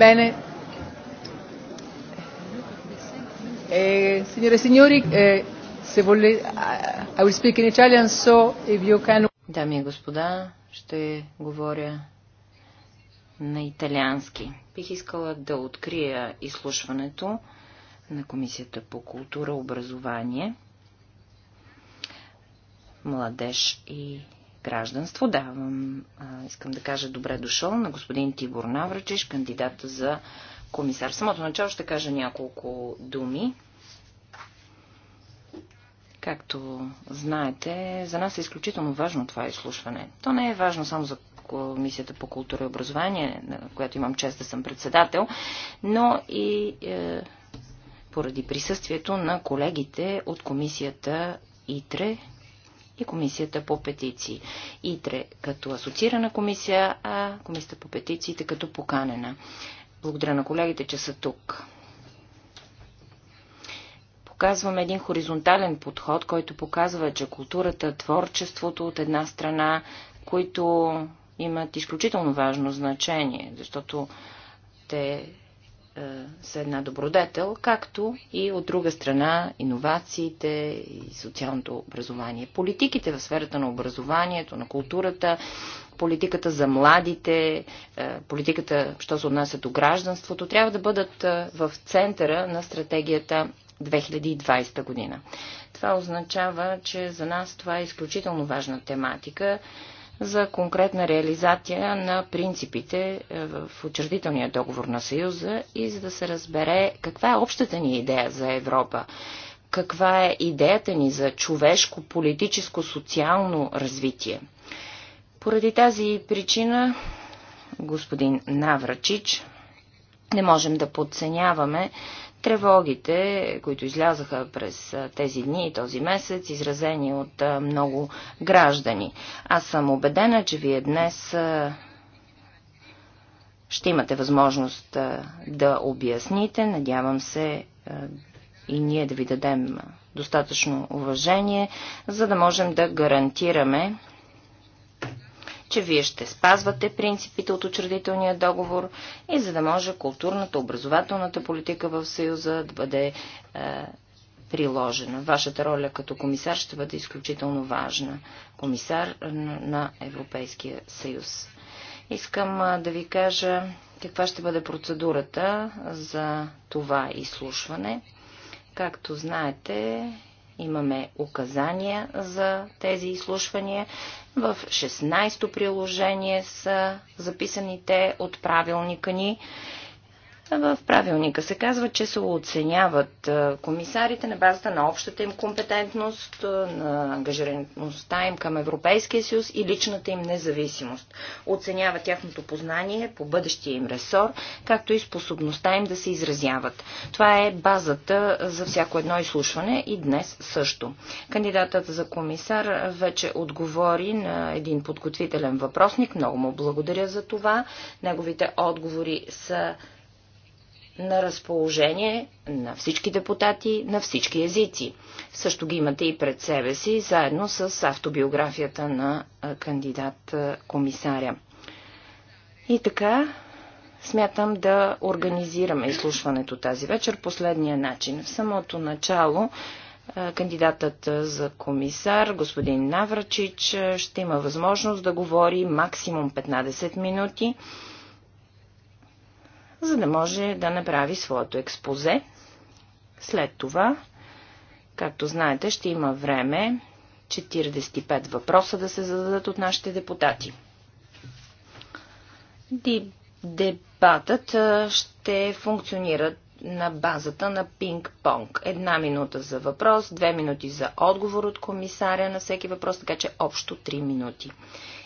Bene. Eh, signore e signori, eh, se се uh, eh, I will speak in Italian, so if you can... Дами и господа, ще говоря на италиански. Бих искала да открия изслушването на Комисията по култура, образование, младеж и гражданство. Давам, а, искам да кажа добре дошъл на господин Тибор Навръчиш, кандидата за комисар. В самото начало ще кажа няколко думи. Както знаете, за нас е изключително важно това изслушване. То не е важно само за Комисията по култура и образование, на която имам чест да съм председател, но и е, поради присъствието на колегите от комисията ИТРЕ, и Комисията по петиции. ИТРЕ като асоциирана комисия, а Комисията по петициите като поканена. Благодаря на колегите, че са тук. Показваме един хоризонтален подход, който показва, че културата, творчеството от една страна, които имат изключително важно значение, защото те е, са една добродетел, както и от друга страна иновациите и социалното образование. Политиките в сферата на образованието, на културата, политиката за младите, е, политиката, що се отнася до гражданството, трябва да бъдат е, в центъра на стратегията 2020 година. Това означава, че за нас това е изключително важна тематика за конкретна реализация на принципите е, в учредителния договор на Съюза и за да се разбере каква е общата ни идея за Европа, каква е идеята ни за човешко, политическо, социално развитие. Поради тази причина, господин Наврачич, не можем да подценяваме Тревогите, които излязаха през тези дни и този месец, изразени от много граждани. Аз съм убедена, че вие днес ще имате възможност да обясните. Надявам се и ние да ви дадем достатъчно уважение, за да можем да гарантираме че вие ще спазвате принципите от учредителния договор и за да може културната, образователната политика в Съюза да бъде е, приложена. Вашата роля като комисар ще бъде изключително важна. Комисар на Европейския съюз. Искам е, да ви кажа каква ще бъде процедурата за това изслушване. Както знаете, имаме указания за тези изслушвания. В 16-то приложение са записаните от правилника ни в правилника се казва, че се оценяват комисарите на базата на общата им компетентност, на ангажираността им към Европейския съюз и личната им независимост. Оценява тяхното познание по бъдещия им ресор, както и способността им да се изразяват. Това е базата за всяко едно изслушване и днес също. Кандидатът за комисар вече отговори на един подготвителен въпросник. Много му благодаря за това. Неговите отговори са на разположение на всички депутати, на всички езици. Също ги имате и пред себе си, заедно с автобиографията на кандидат-комисаря. И така, смятам да организираме изслушването тази вечер последния начин. В самото начало кандидатът за комисар, господин Наврачич, ще има възможност да говори максимум 15 минути за да може да направи своето експозе. След това, както знаете, ще има време 45 въпроса да се зададат от нашите депутати. Дебатът ще функционира на базата на пинг-понг. Една минута за въпрос, две минути за отговор от комисаря на всеки въпрос, така че общо три минути.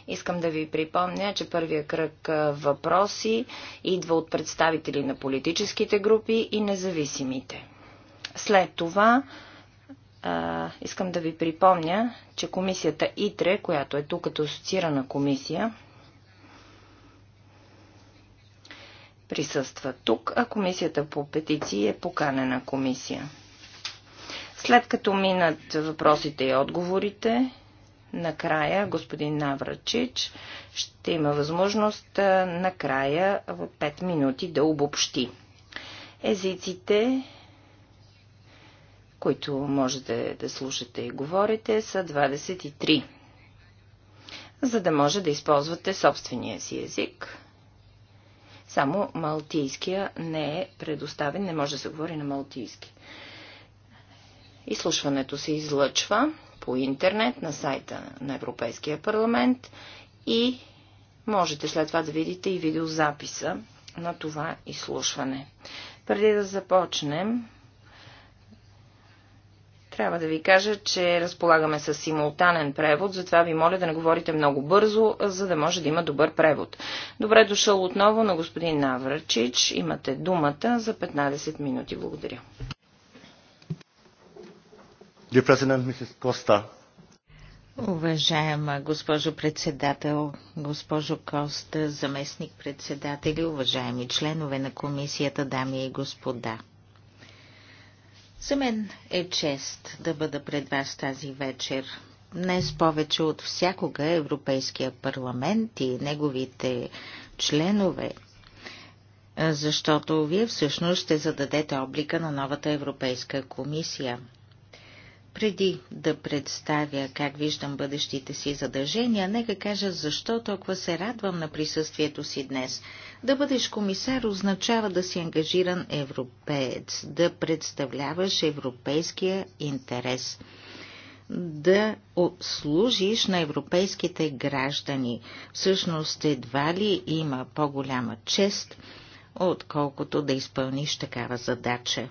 Искам да ви припомня, че първия кръг въпроси идва от представители на политическите групи и независимите. След това а, искам да ви припомня, че комисията ИТРЕ, която е тук като асоциирана комисия, присъства тук, а комисията по петиции е поканена комисия. След като минат въпросите и отговорите, накрая господин Наврачич ще има възможност накрая в 5 минути да обобщи. Езиците, които можете да слушате и говорите, са 23, за да може да използвате собствения си език. Само малтийския не е предоставен, не може да се говори на малтийски. Изслушването се излъчва по интернет на сайта на Европейския парламент и можете след това да видите и видеозаписа на това изслушване. Преди да започнем, трябва да ви кажа, че разполагаме с симултанен превод, затова ви моля да не говорите много бързо, за да може да има добър превод. Добре дошъл отново на господин Наврачич. Имате думата за 15 минути. Благодаря. Уважаема госпожо председател, госпожо Коста, заместник председатели, уважаеми членове на комисията, дами и господа. За мен е чест да бъда пред вас тази вечер. Днес повече от всякога Европейския парламент и неговите членове защото вие всъщност ще зададете облика на новата Европейска комисия. Преди да представя как виждам бъдещите си задължения, нека кажа защо толкова се радвам на присъствието си днес. Да бъдеш комисар означава да си ангажиран европеец, да представляваш европейския интерес, да служиш на европейските граждани. Всъщност едва ли има по-голяма чест, отколкото да изпълниш такава задача.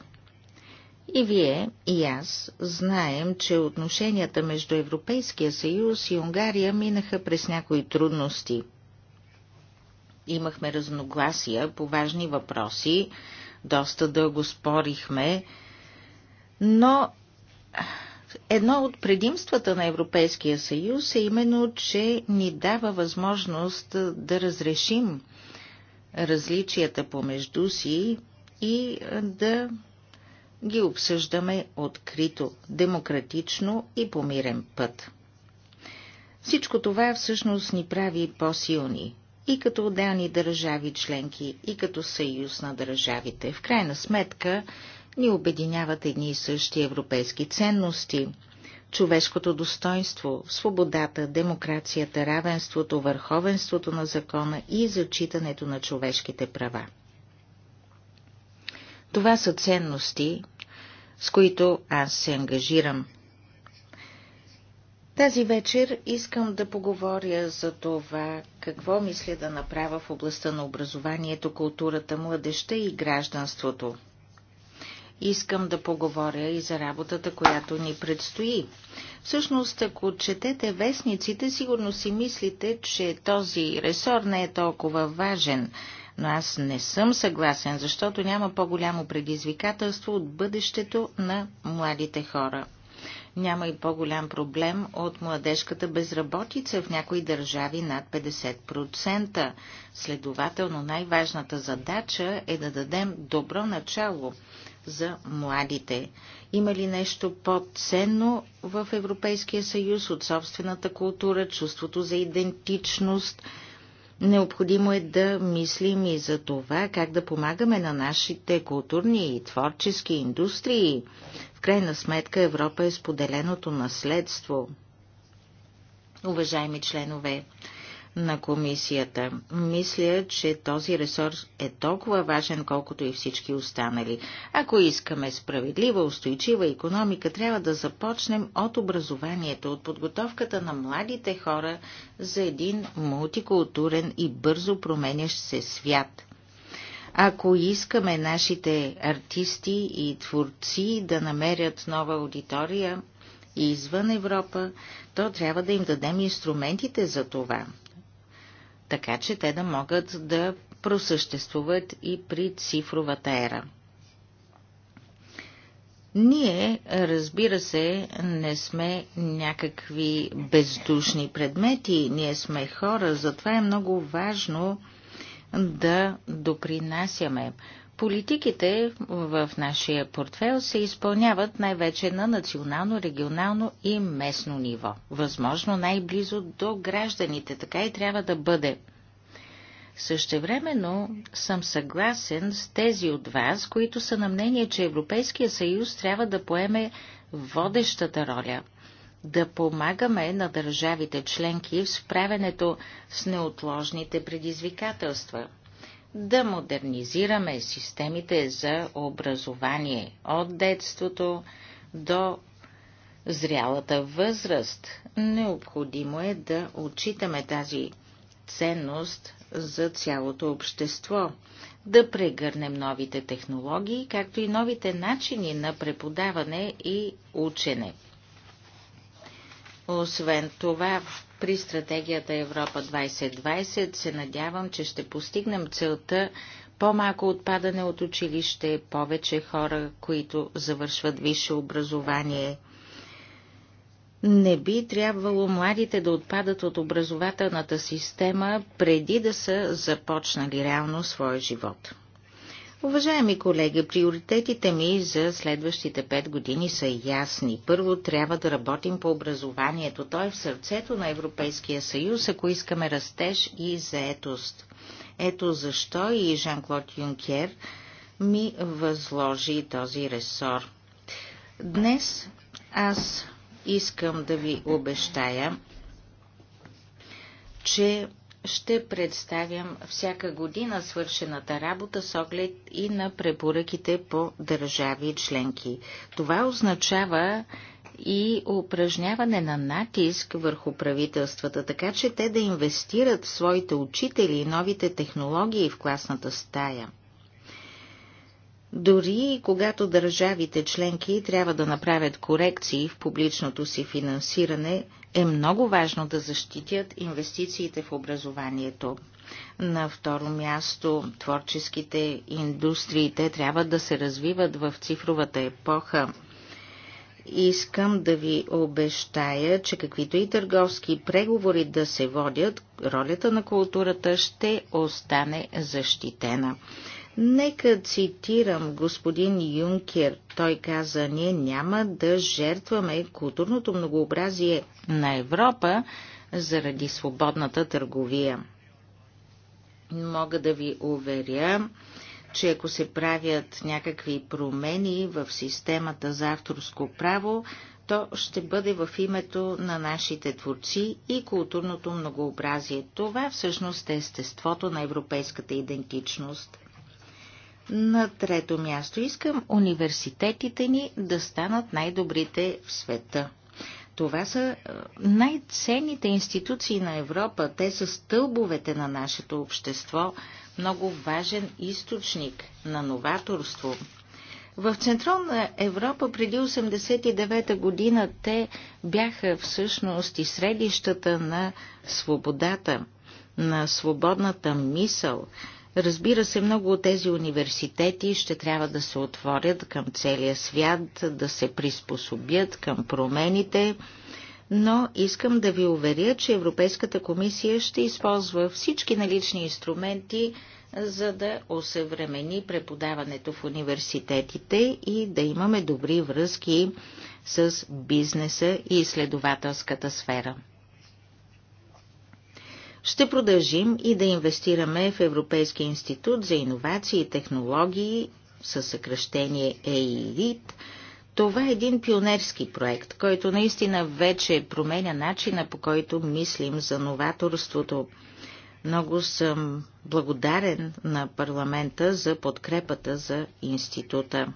И вие, и аз знаем, че отношенията между Европейския съюз и Унгария минаха през някои трудности. Имахме разногласия по важни въпроси, доста дълго спорихме, но едно от предимствата на Европейския съюз е именно, че ни дава възможност да разрешим различията помежду си и да ги обсъждаме открито, демократично и по мирен път. Всичко това всъщност ни прави по-силни, и като отделни държави членки, и като съюз на държавите. В крайна сметка ни обединяват едни и същи европейски ценности – човешкото достоинство, свободата, демокрацията, равенството, върховенството на закона и зачитането на човешките права. Това са ценности, с които аз се ангажирам. Тази вечер искам да поговоря за това, какво мисля да направя в областта на образованието, културата, младеща и гражданството. Искам да поговоря и за работата, която ни предстои. Всъщност, ако четете вестниците, сигурно си мислите, че този ресор не е толкова важен – но аз не съм съгласен, защото няма по-голямо предизвикателство от бъдещето на младите хора. Няма и по-голям проблем от младежката безработица в някои държави над 50%. Следователно най-важната задача е да дадем добро начало за младите. Има ли нещо по-ценно в Европейския съюз от собствената култура, чувството за идентичност – Необходимо е да мислим и за това как да помагаме на нашите културни и творчески индустрии. В крайна сметка Европа е споделеното наследство. Уважаеми членове, на комисията. Мисля, че този ресурс е толкова важен, колкото и всички останали. Ако искаме справедлива, устойчива економика, трябва да започнем от образованието, от подготовката на младите хора за един мултикултурен и бързо променящ се свят. Ако искаме нашите артисти и творци да намерят нова аудитория, извън Европа, то трябва да им дадем инструментите за това така че те да могат да просъществуват и при цифровата ера. Ние, разбира се, не сме някакви бездушни предмети, ние сме хора, затова е много важно да допринасяме. Политиките в нашия портфел се изпълняват най-вече на национално, регионално и местно ниво, възможно най-близо до гражданите, така и трябва да бъде. Същевременно съм съгласен с тези от вас, които са на мнение, че Европейския съюз трябва да поеме водещата роля, да помагаме на държавите членки в справянето с неотложните предизвикателства – да модернизираме системите за образование от детството до зрялата възраст. Необходимо е да отчитаме тази ценност за цялото общество, да прегърнем новите технологии, както и новите начини на преподаване и учене. Освен това, при стратегията Европа 2020 се надявам, че ще постигнем целта по-малко отпадане от училище, повече хора, които завършват висше образование. Не би трябвало младите да отпадат от образователната система преди да са започнали реално своя живот. Уважаеми колеги, приоритетите ми за следващите пет години са ясни. Първо трябва да работим по образованието. Той е в сърцето на Европейския съюз, ако искаме растеж и заетост. Ето защо и Жан-Клод Юнкер ми възложи този ресор. Днес аз искам да ви обещая, че ще представям всяка година свършената работа с оглед и на препоръките по държави и членки. Това означава и упражняване на натиск върху правителствата, така че те да инвестират в своите учители и новите технологии в класната стая. Дори когато държавите членки трябва да направят корекции в публичното си финансиране, е много важно да защитят инвестициите в образованието. На второ място, творческите индустрии, те трябва да се развиват в цифровата епоха. Искам да ви обещая, че каквито и търговски преговори да се водят, ролята на културата ще остане защитена. Нека цитирам господин Юнкер. Той каза, ние няма да жертваме културното многообразие на Европа заради свободната търговия. Мога да ви уверя, че ако се правят някакви промени в системата за авторско право, то ще бъде в името на нашите творци и културното многообразие. Това всъщност е естеството на европейската идентичност. На трето място искам университетите ни да станат най-добрите в света. Това са е, най-ценните институции на Европа. Те са стълбовете на нашето общество, много важен източник на новаторство. В Централна Европа преди 1989 година те бяха всъщност и средищата на свободата, на свободната мисъл, Разбира се, много от тези университети ще трябва да се отворят към целия свят, да се приспособят към промените, но искам да ви уверя, че Европейската комисия ще използва всички налични инструменти, за да осъвремени преподаването в университетите и да имаме добри връзки с бизнеса и изследователската сфера ще продължим и да инвестираме в Европейския институт за иновации и технологии със съкръщение EIRIT. Това е един пионерски проект, който наистина вече променя начина по който мислим за новаторството. Много съм благодарен на парламента за подкрепата за института.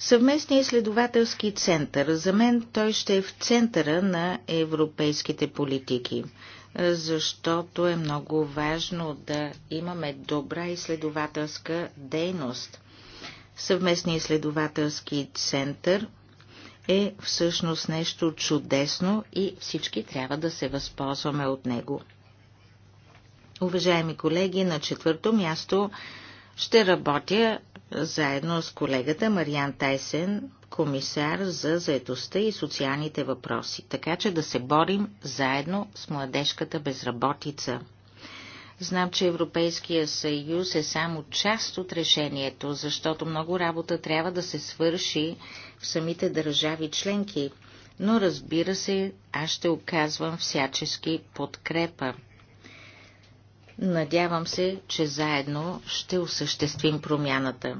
Съвместният изследователски център. За мен той ще е в центъра на европейските политики, защото е много важно да имаме добра изследователска дейност. Съвместният изследователски център е всъщност нещо чудесно и всички трябва да се възползваме от него. Уважаеми колеги, на четвърто място ще работя заедно с колегата Мариан Тайсен, комисар за заедостта и социалните въпроси, така че да се борим заедно с младежката безработица. Знам, че Европейския съюз е само част от решението, защото много работа трябва да се свърши в самите държави членки, но разбира се, аз ще оказвам всячески подкрепа. Надявам се, че заедно ще осъществим промяната.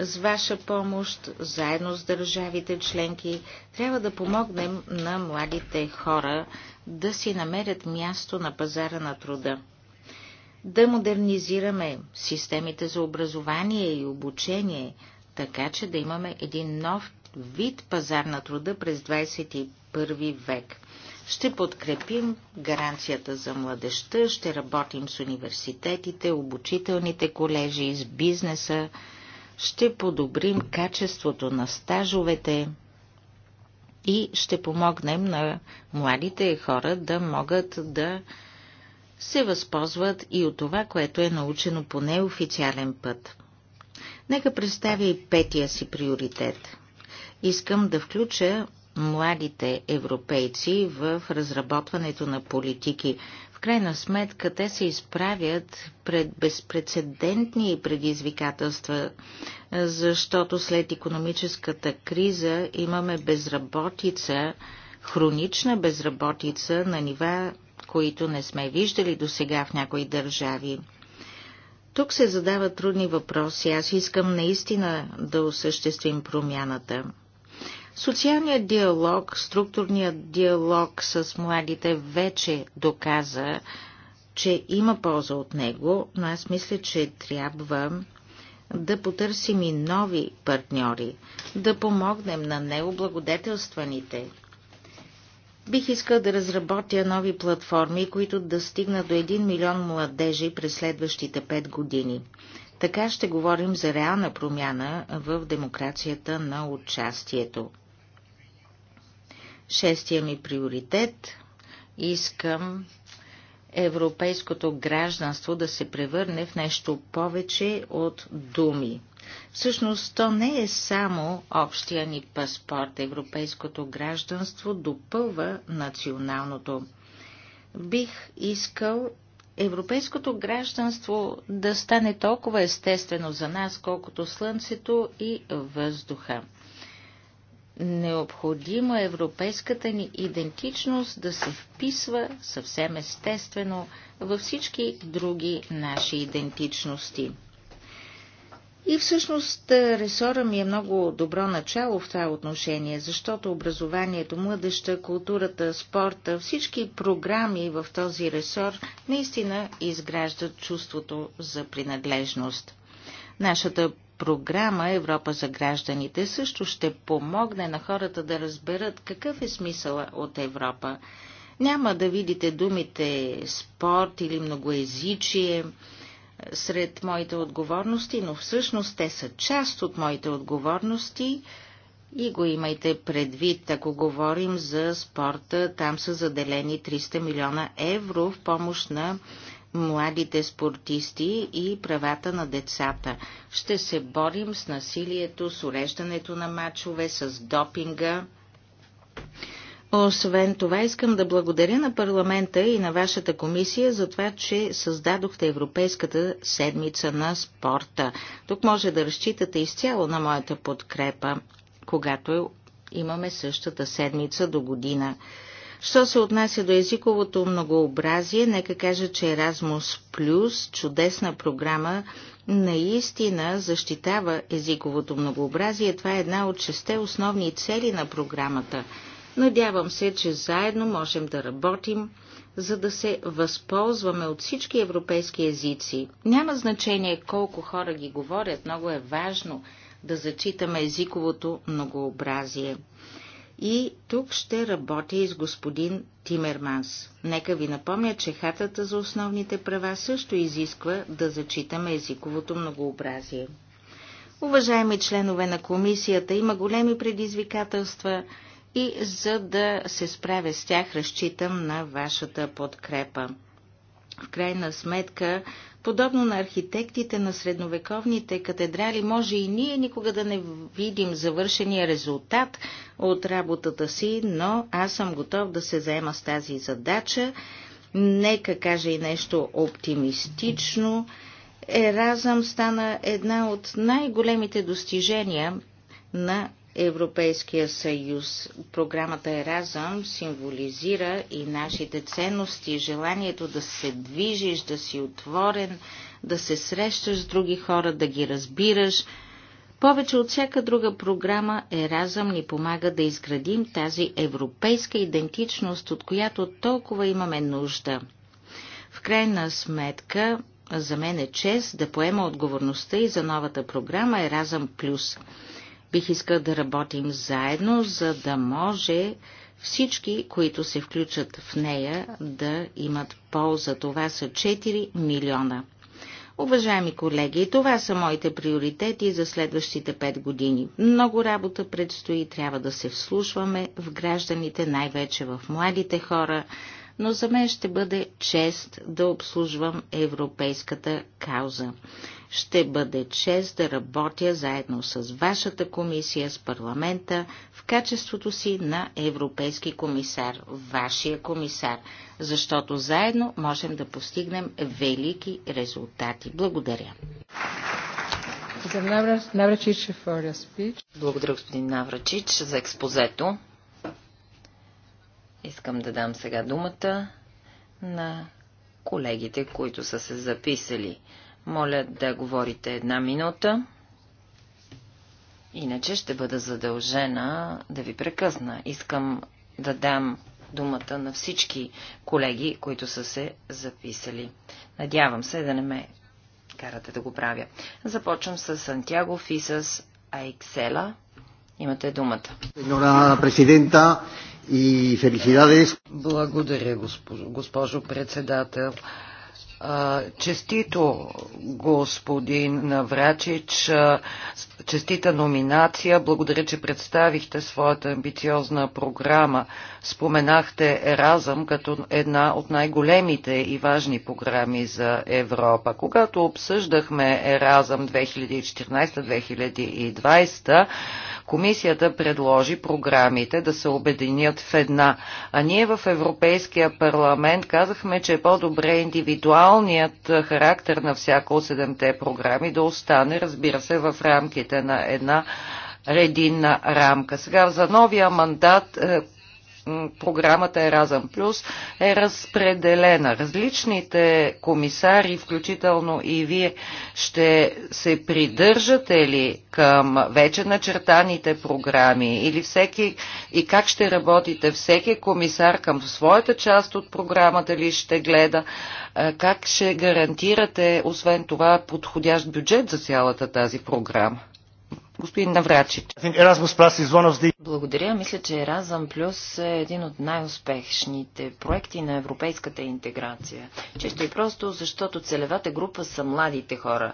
С ваша помощ, заедно с държавите членки, трябва да помогнем на младите хора да си намерят място на пазара на труда. Да модернизираме системите за образование и обучение, така че да имаме един нов вид пазар на труда през 21 век. Ще подкрепим гаранцията за младеща, ще работим с университетите, обучителните колежи, с бизнеса, ще подобрим качеството на стажовете и ще помогнем на младите хора да могат да се възползват и от това, което е научено по неофициален път. Нека представя и петия си приоритет. Искам да включа младите европейци в разработването на политики. В крайна сметка те се изправят пред безпредседентни предизвикателства, защото след економическата криза имаме безработица, хронична безработица на нива, които не сме виждали до сега в някои държави. Тук се задават трудни въпроси. Аз искам наистина да осъществим промяната. Социалният диалог, структурният диалог с младите вече доказа, че има полза от него, но аз мисля, че трябва да потърсим и нови партньори, да помогнем на необлагодетелстваните. Бих искал да разработя нови платформи, които да стигнат до 1 милион младежи през следващите 5 години. Така ще говорим за реална промяна в демокрацията на участието. Шестия ми приоритет искам европейското гражданство да се превърне в нещо повече от думи. Всъщност, то не е само общия ни паспорт. Европейското гражданство допълва националното. Бих искал европейското гражданство да стане толкова естествено за нас, колкото слънцето и въздуха необходимо е европейската ни идентичност да се вписва съвсем естествено във всички други наши идентичности. И всъщност е, ресора ми е много добро начало в това отношение, защото образованието, младеща, културата, спорта, всички програми в този ресор наистина изграждат чувството за принадлежност. Нашата програма Европа за гражданите също ще помогне на хората да разберат какъв е смисъла от Европа. Няма да видите думите спорт или многоезичие сред моите отговорности, но всъщност те са част от моите отговорности и го имайте предвид. Ако говорим за спорта, там са заделени 300 милиона евро в помощ на младите спортисти и правата на децата. Ще се борим с насилието, с уреждането на мачове, с допинга. Освен това, искам да благодаря на парламента и на вашата комисия за това, че създадохте Европейската седмица на спорта. Тук може да разчитате изцяло на моята подкрепа, когато имаме същата седмица до година. Що се отнася до езиковото многообразие, нека кажа, че Erasmus Plus, чудесна програма, наистина защитава езиковото многообразие. Това е една от шесте основни цели на програмата. Надявам се, че заедно можем да работим, за да се възползваме от всички европейски езици. Няма значение колко хора ги говорят, много е важно да зачитаме езиковото многообразие. И тук ще работя и с господин Тимерманс. Нека ви напомня, че хатата за основните права също изисква да зачитаме езиковото многообразие. Уважаеми членове на комисията, има големи предизвикателства и за да се справя с тях, разчитам на вашата подкрепа. В крайна сметка, Подобно на архитектите на средновековните катедрали, може и ние никога да не видим завършения резултат от работата си, но аз съм готов да се заема с тази задача. Нека кажа и нещо оптимистично. Еразъм стана една от най-големите достижения на Европейския съюз. Програмата Еразъм символизира и нашите ценности, желанието да се движиш, да си отворен, да се срещаш с други хора, да ги разбираш. Повече от всяка друга програма Еразъм ни помага да изградим тази европейска идентичност, от която толкова имаме нужда. В крайна сметка, за мен е чест да поема отговорността и за новата програма Еразъм Плюс – Бих искал да работим заедно, за да може всички, които се включат в нея, да имат полза. Това са 4 милиона. Уважаеми колеги, това са моите приоритети за следващите 5 години. Много работа предстои, трябва да се вслушваме в гражданите, най-вече в младите хора, но за мен ще бъде чест да обслужвам европейската кауза. Ще бъде чест да работя заедно с вашата комисия, с парламента, в качеството си на европейски комисар, вашия комисар, защото заедно можем да постигнем велики резултати. Благодаря. Благодаря, господин Наврачич, за експозето. Искам да дам сега думата на колегите, които са се записали. Моля да говорите една минута. Иначе ще бъда задължена да ви прекъсна. Искам да дам думата на всички колеги, които са се записали. Надявам се да не ме карате да го правя. Започвам с Сантьяго и с Айксела. Имате думата. Сеньора президента, и felicidades. Благодаря, госпожо, госпожо председател. Честито, господин Наврачич, честита номинация. Благодаря, че представихте своята амбициозна програма. Споменахте Еразъм като една от най-големите и важни програми за Европа. Когато обсъждахме Еразъм 2014-2020, комисията предложи програмите да се обединят в една. А ние в Европейския парламент казахме, че е по-добре индивидуално формалният характер на всяко от седемте програми да остане, разбира се, в рамките на една рединна рамка. Сега за новия мандат е, програмата Еразъм Плюс е разпределена. Различните комисари, включително и вие, ще се придържате ли към вече начертаните програми или всеки и как ще работите всеки комисар към своята част от програмата ли ще гледа, как ще гарантирате освен това подходящ бюджет за цялата тази програма? Господин Наврачич. Благодаря. Мисля, че Еразъм Плюс е един от най-успешните проекти на европейската интеграция. Често и просто, защото целевата група са младите хора.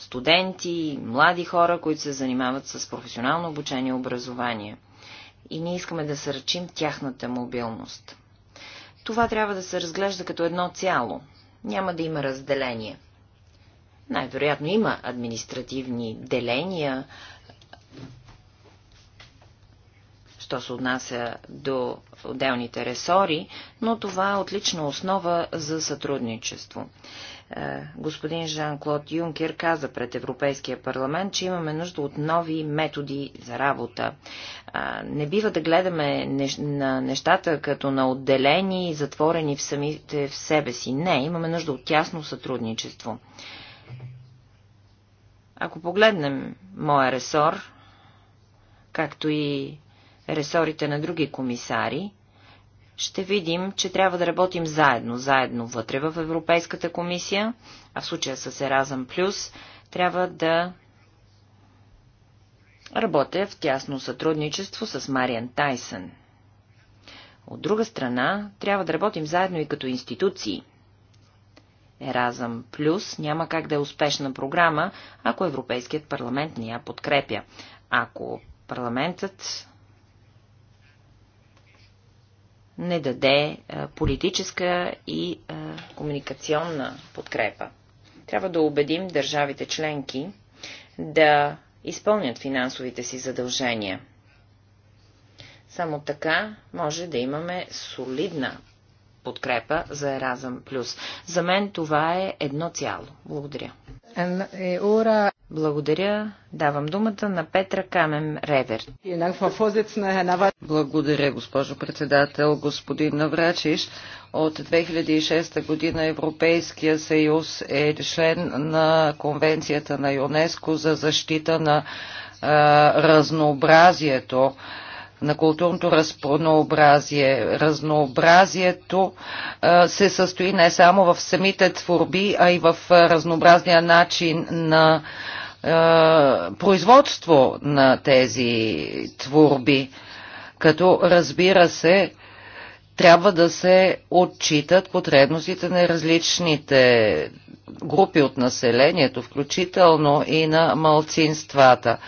Студенти, млади хора, които се занимават с професионално обучение и образование. И ние искаме да сърчим тяхната мобилност. Това трябва да се разглежда като едно цяло. Няма да има разделение – най-вероятно има административни деления, що се отнася до отделните ресори, но това е отлична основа за сътрудничество. Е, господин Жан-Клод Юнкер каза пред Европейския парламент, че имаме нужда от нови методи за работа. Е, не бива да гледаме на нещата като на отделени и затворени в самите в себе си. Не, имаме нужда от тясно сътрудничество. Ако погледнем моя ресор, както и ресорите на други комисари, ще видим, че трябва да работим заедно, заедно вътре в Европейската комисия, а в случая с Еразъм Плюс, трябва да работя в тясно сътрудничество с Мариан Тайсън. От друга страна, трябва да работим заедно и като институции – Еразъм Плюс няма как да е успешна програма, ако Европейският парламент не я подкрепя. Ако парламентът не даде е, политическа и е, комуникационна подкрепа. Трябва да убедим държавите членки да изпълнят финансовите си задължения. Само така може да имаме солидна подкрепа за Еразъм Плюс. За мен това е едно цяло. Благодаря. Е, Благодаря. Давам думата на Петра Камен Ревер. Благодаря, госпожо председател, господин Наврачиш. От 2006 година Европейския съюз е член на Конвенцията на ЮНЕСКО за защита на а, разнообразието на културното разнообразие. Разнообразието се състои не само в самите творби, а и в разнообразния начин на производство на тези творби, като разбира се, трябва да се отчитат потребностите на различните групи от населението, включително и на малцинствата.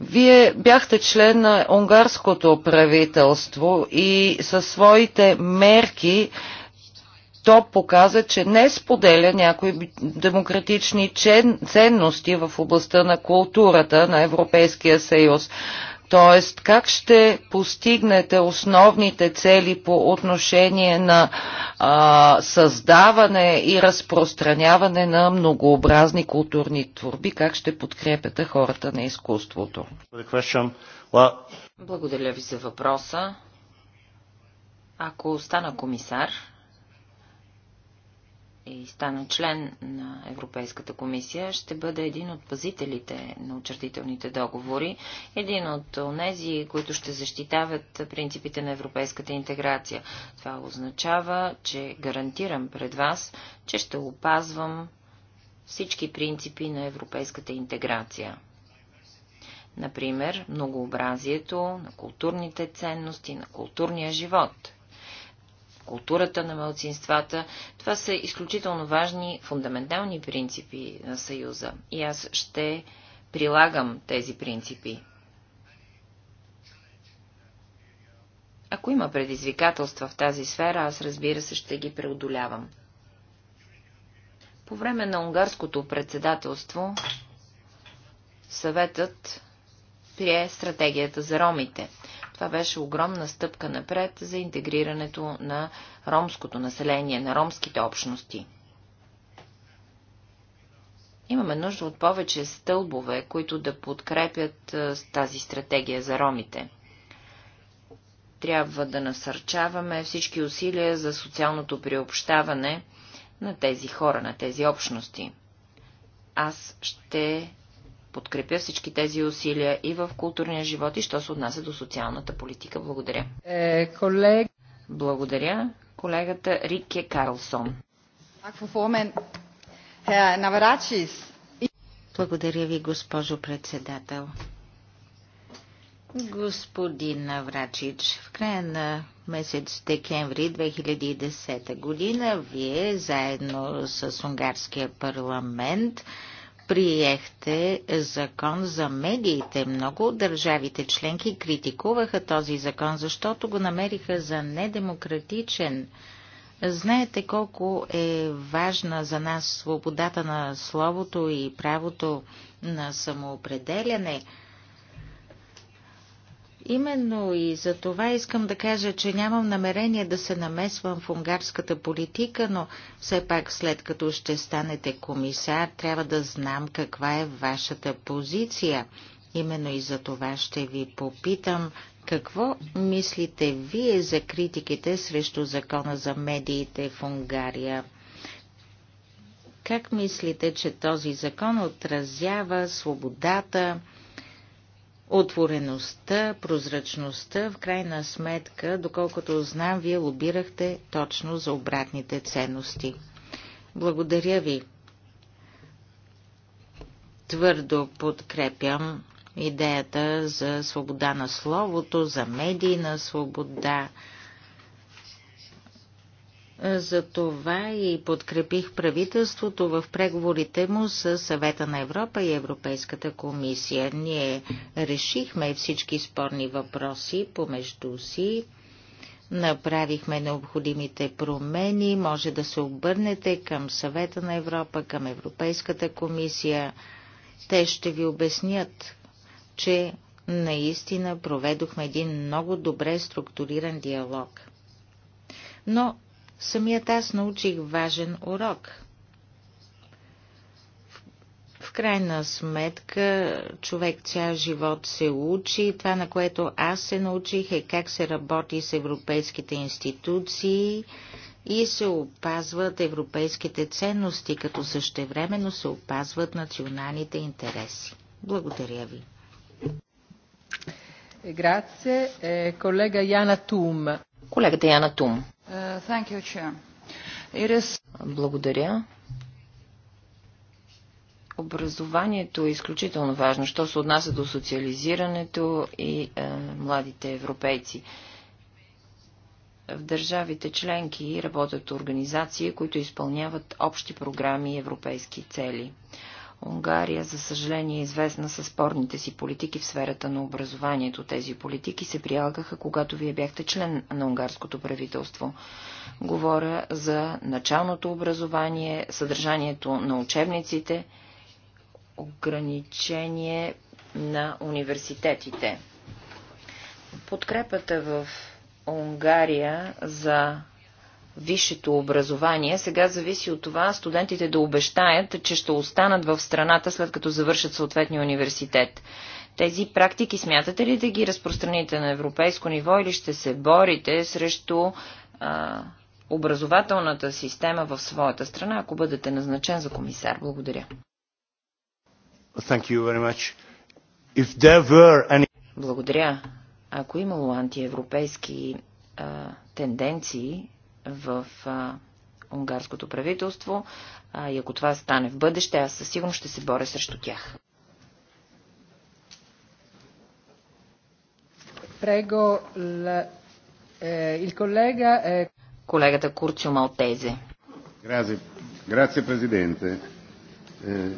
Вие бяхте член на унгарското правителство и със своите мерки то показа, че не споделя някои демократични ценности в областта на културата на Европейския съюз. Тоест, как ще постигнете основните цели по отношение на а, създаване и разпространяване на многообразни културни творби? Как ще подкрепяте хората на изкуството? Благодаря ви за въпроса. Ако стана комисар, и стана член на Европейската комисия, ще бъде един от пазителите на учредителните договори, един от тези, които ще защитават принципите на европейската интеграция. Това означава, че гарантирам пред вас, че ще опазвам всички принципи на европейската интеграция. Например, многообразието на културните ценности, на културния живот – културата на мълцинствата. Това са изключително важни, фундаментални принципи на Съюза. И аз ще прилагам тези принципи. Ако има предизвикателства в тази сфера, аз разбира се ще ги преодолявам. По време на унгарското председателство съветът прие стратегията за ромите. Това беше огромна стъпка напред за интегрирането на ромското население, на ромските общности. Имаме нужда от повече стълбове, които да подкрепят тази стратегия за ромите. Трябва да насърчаваме всички усилия за социалното приобщаване на тези хора, на тези общности. Аз ще подкрепя всички тези усилия и в културния живот и що се отнася до социалната политика. Благодаря. Е, колег... Благодаря. Колегата Рике Карлсон. Благодаря ви, госпожо председател. Господин Наврачич, в края на месец декември 2010 година вие заедно с Унгарския парламент приехте закон за медиите. Много от държавите членки критикуваха този закон, защото го намериха за недемократичен. Знаете колко е важна за нас свободата на словото и правото на самоопределяне – Именно и за това искам да кажа, че нямам намерение да се намесвам в унгарската политика, но все пак след като ще станете комисар, трябва да знам каква е вашата позиция. Именно и за това ще ви попитам какво мислите вие за критиките срещу закона за медиите в Унгария? Как мислите, че този закон отразява свободата отвореността, прозрачността, в крайна сметка, доколкото знам, вие лобирахте точно за обратните ценности. Благодаря ви. Твърдо подкрепям идеята за свобода на словото, за медийна свобода, за това и подкрепих правителството в преговорите му с Съвета на Европа и Европейската комисия. Ние решихме всички спорни въпроси помежду си, направихме необходимите промени, може да се обърнете към Съвета на Европа, към Европейската комисия. Те ще ви обяснят, че наистина проведохме един много добре структуриран диалог. Но Самият аз научих важен урок. В крайна сметка, човек цял живот се учи. Това, на което аз се научих, е как се работи с европейските институции и се опазват европейските ценности, като същевременно се опазват националните интереси. Благодаря ви. Грация, е, колега Яна Тум. Колегата Яна Тум. Благодаря. Образованието е изключително важно, що се отнася до социализирането и е, младите европейци. В държавите членки работят организации, които изпълняват общи програми и европейски цели. Унгария, за съжаление, е известна със спорните си политики в сферата на образованието. Тези политики се прилагаха, когато вие бяхте член на унгарското правителство. Говоря за началното образование, съдържанието на учебниците, ограничение на университетите. Подкрепата в Унгария за висшето образование, сега зависи от това студентите да обещаят, че ще останат в страната след като завършат съответния университет. Тези практики смятате ли да ги разпространите на европейско ниво или ще се борите срещу а, образователната система в своята страна, ако бъдете назначен за комисар? Благодаря. Any... Благодаря. Ако имало антиевропейски а, тенденции, в а, унгарското правителство а, и ако това стане в бъдеще, аз със сигурност ще се боря срещу тях. Прего колега, е... Колегата Курцио Малтезе. Грази, грази президенте. Е,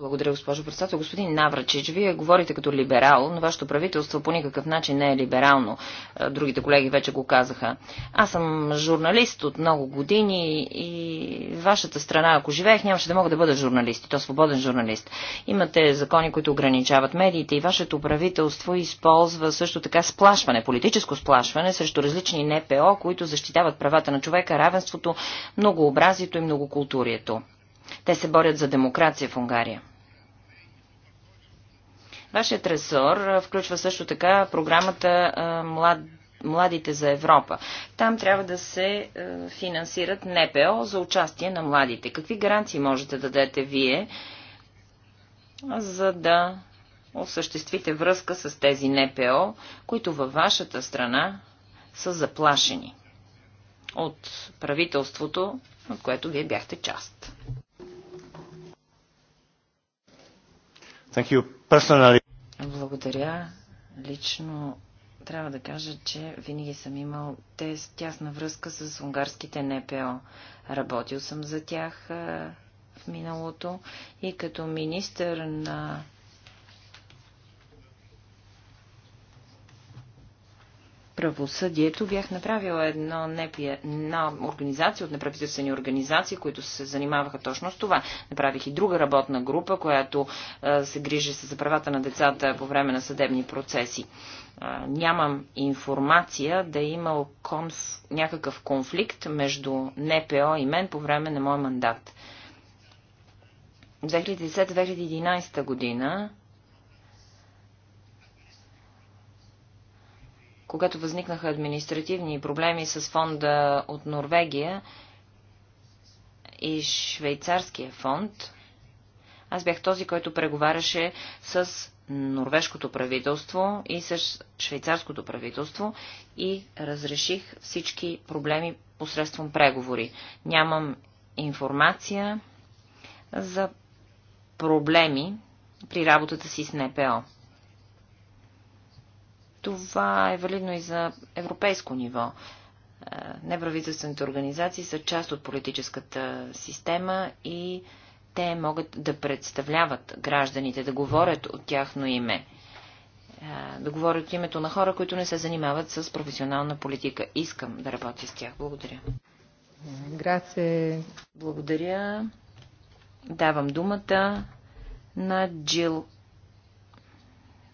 Благодаря, госпожо председател. Господин Наврачич, вие говорите като либерал, но вашето правителство по никакъв начин не е либерално. Е, другите колеги вече го казаха. Аз съм журналист от много години и вашата страна, ако живеех, нямаше да мога да бъда журналист, и то свободен журналист. Имате закони, които ограничават медиите и вашето правителство използва също така сплашване, политическо сплашване срещу различни НПО, които защитават правата на човека, равенството, многообразието и многокултурието. Те се борят за демокрация в Унгария. Вашият ресор включва също така програмата Млад младите за Европа. Там трябва да се финансират НПО за участие на младите. Какви гаранции можете да дадете вие, за да осъществите връзка с тези НПО, които във вашата страна са заплашени от правителството, от което вие бяхте част? Thank you. Personally... Благодаря. Лично трябва да кажа, че винаги съм имал тясна връзка с унгарските НПО. Работил съм за тях в миналото и като министър на правосъдието бях направила едно непи... организация от неправителствени организации, които се занимаваха точно с това. Направих и друга работна група, която а, се грижи за правата на децата по време на съдебни процеси. А, нямам информация да е имал конф... някакъв конфликт между НПО и мен по време на мой мандат. 2010-2011 година Когато възникнаха административни проблеми с фонда от Норвегия и швейцарския фонд, аз бях този, който преговаряше с норвежкото правителство и с швейцарското правителство и разреших всички проблеми посредством преговори. Нямам информация за проблеми при работата си с НПО. Това е валидно и за европейско ниво. Е, Неправителствените организации са част от политическата система и те могат да представляват гражданите, да говорят от тяхно име е, да говорят от името на хора, които не се занимават с професионална политика. Искам да работя с тях. Благодаря. Грация. Благодаря. Давам думата на Джил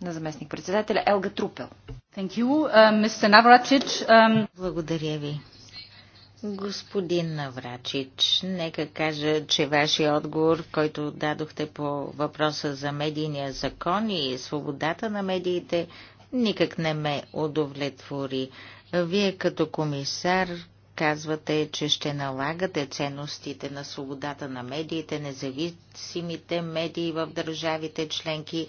на заместник-председателя Елга Трупел. Uh, um, Благодаря ви. Господин Наврачич, нека кажа, че вашия отговор, който дадохте по въпроса за медийния закон и свободата на медиите, никак не ме удовлетвори. Вие като комисар казвате, че ще налагате ценностите на свободата на медиите, независимите медии в държавите членки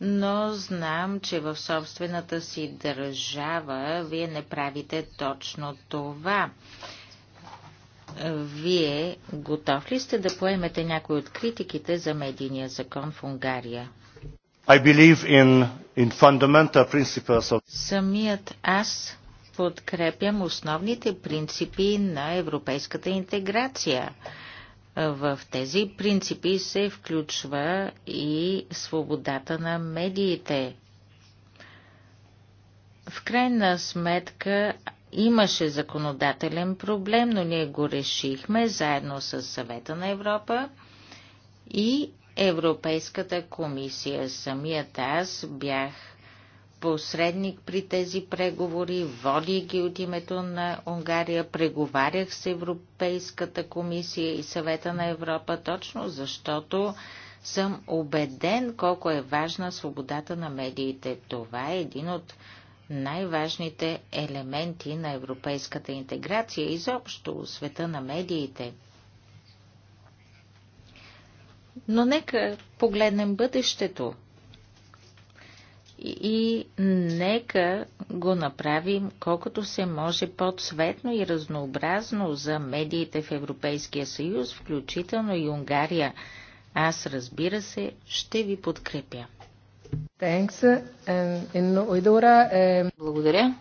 но знам, че в собствената си държава вие не правите точно това. Вие готов ли сте да поемете някои от критиките за медийния закон в Унгария? I believe in, in fundamental principles of... Самият аз подкрепям основните принципи на европейската интеграция. В тези принципи се включва и свободата на медиите. В крайна сметка имаше законодателен проблем, но ние го решихме заедно с Съвета на Европа и Европейската комисия. Самият аз бях посредник при тези преговори, води ги от името на Унгария, преговарях с Европейската комисия и съвета на Европа, точно защото съм убеден колко е важна свободата на медиите. Това е един от най-важните елементи на европейската интеграция, изобщо в света на медиите. Но нека погледнем бъдещето и нека го направим колкото се може по-цветно и разнообразно за медиите в Европейския съюз, включително и Унгария. Аз, разбира се, ще ви подкрепя. Е- Благодаря.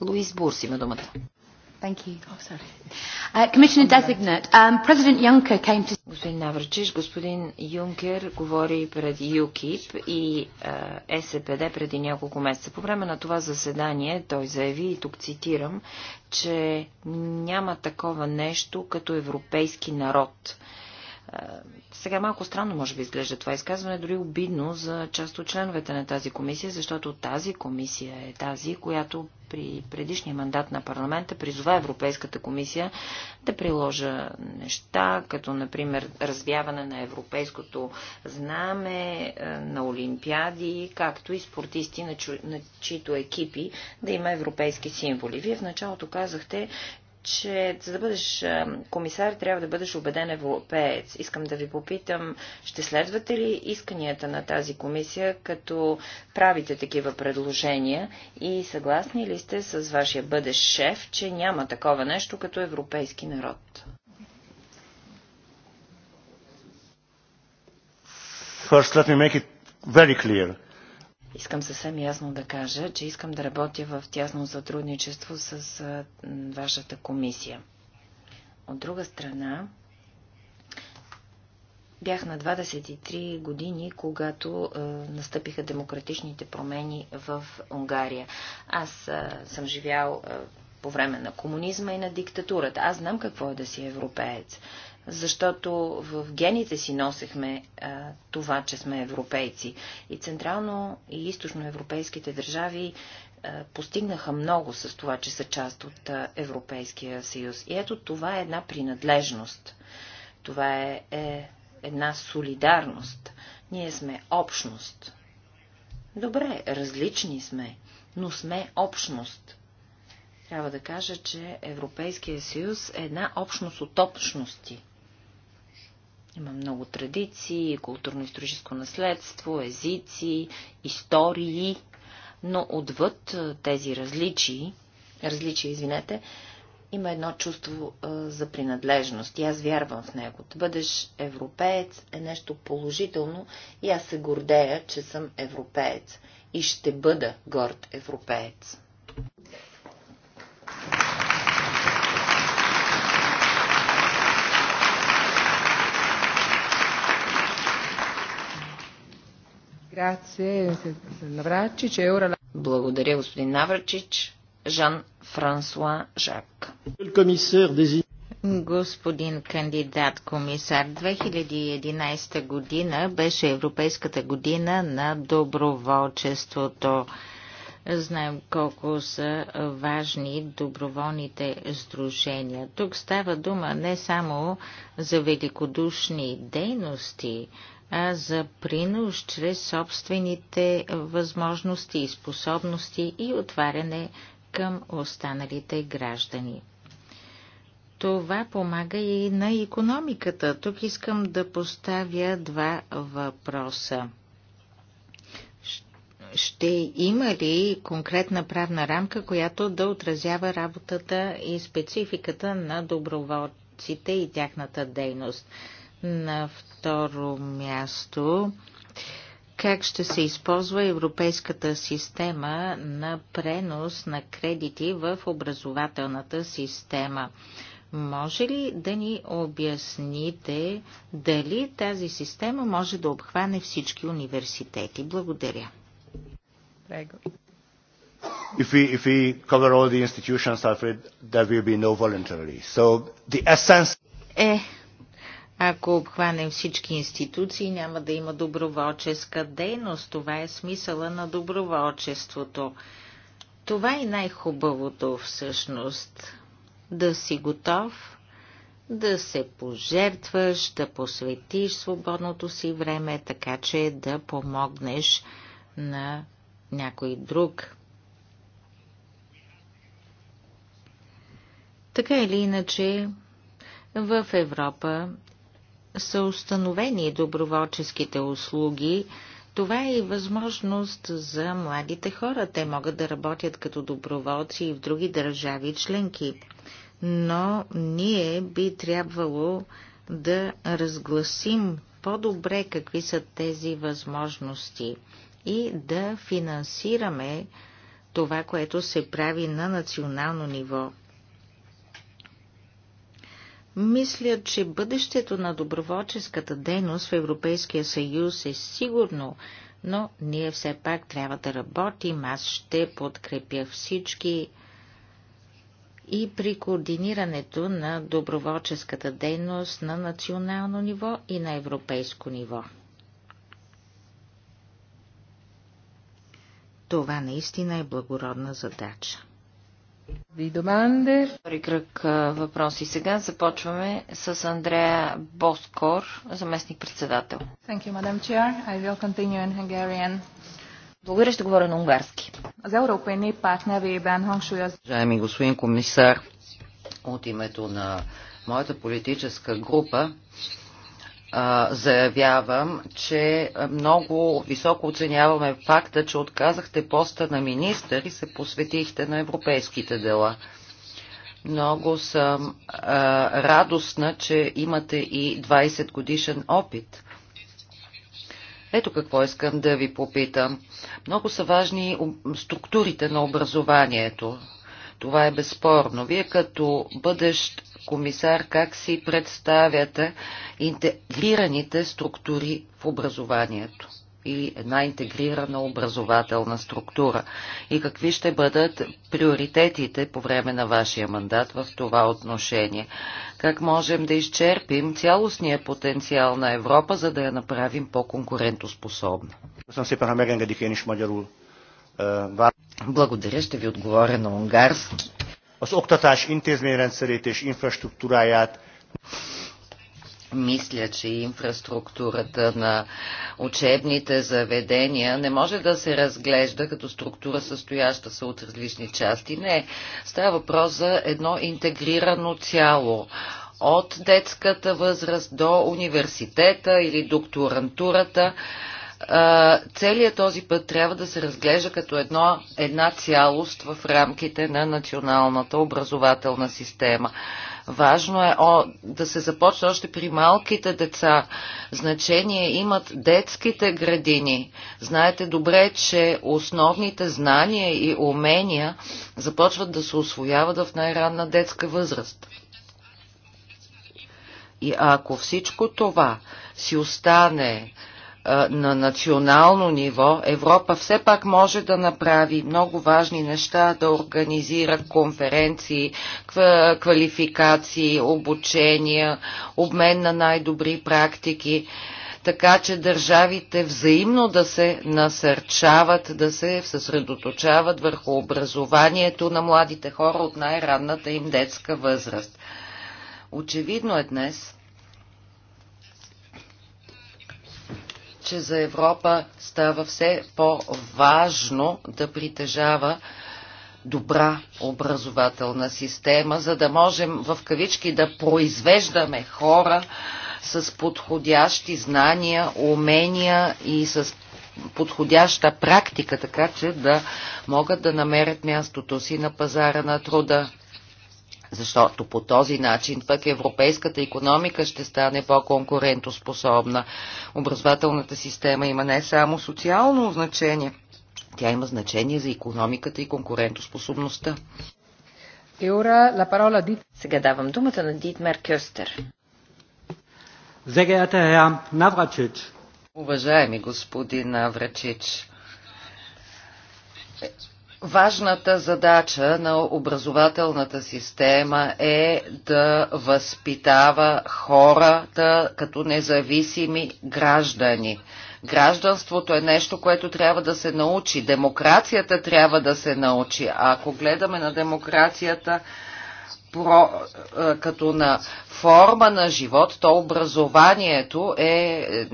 Луис Бурс има думата. Thank you. Oh, sorry. Uh, Commissioner Designate, um, President Juncker came to... Господин Навръчиш, господин Юнкер говори пред ЮКИП и е, СПД преди няколко месеца. По време на това заседание той заяви, и тук цитирам, че няма такова нещо като европейски народ. Uh, е, сега малко странно може би изглежда това изказване, дори обидно за част от членовете на тази комисия, защото тази комисия е тази, която при предишния мандат на парламента призова Европейската комисия да приложа неща, като например развяване на европейското знаме е, на олимпиади, както и спортисти, на, чу... на чието екипи да има европейски символи. Вие в началото казахте, че за да бъдеш комисар, трябва да бъдеш убеден европеец. Искам да ви попитам, ще следвате ли исканията на тази комисия, като правите такива предложения и съгласни ли сте с вашия бъдещ шеф, че няма такова нещо като европейски народ? First, let me make it very clear. Искам съвсем ясно да кажа, че искам да работя в тясно сътрудничество с вашата комисия. От друга страна, бях на 23 години, когато е, настъпиха демократичните промени в Унгария. Аз е, съм живял е, по време на комунизма и на диктатурата. Аз знам какво е да си европеец защото в гените си носехме а, това, че сме европейци. И централно и източноевропейските държави а, постигнаха много с това, че са част от а, Европейския съюз. И ето това е една принадлежност. Това е, е една солидарност. Ние сме общност. Добре, различни сме, но сме общност. Трябва да кажа, че Европейския съюз е една общност от общности. Има много традиции, културно-историческо наследство, езици, истории, но отвъд тези различия, различия, извинете, има едно чувство за принадлежност и аз вярвам в него. Да бъдеш европеец е нещо положително и аз се гордея, че съм европеец и ще бъда горд европеец. E Благодаря, господин Наврачич. Жан-Франсуа Жак. Господин кандидат комисар, 2011 година беше Европейската година на доброволчеството. Знаем колко са важни доброволните сдружения. Тук става дума не само за великодушни дейности, а за принос чрез собствените възможности и способности и отваряне към останалите граждани. Това помага и на економиката. Тук искам да поставя два въпроса. Ще има ли конкретна правна рамка, която да отразява работата и спецификата на доброволците и тяхната дейност? На второ място, как ще се използва европейската система на пренос на кредити в образователната система? Може ли да ни обясните дали тази система може да обхване всички университети? Благодаря. If we, if we cover all the institutions, Alfred, there will be no voluntary. So the essence... Eh, ако обхванем всички институции, няма да има доброволческа дейност. Това е смисъла на доброволчеството. Това е най-хубавото всъщност. Да си готов, да се пожертваш, да посветиш свободното си време, така че да помогнеш на някой друг. Така или иначе, в Европа са установени доброволческите услуги, това е и възможност за младите хора. Те могат да работят като доброволци и в други държави членки. Но ние би трябвало да разгласим по-добре какви са тези възможности и да финансираме това, което се прави на национално ниво. Мисля, че бъдещето на доброволческата дейност в Европейския съюз е сигурно, но ние все пак трябва да работим. Аз ще подкрепя всички и при координирането на доброволческата дейност на национално ниво и на европейско ниво. Това наистина е благородна задача. Втори кръг въпроси сега. Започваме с Андрея Боскор, заместник-председател. Благодаря, ще говоря на унгарски. Уважаеми господин комисар, от името на моята политическа група заявявам, че много високо оценяваме факта, че отказахте поста на министър и се посветихте на европейските дела. Много съм радостна, че имате и 20 годишен опит. Ето какво искам да ви попитам. Много са важни структурите на образованието. Това е безспорно. Вие като бъдещ комисар, как си представяте интегрираните структури в образованието и една интегрирана образователна структура? И какви ще бъдат приоритетите по време на вашия мандат в това отношение? Как можем да изчерпим цялостния потенциал на Европа, за да я направим по-конкурентоспособна? Е, Благодаря, ще ви отговоря на унгарски az oktatás intézményrendszerét és infrastruktúráját. Мисля, че инфраструктурата на учебните заведения не може да се разглежда като структура, състояща се от различни части. Не, става въпрос за едно интегрирано цяло от детската възраст до университета или докторантурата целият този път трябва да се разглежда като едно, една цялост в рамките на националната образователна система. Важно е о, да се започне още при малките деца. Значение имат детските градини. Знаете добре, че основните знания и умения започват да се освояват в най-ранна детска възраст. И ако всичко това си остане на национално ниво Европа все пак може да направи много важни неща, да организира конференции, квалификации, обучения, обмен на най-добри практики, така че държавите взаимно да се насърчават, да се съсредоточават върху образованието на младите хора от най-ранната им детска възраст. Очевидно е днес, че за Европа става все по-важно да притежава добра образователна система, за да можем в кавички да произвеждаме хора с подходящи знания, умения и с подходяща практика, така че да могат да намерят мястото си на пазара на труда защото по този начин пък европейската економика ще стане по-конкурентоспособна. Образователната система има не само социално значение, тя има значение за економиката и конкурентоспособността. Сега давам думата на Дитмер Кюстер. Уважаеми господин Наврачич, Важната задача на образователната система е да възпитава хората като независими граждани. Гражданството е нещо, което трябва да се научи. Демокрацията трябва да се научи. А ако гледаме на демокрацията про, е, като на форма на живот, то образованието е, е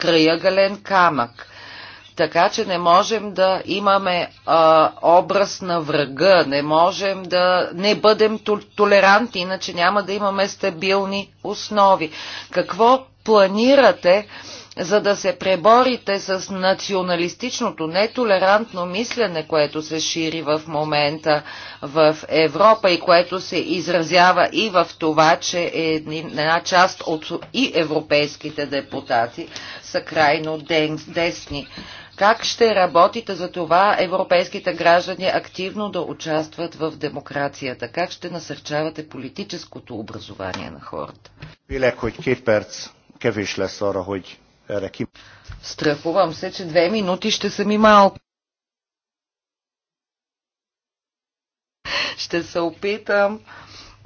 краягален камък. Така че не можем да имаме а, образ на врага, не можем да не бъдем толеранти, иначе няма да имаме стабилни основи. Какво планирате, за да се преборите с националистичното, нетолерантно мислене, което се шири в момента в Европа и което се изразява и в това, че една част от и европейските депутати са крайно десни. Как ще работите за това европейските граждани активно да участват в демокрацията? Как ще насърчавате политическото образование на хората? Страхувам се, че две минути ще са ми малко. Ще се опитам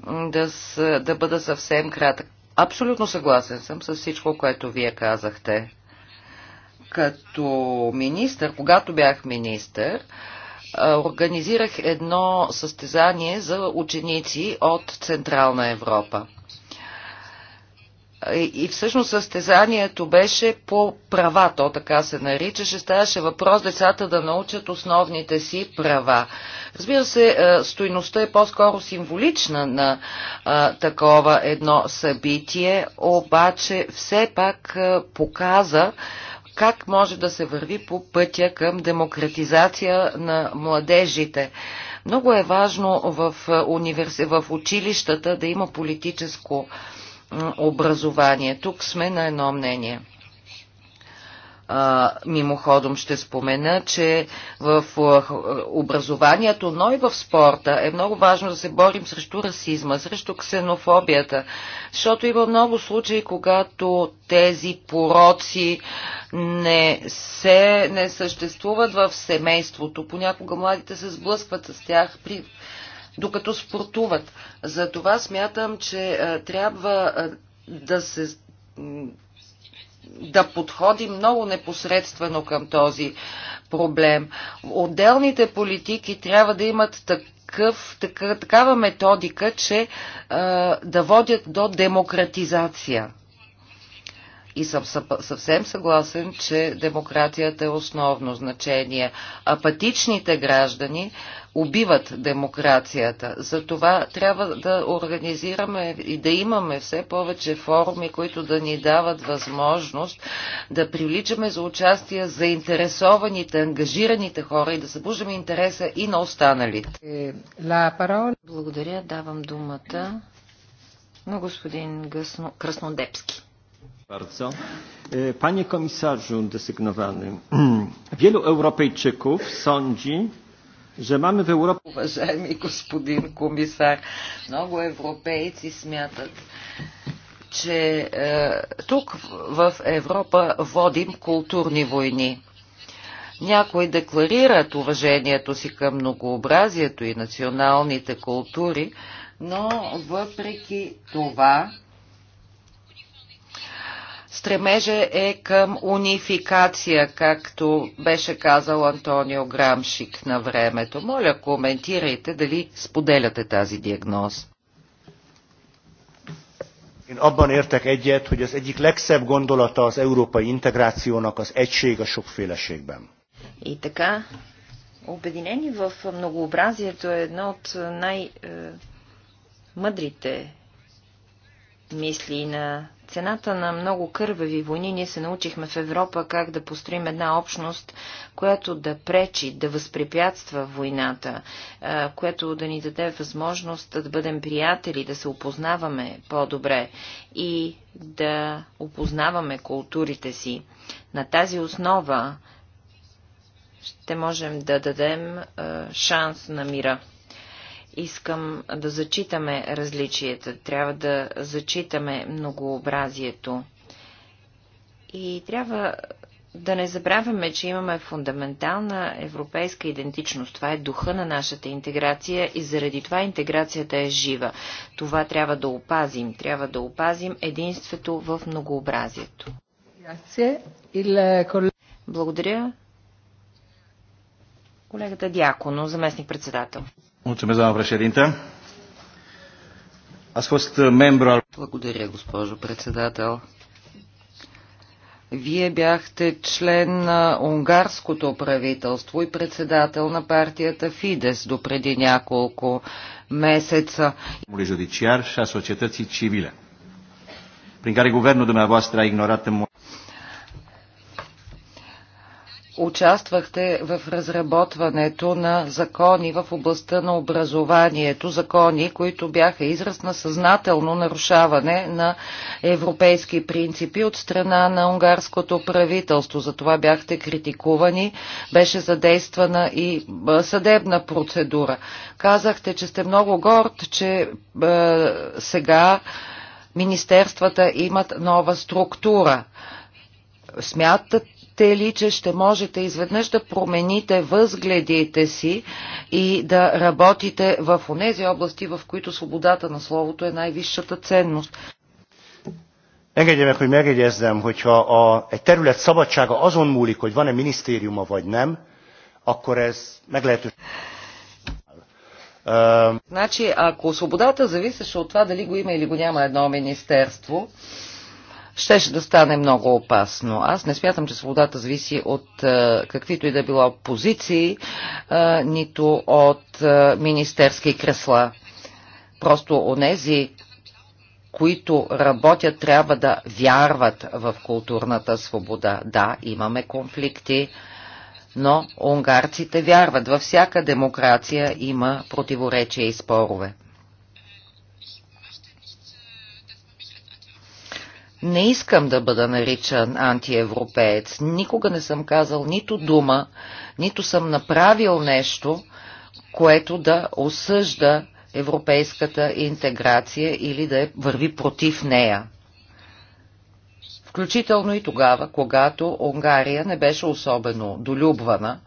да, с, да бъда съвсем кратък. Абсолютно съгласен съм с всичко, което вие казахте като министър, когато бях министър, организирах едно състезание за ученици от Централна Европа. И всъщност състезанието беше по права, то така се наричаше. Ставаше въпрос децата да научат основните си права. Разбира се, стойността е по-скоро символична на такова едно събитие, обаче все пак показа, как може да се върви по пътя към демократизация на младежите. Много е важно в, е, универси... в училищата да има политическо образование. Тук сме на едно мнение мимоходом ще спомена, че в образованието, но и в спорта е много важно да се борим срещу расизма, срещу ксенофобията, защото има много случаи, когато тези пороци не, се, не съществуват в семейството. Понякога младите се сблъскват с тях при докато спортуват. За това смятам, че а, трябва а, да се да подходи много непосредствено към този проблем. Отделните политики трябва да имат такъв, така, такава методика, че а, е, да водят до демократизация. И съм съвсем съгласен, че демокрацията е основно значение. Апатичните граждани убиват демокрацията. Затова трябва да организираме и да имаме все повече форуми, които да ни дават възможност да привличаме за участие заинтересованите, ангажираните хора и да събуждаме интереса и на останалите. Е, Благодаря. Давам думата на господин Гъсно... Краснодепски. Bardzo. Panie komisarzu desygnowany, wielu Europejczyków sądzi, że mamy w Europie... Уважаеми господин комисар, много европейци смятат, че е, тук в Европа водим културни войни. Някои декларират уважението си към многообразието и националните култури, но въпреки това Стремежа е към унификация, както беше казал Антонио Грамшик на времето. Моля, коментирайте дали споделяте тази диагноз. Én abban értek egyet, hogy az egyik legszebb gondolata az európai integrációnak az egység a sokféleségben. И така, обединени в многообразието е едно от най-мъдрите е, мисли и на цената на много кървави войни ние се научихме в Европа как да построим една общност, която да пречи, да възпрепятства войната, което да ни даде възможност да бъдем приятели, да се опознаваме по-добре и да опознаваме културите си. На тази основа ще можем да дадем шанс на мира. Искам да зачитаме различията, трябва да зачитаме многообразието. И трябва да не забравяме, че имаме фундаментална европейска идентичност. Това е духа на нашата интеграция и заради това интеграцията е жива. Това трябва да опазим. Трябва да опазим единството в многообразието. Е, Благодаря. Колегата Дяконо, заместник председател. Е, Благодаря, госпожо председател. Вие бяхте член на унгарското правителство и председател на партията Фидес до преди няколко месеца участвахте в разработването на закони в областта на образованието, закони, които бяха израз на съзнателно нарушаване на европейски принципи от страна на унгарското правителство. За това бяхте критикувани, беше задействана и съдебна процедура. Казахте, че сте много горд, че е, сега министерствата имат нова структура. Смятат смятате ли, че ще можете изведнъж да промените възгледите си и да работите в онези области, в които свободата на словото е най-висшата ценност? Engedje meg, hogy megjegyezzem, hogyha a, egy terület szabadsága azon múlik, hogy van-e minisztériuma vagy nem, akkor ez meglehetősen... Значи, ако свободата зависеше от това дали го има или го няма едно министерство, щеше да стане много опасно. Аз не смятам, че свободата зависи от е, каквито и да било позиции, е, нито от е, министерски кресла. Просто онези, които работят, трябва да вярват в културната свобода. Да, имаме конфликти, но унгарците вярват. Във всяка демокрация има противоречия и спорове. Не искам да бъда наричан антиевропеец. Никога не съм казал нито дума, нито съм направил нещо, което да осъжда европейската интеграция или да е, върви против нея. Включително и тогава, когато Унгария не беше особено долюбвана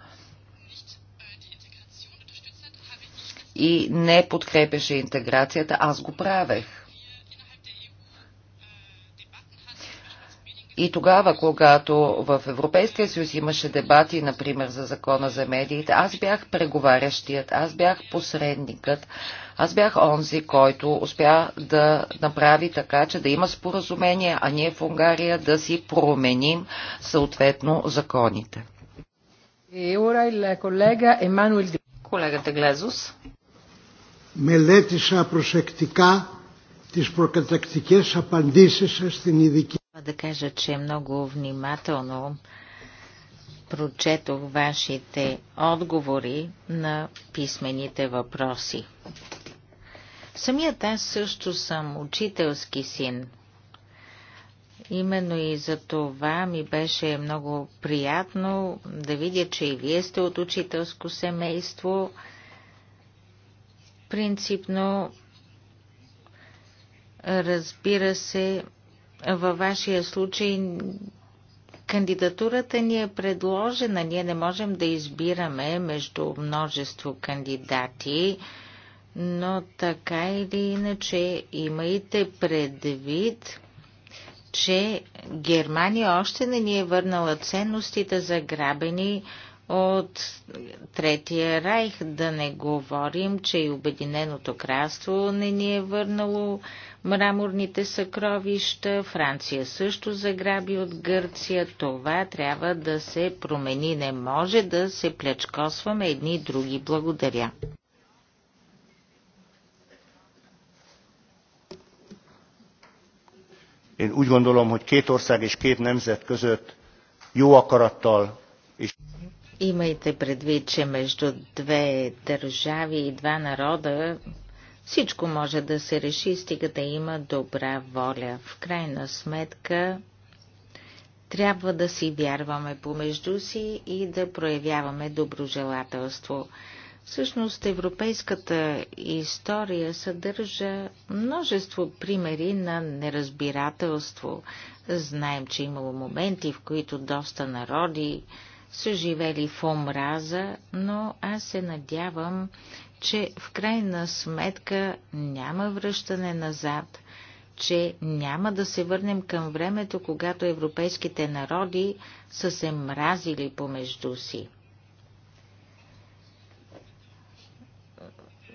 и не подкрепеше интеграцията, аз го правех. И тогава, когато в Европейския съюз имаше дебати, например, за закона за медиите, аз бях преговарящият, аз бях посредникът, аз бях онзи, който успя да направи така, че да има споразумение, а ние в Унгария да си променим съответно законите. Колегата Глезус. Мелетиша прошектика τις προκατακτικές απαντήσεις σας στην да кажа, че много внимателно прочетох вашите отговори на писмените въпроси. Самият аз също съм учителски син. Именно и за това ми беше много приятно да видя, че и вие сте от учителско семейство. Принципно, разбира се, във вашия случай кандидатурата ни е предложена. Ние не можем да избираме между множество кандидати, но така или иначе имайте предвид, че Германия още не ни е върнала ценностите заграбени от Третия райх. Да не говорим, че и Обединеното кралство не ни е върнало мраморните съкровища. Франция също заграби от Гърция. Това трябва да се промени. Не може да се плячкосваме едни и други. Благодаря. Én úgy gondolom, hogy két ország és két nemzet között jó akarattal és Имайте предвид, че между две държави и два народа всичко може да се реши, стига да има добра воля. В крайна сметка, трябва да си вярваме помежду си и да проявяваме доброжелателство. Всъщност европейската история съдържа множество примери на неразбирателство. Знаем, че имало моменти, в които доста народи са живели в омраза, но аз се надявам, че в крайна сметка няма връщане назад, че няма да се върнем към времето, когато европейските народи са се мразили помежду си.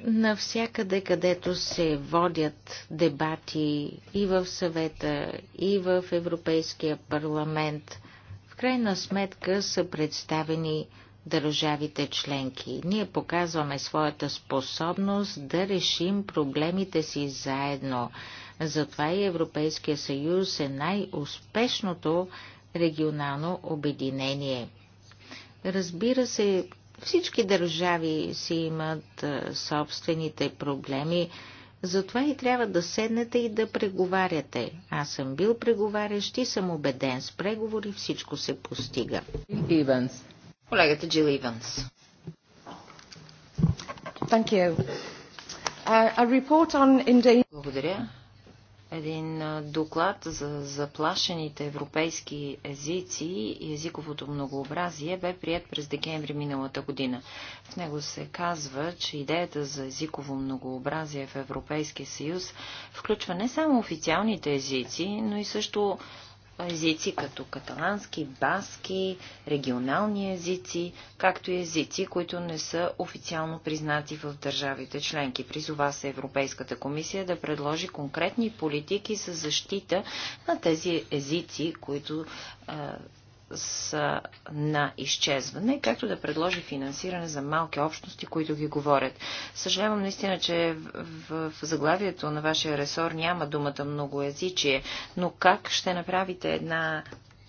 Навсякъде, където се водят дебати и в съвета, и в Европейския парламент, в крайна сметка са представени държавите членки. Ние показваме своята способност да решим проблемите си заедно. Затова и Европейския съюз е най-успешното регионално обединение. Разбира се, всички държави си имат собствените проблеми, затова и трябва да седнете и да преговаряте. Аз съм бил преговарящ и съм убеден с преговори всичко се постига. Колегата Джил Иванс. Uh, Благодаря. Един доклад за заплашените европейски езици и езиковото многообразие бе прият през декември миналата година. В него се казва, че идеята за езиково многообразие в Европейския съюз включва не само официалните езици, но и също езици като каталански, баски, регионални езици, както и езици, които не са официално признати в държавите членки. Призова се Европейската комисия да предложи конкретни политики за защита на тези езици, които а, са на изчезване, както да предложи финансиране за малки общности, които ги говорят. Съжалявам наистина, че в, в заглавието на вашия ресор няма думата многоязичие, но как ще направите една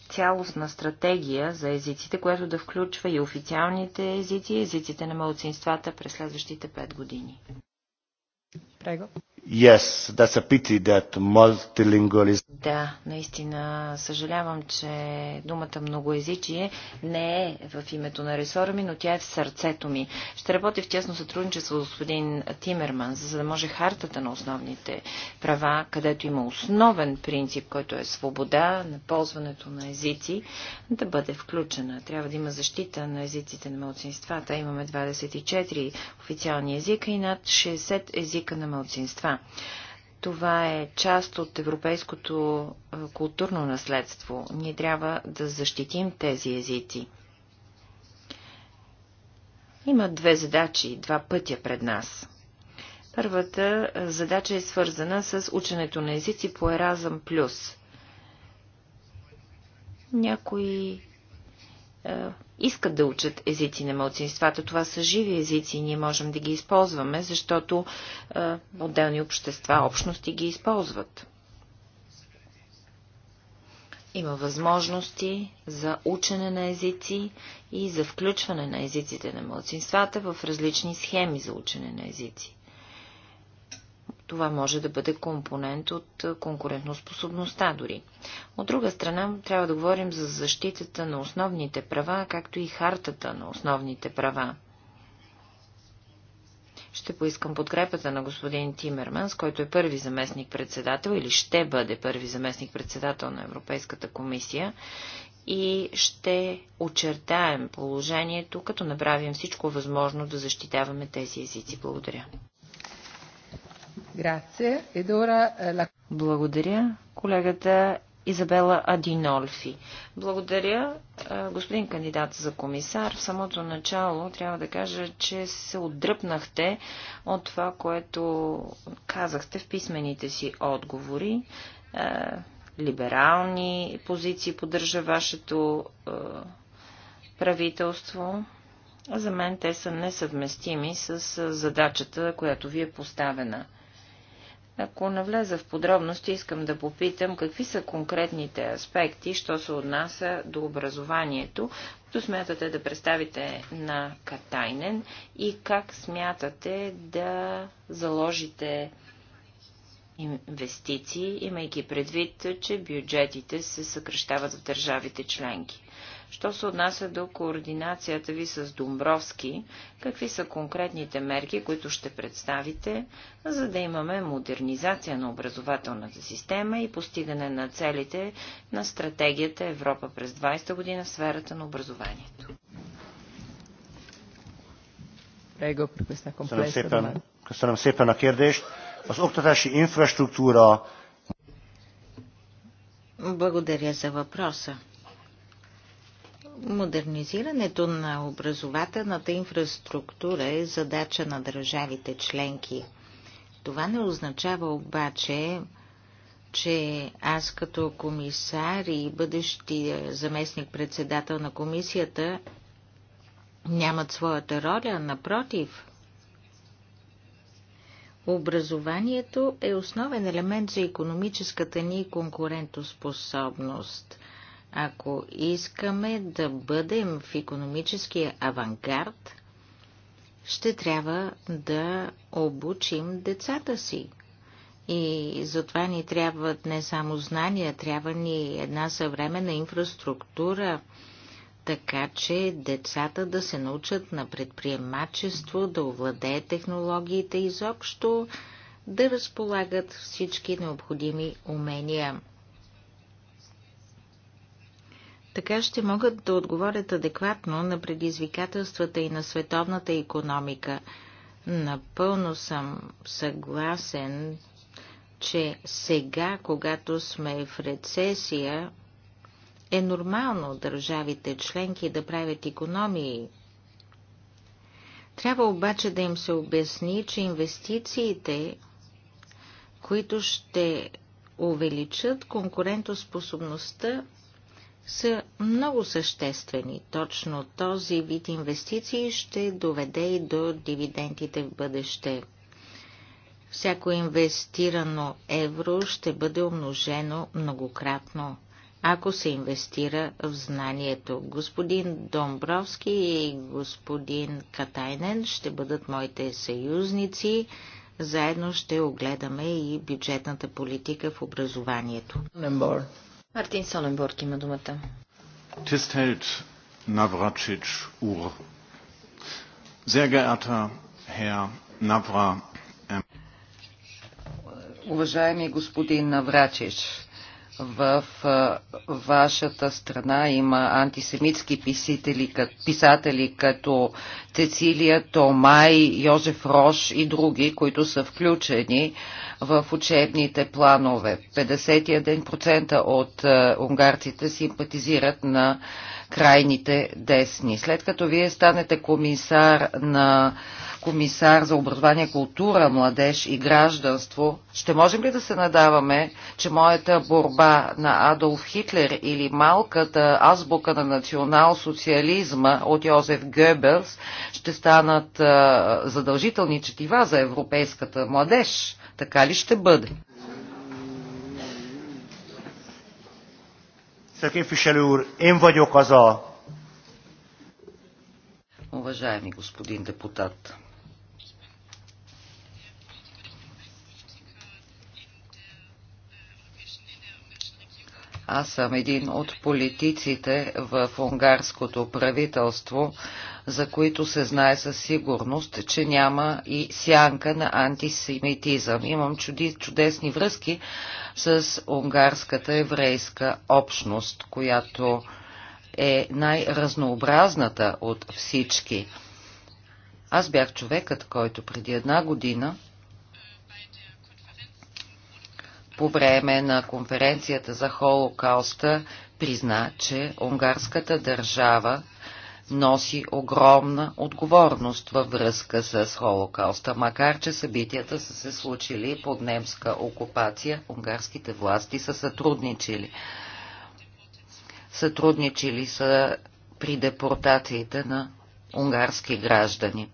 цялостна стратегия за езиците, която да включва и официалните езици, езиците на малцинствата през следващите пет години? Прего. Yes, that's a pity that multilingualism... Да, наистина съжалявам, че думата многоезичие не е в името на ресора ми, но тя е в сърцето ми. Ще работя в тясно сътрудничество с господин Тимерман, за да може хартата на основните права, където има основен принцип, който е свобода на ползването на езици, да бъде включена. Трябва да има защита на езиците на младсинствата. Имаме 24 официални езика и над 60 езика на младсинства това. Това е част от европейското е, културно наследство. Ние трябва да защитим тези езици. Има две задачи, два пътя пред нас. Първата е, задача е свързана с ученето на езици по Еразъм Плюс. Някои е, искат да учат езици на младсинствата. Това са живи езици и ние можем да ги използваме, защото е, отделни общества, общности ги използват. Има възможности за учене на езици и за включване на езиците на младсинствата в различни схеми за учене на езици. Това може да бъде компонент от конкурентоспособността дори. От друга страна, трябва да говорим за защитата на основните права, както и хартата на основните права. Ще поискам подкрепата на господин Тимерманс, който е първи заместник-председател или ще бъде първи заместник-председател на Европейската комисия и ще очертаем положението, като направим всичко възможно да защитаваме тези езици. Благодаря. Eh, Благодаря. Колегата Изабела Адинольфи. Благодаря, е, господин кандидат за комисар. В самото начало трябва да кажа, че се отдръпнахте от това, което казахте в писмените си отговори. Е, либерални позиции поддържа вашето е, правителство. За мен те са несъвместими с задачата, която ви е поставена – ако навляза в подробности, искам да попитам какви са конкретните аспекти, що се отнася до образованието, като смятате да представите на Катайнен и как смятате да заложите инвестиции, имайки предвид, че бюджетите се съкрещават в държавите членки. Що се отнася до координацията ви с Домбровски, какви са конкретните мерки, които ще представите, за да имаме модернизация на образователната система и постигане на целите на стратегията Европа през 20 та година в сферата на образованието? Köszönöm szépen a kérdést. Az oktatási infrastruktúra. Благодаря за въпроса. Модернизирането на образователната инфраструктура е задача на държавите членки. Това не означава обаче, че аз като комисар и бъдещия заместник-председател на комисията нямат своята роля, напротив. Образованието е основен елемент за економическата ни конкурентоспособност. Ако искаме да бъдем в економическия авангард, ще трябва да обучим децата си. И затова ни трябват не само знания, трябва ни една съвременна инфраструктура, така че децата да се научат на предприемачество, да овладеят технологиите изобщо, да разполагат всички необходими умения. Така ще могат да отговорят адекватно на предизвикателствата и на световната економика. Напълно съм съгласен, че сега, когато сме в рецесия, е нормално държавите членки да правят економии. Трябва обаче да им се обясни, че инвестициите, които ще увеличат конкурентоспособността са много съществени. Точно този вид инвестиции ще доведе и до дивидендите в бъдеще. Всяко инвестирано евро ще бъде умножено многократно, ако се инвестира в знанието. Господин Домбровски и господин Катайнен ще бъдат моите съюзници. Заедно ще огледаме и бюджетната политика в образованието. Мартин Соленбург има думата. Тистелт Наврачич Ур. Sehr хер Навра. Ähm, Уважаеми господин Наврачич, в вашата страна има антисемитски писатели, писатели като Цецилия Томай, Йозеф Рош и други, които са включени в учебните планове. 51% от е, унгарците симпатизират на крайните десни. След като вие станете комисар на комисар за образование, култура, младеж и гражданство, ще можем ли да се надаваме, че моята борба на Адолф Хитлер или малката азбука на национал-социализма от Йозеф Гебелс ще станат е, задължителни четива за европейската младеж? Така ли ще бъде? Уважаеми господин депутат, Аз съм един от политиците в унгарското правителство, за които се знае със сигурност, че няма и сянка на антисемитизъм. Имам чуди, чудесни връзки с унгарската еврейска общност, която е най-разнообразната от всички. Аз бях човекът, който преди една година по време на конференцията за Холокауста призна, че унгарската държава носи огромна отговорност във връзка с Холокауста. Макар, че събитията са се случили под немска окупация, унгарските власти са сътрудничили. Сътрудничили са при депортациите на унгарски граждани.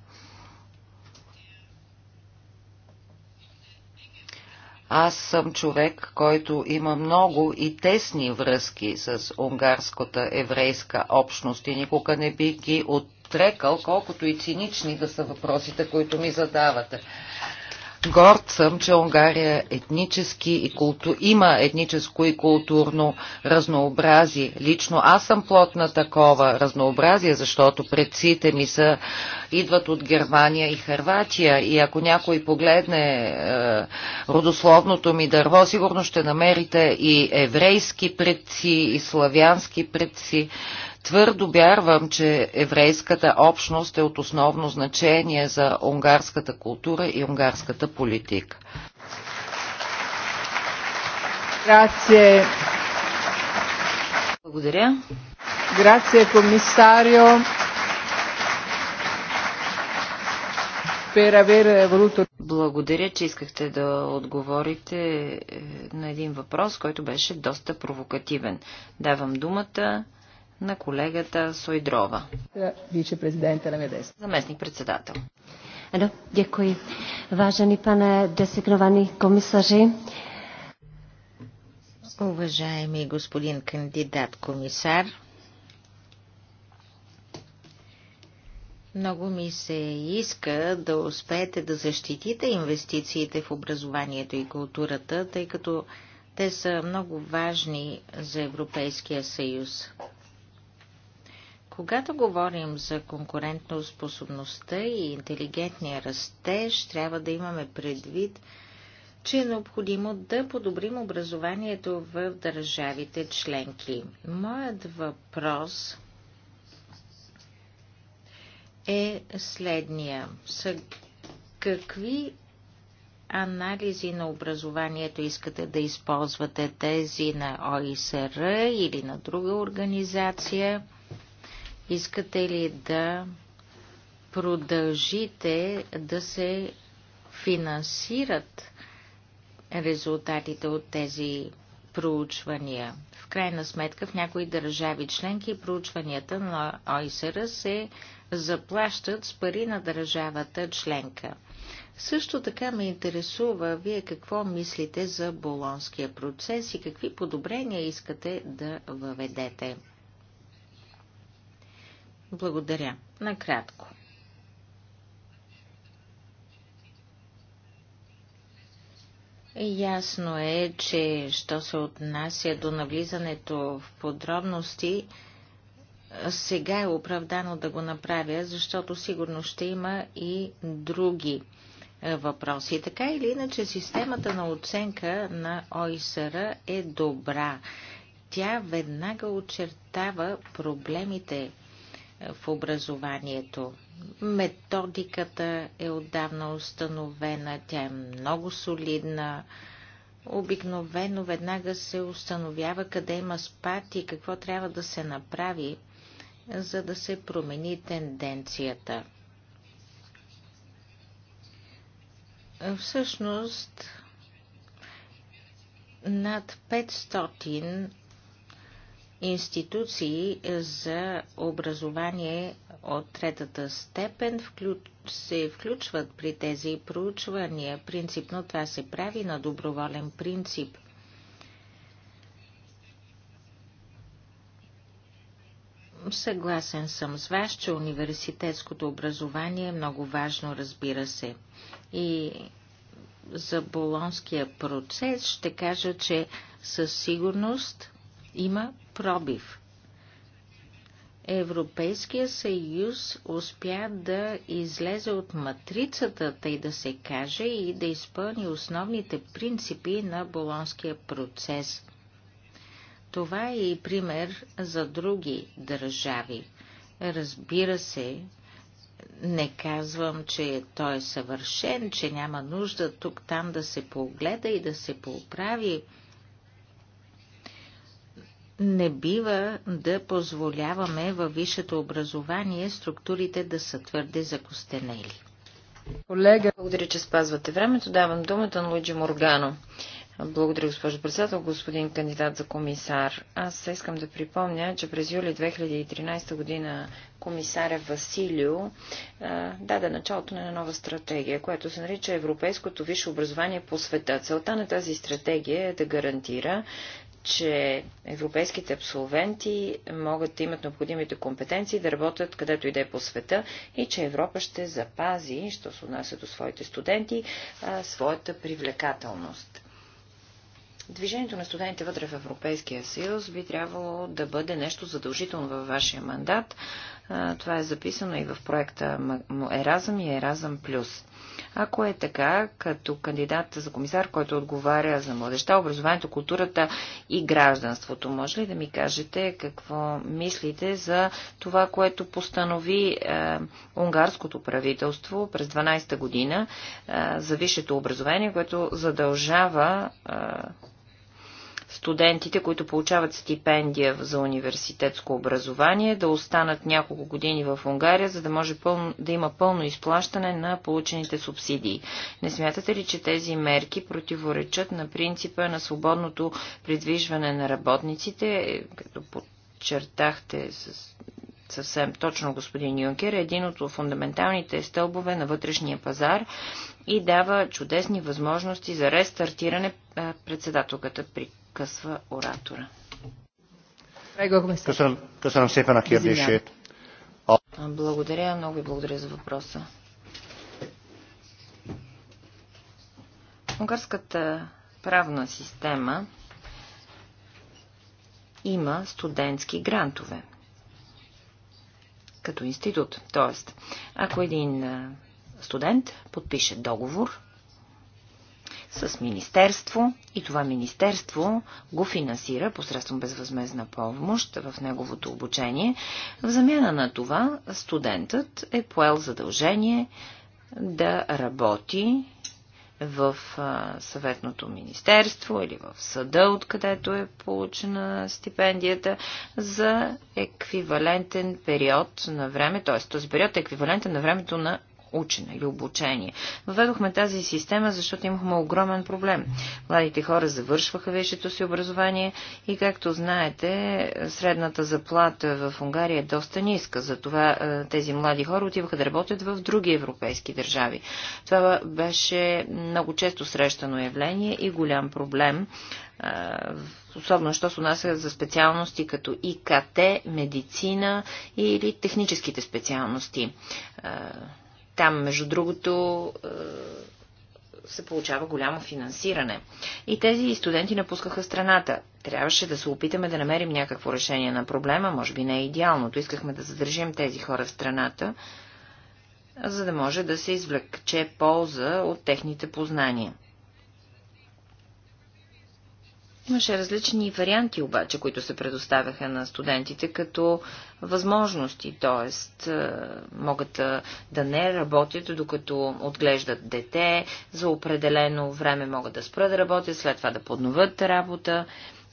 Аз съм човек, който има много и тесни връзки с унгарската еврейска общност и никога не би ги отрекал, колкото и цинични да са въпросите, които ми задавате. Горд съм, че Унгария е етнически и култу... има етническо и културно разнообразие. Лично аз съм плод на такова разнообразие, защото предците ми са идват от Германия и Харватия. И ако някой погледне е, родословното ми дърво, сигурно ще намерите и еврейски предци, и славянски предци. Твърдо вярвам, че еврейската общност е от основно значение за унгарската култура и унгарската политика. Grazie. Благодаря. Grazie, комисарио. Благодаря, че искахте да отговорите е, на един въпрос, който беше доста провокативен. Давам думата на колегата Сойдрова. Е, вице-президента на МЕДЕС. Заместник председател. Ano, děkuji. Vážený пане десигновани комисари. Уважаеми господин кандидат комисар, Много ми се иска да успеете да защитите инвестициите в образованието и културата, тъй като те са много важни за Европейския съюз. Когато говорим за конкурентно способността и интелигентния растеж, трябва да имаме предвид, че е необходимо да подобрим образованието в държавите членки. Моят въпрос е следния. Са какви анализи на образованието искате да използвате тези на ОИСР или на друга организация? Искате ли да продължите да се финансират резултатите от тези проучвания? В крайна сметка в някои държави членки проучванията на ОИСР се заплащат с пари на държавата членка. Също така ме интересува вие какво мислите за болонския процес и какви подобрения искате да въведете. Благодаря. Накратко. Ясно е, че що се отнася до навлизането в подробности, сега е оправдано да го направя, защото сигурно ще има и други въпроси. Така или иначе, системата на оценка на ОИСР е добра. Тя веднага очертава проблемите, в образованието. Методиката е отдавна установена, тя е много солидна. Обикновено веднага се установява къде има спад и какво трябва да се направи, за да се промени тенденцията. Всъщност, над 500 институции за образование от третата степен се включват при тези проучвания. Принципно това се прави на доброволен принцип. Съгласен съм с вас, че университетското образование е много важно, разбира се. И за болонския процес ще кажа, че със сигурност има пробив. Европейския съюз успя да излезе от матрицата, тъй да се каже, и да изпълни основните принципи на болонския процес. Това е и пример за други държави. Разбира се, не казвам, че той е съвършен, че няма нужда тук-там да се погледа и да се поправи. Не бива да позволяваме във висшето образование структурите да са твърде закостенели. Колега, благодаря, че спазвате времето. Давам думата на Луиджи Моргано. Благодаря, госпожо председател, господин кандидат за комисар. Аз искам да припомня, че през юли 2013 година комисаря Василио даде началото на нова стратегия, която се нарича Европейското висше образование по света. Целта на тази стратегия е да гарантира, че европейските абсолвенти могат да имат необходимите компетенции да работят където и да е по света и че Европа ще запази, що се отнася до своите студенти, своята привлекателност. Движението на студентите вътре в Европейския съюз би трябвало да бъде нещо задължително във вашия мандат. Това е записано и в проекта Еразъм и Еразъм Плюс. Ако е така, като кандидат за комисар, който отговаря за младеща, образованието, културата и гражданството, може ли да ми кажете какво мислите за това, което постанови е, унгарското правителство през 12-та година е, за висшето образование, което задължава е, студентите, които получават стипендия за университетско образование, да останат няколко години в Унгария, за да може пълно, да има пълно изплащане на получените субсидии. Не смятате ли, че тези мерки противоречат на принципа на свободното придвижване на работниците, като подчертахте с съвсем точно господин Юнкер, е един от фундаменталните стълбове на вътрешния пазар и дава чудесни възможности за рестартиране. Председателката при Късва оратора. Благодаря, много ви благодаря за въпроса. Унгарската правна система има студентски грантове като институт. Тоест, ако един студент подпише договор с министерство и това министерство го финансира посредством безвъзмезна помощ в неговото обучение. В замяна на това студентът е поел задължение да работи в съветното министерство или в съда, откъдето е получена стипендията, за еквивалентен период на време, т.е. този период е еквивалентен на времето на учене или обучение. Въведохме тази система, защото имахме огромен проблем. Младите хора завършваха висшето си образование и, както знаете, средната заплата в Унгария е доста ниска. Затова е, тези млади хора отиваха да работят в други европейски държави. Това беше много често срещано явление и голям проблем е, особено що се отнася за специалности като ИКТ, медицина или техническите специалности. Е, там, между другото, е, се получава голямо финансиране. И тези студенти напускаха страната. Трябваше да се опитаме да намерим някакво решение на проблема, може би не е идеалното. Искахме да задържим тези хора в страната, за да може да се извлече полза от техните познания. Имаше различни варианти обаче, които се предоставяха на студентите като възможности, т.е. могат е, да не работят, докато отглеждат дете, за определено време могат да спрат да работят, след това да подноват работа.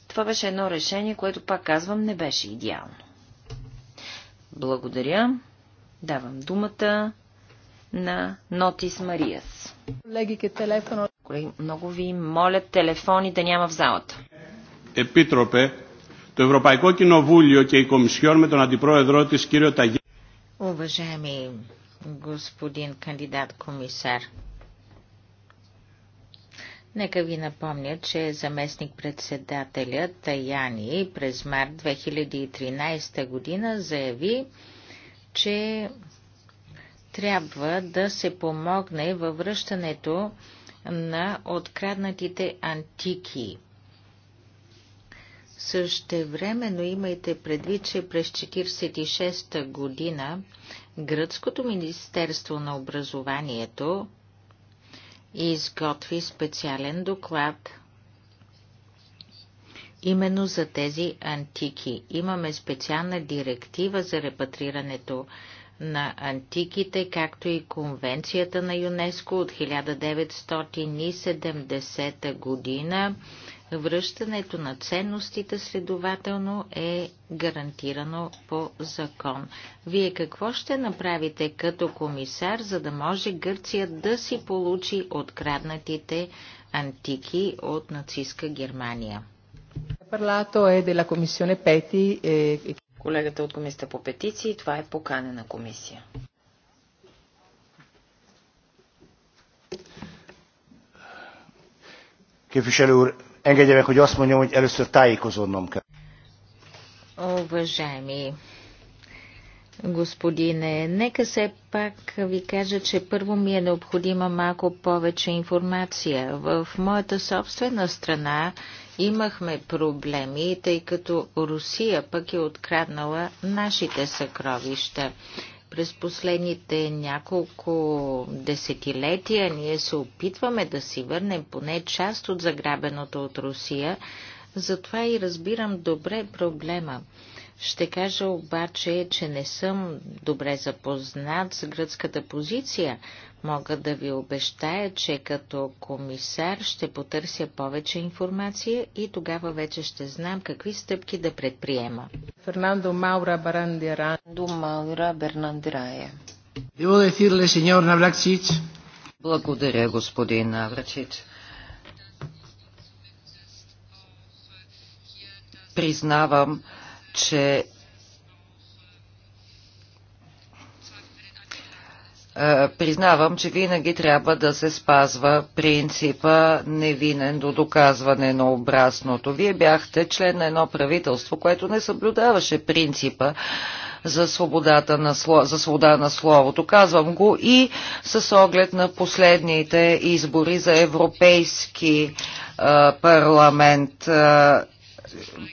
Това беше едно решение, което, пак казвам, не беше идеално. Благодаря. Давам думата на Нотис Мариас. Колеги, много ви моля телефони да няма в залата. Епитропе, то Ευρωπαϊκό Κοινοβούλιο και η Κομισιόν με τον Αντιπρόεδρό της κύριο Ταγί. Уважаеми господин кандидат комисар, Нека ви напомня, че заместник председателя Таяни през март 2013 година заяви, че трябва да се помогне във връщането на откраднатите антики. времено имайте предвид, че през 1946 година Гръцкото Министерство на образованието изготви специален доклад именно за тези антики. Имаме специална директива за репатрирането на антиките, както и Конвенцията на ЮНЕСКО от 1970 година. Връщането на ценностите следователно е гарантирано по закон. Вие какво ще направите като комисар, за да може Гърция да си получи откраднатите антики от нацистска Германия? Parlato è eh, della Commissione PETI. Eh, колегата от комисията по петиции. Това е поканена комисия. Уважаеми господине, нека се пак ви кажа, че първо ми е необходима малко повече информация. В моята собствена страна имахме проблеми, тъй като Русия пък е откраднала нашите съкровища. През последните няколко десетилетия ние се опитваме да си върнем поне част от заграбеното от Русия, затова и разбирам добре проблема. Ще кажа обаче, че не съм добре запознат с гръцката позиция. Мога да ви обещая, че като комисар ще потърся повече информация и тогава вече ще знам какви стъпки да предприема. Фернандо Маура Барандира. До Маура Бернандирая. Devo decirle, señor Navracic. Благодаря, господин Наврачич. Признавам, че е, признавам, че винаги трябва да се спазва принципа невинен до доказване на образното. Вие бяхте член на едно правителство, което не съблюдаваше принципа за, свободата на, за свобода на словото. Казвам го и с оглед на последните избори за Европейски е, парламент. Е,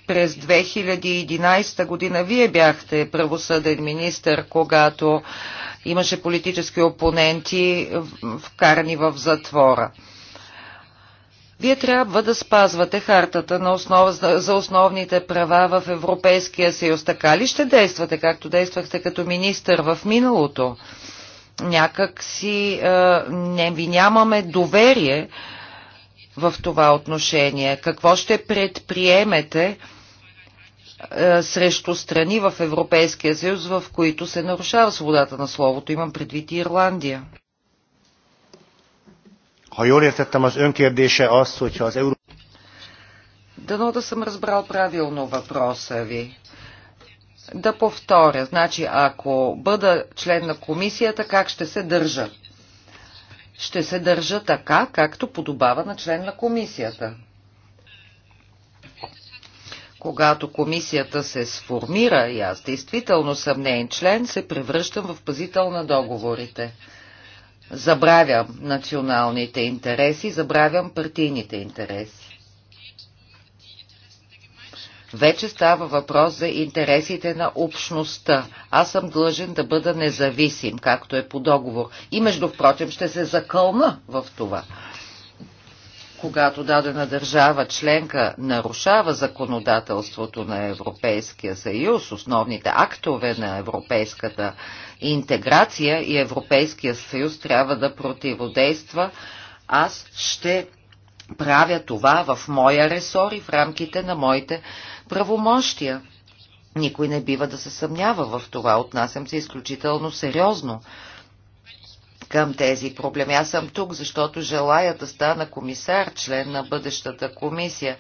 през 2011 година вие бяхте правосъден министр, когато имаше политически опоненти вкарани в затвора. Вие трябва да спазвате хартата на основ... за основните права в Европейския съюз. Така ли ще действате, както действахте като министър в миналото? Някак си е, не ви нямаме доверие, в това отношение? Какво ще предприемете е, срещу страни в Европейския съюз, в които се нарушава свободата на словото? Имам предвид и Ирландия. Ha jól értettem, az az, hogyha az Дано да съм разбрал правилно въпроса ви. Да повторя, значи ако бъда член на комисията, как ще се държа? ще се държа така, както подобава на член на комисията. Когато комисията се сформира и аз действително съм неен член, се превръщам в пазител на договорите. Забравям националните интереси, забравям партийните интереси. Вече става въпрос за интересите на общността. Аз съм длъжен да бъда независим, както е по договор. И между впрочем ще се закълна в това. Когато дадена държава членка нарушава законодателството на Европейския съюз, основните актове на европейската интеграция и Европейския съюз трябва да противодейства, аз ще правя това в моя ресор и в рамките на моите правомощия. Никой не бива да се съмнява в това. Отнасям се изключително сериозно към тези проблеми. Аз съм тук, защото желая да стана комисар, член на бъдещата комисия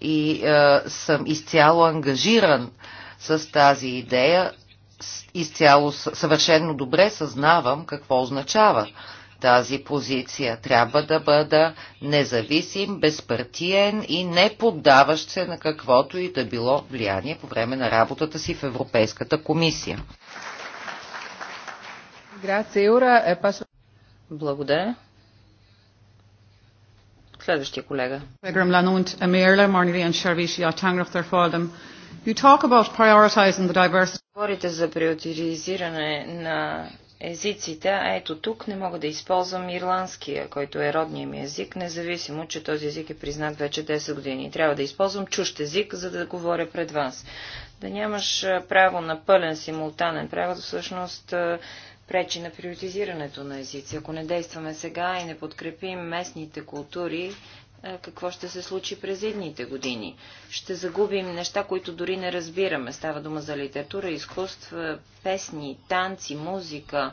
и е, съм изцяло ангажиран с тази идея. Изцяло съвършенно добре съзнавам какво означава тази позиция. Трябва да бъда независим, безпартиен и не поддаващ се на каквото и да било влияние по време на работата си в Европейската комисия. Е Благодаря. Следващия колега. Говорите за приоритизиране на езиците, а ето тук не мога да използвам ирландския, който е родния ми език, независимо, че този език е признат вече 10 години. Трябва да използвам чужд език, за да говоря пред вас. Да нямаш право на пълен симултанен превод, всъщност пречи на приоритизирането на езици. Ако не действаме сега и не подкрепим местните култури, е, какво ще се случи през едните години. Ще загубим неща, които дори не разбираме. Става дума за литература, изкуства, песни, танци, музика.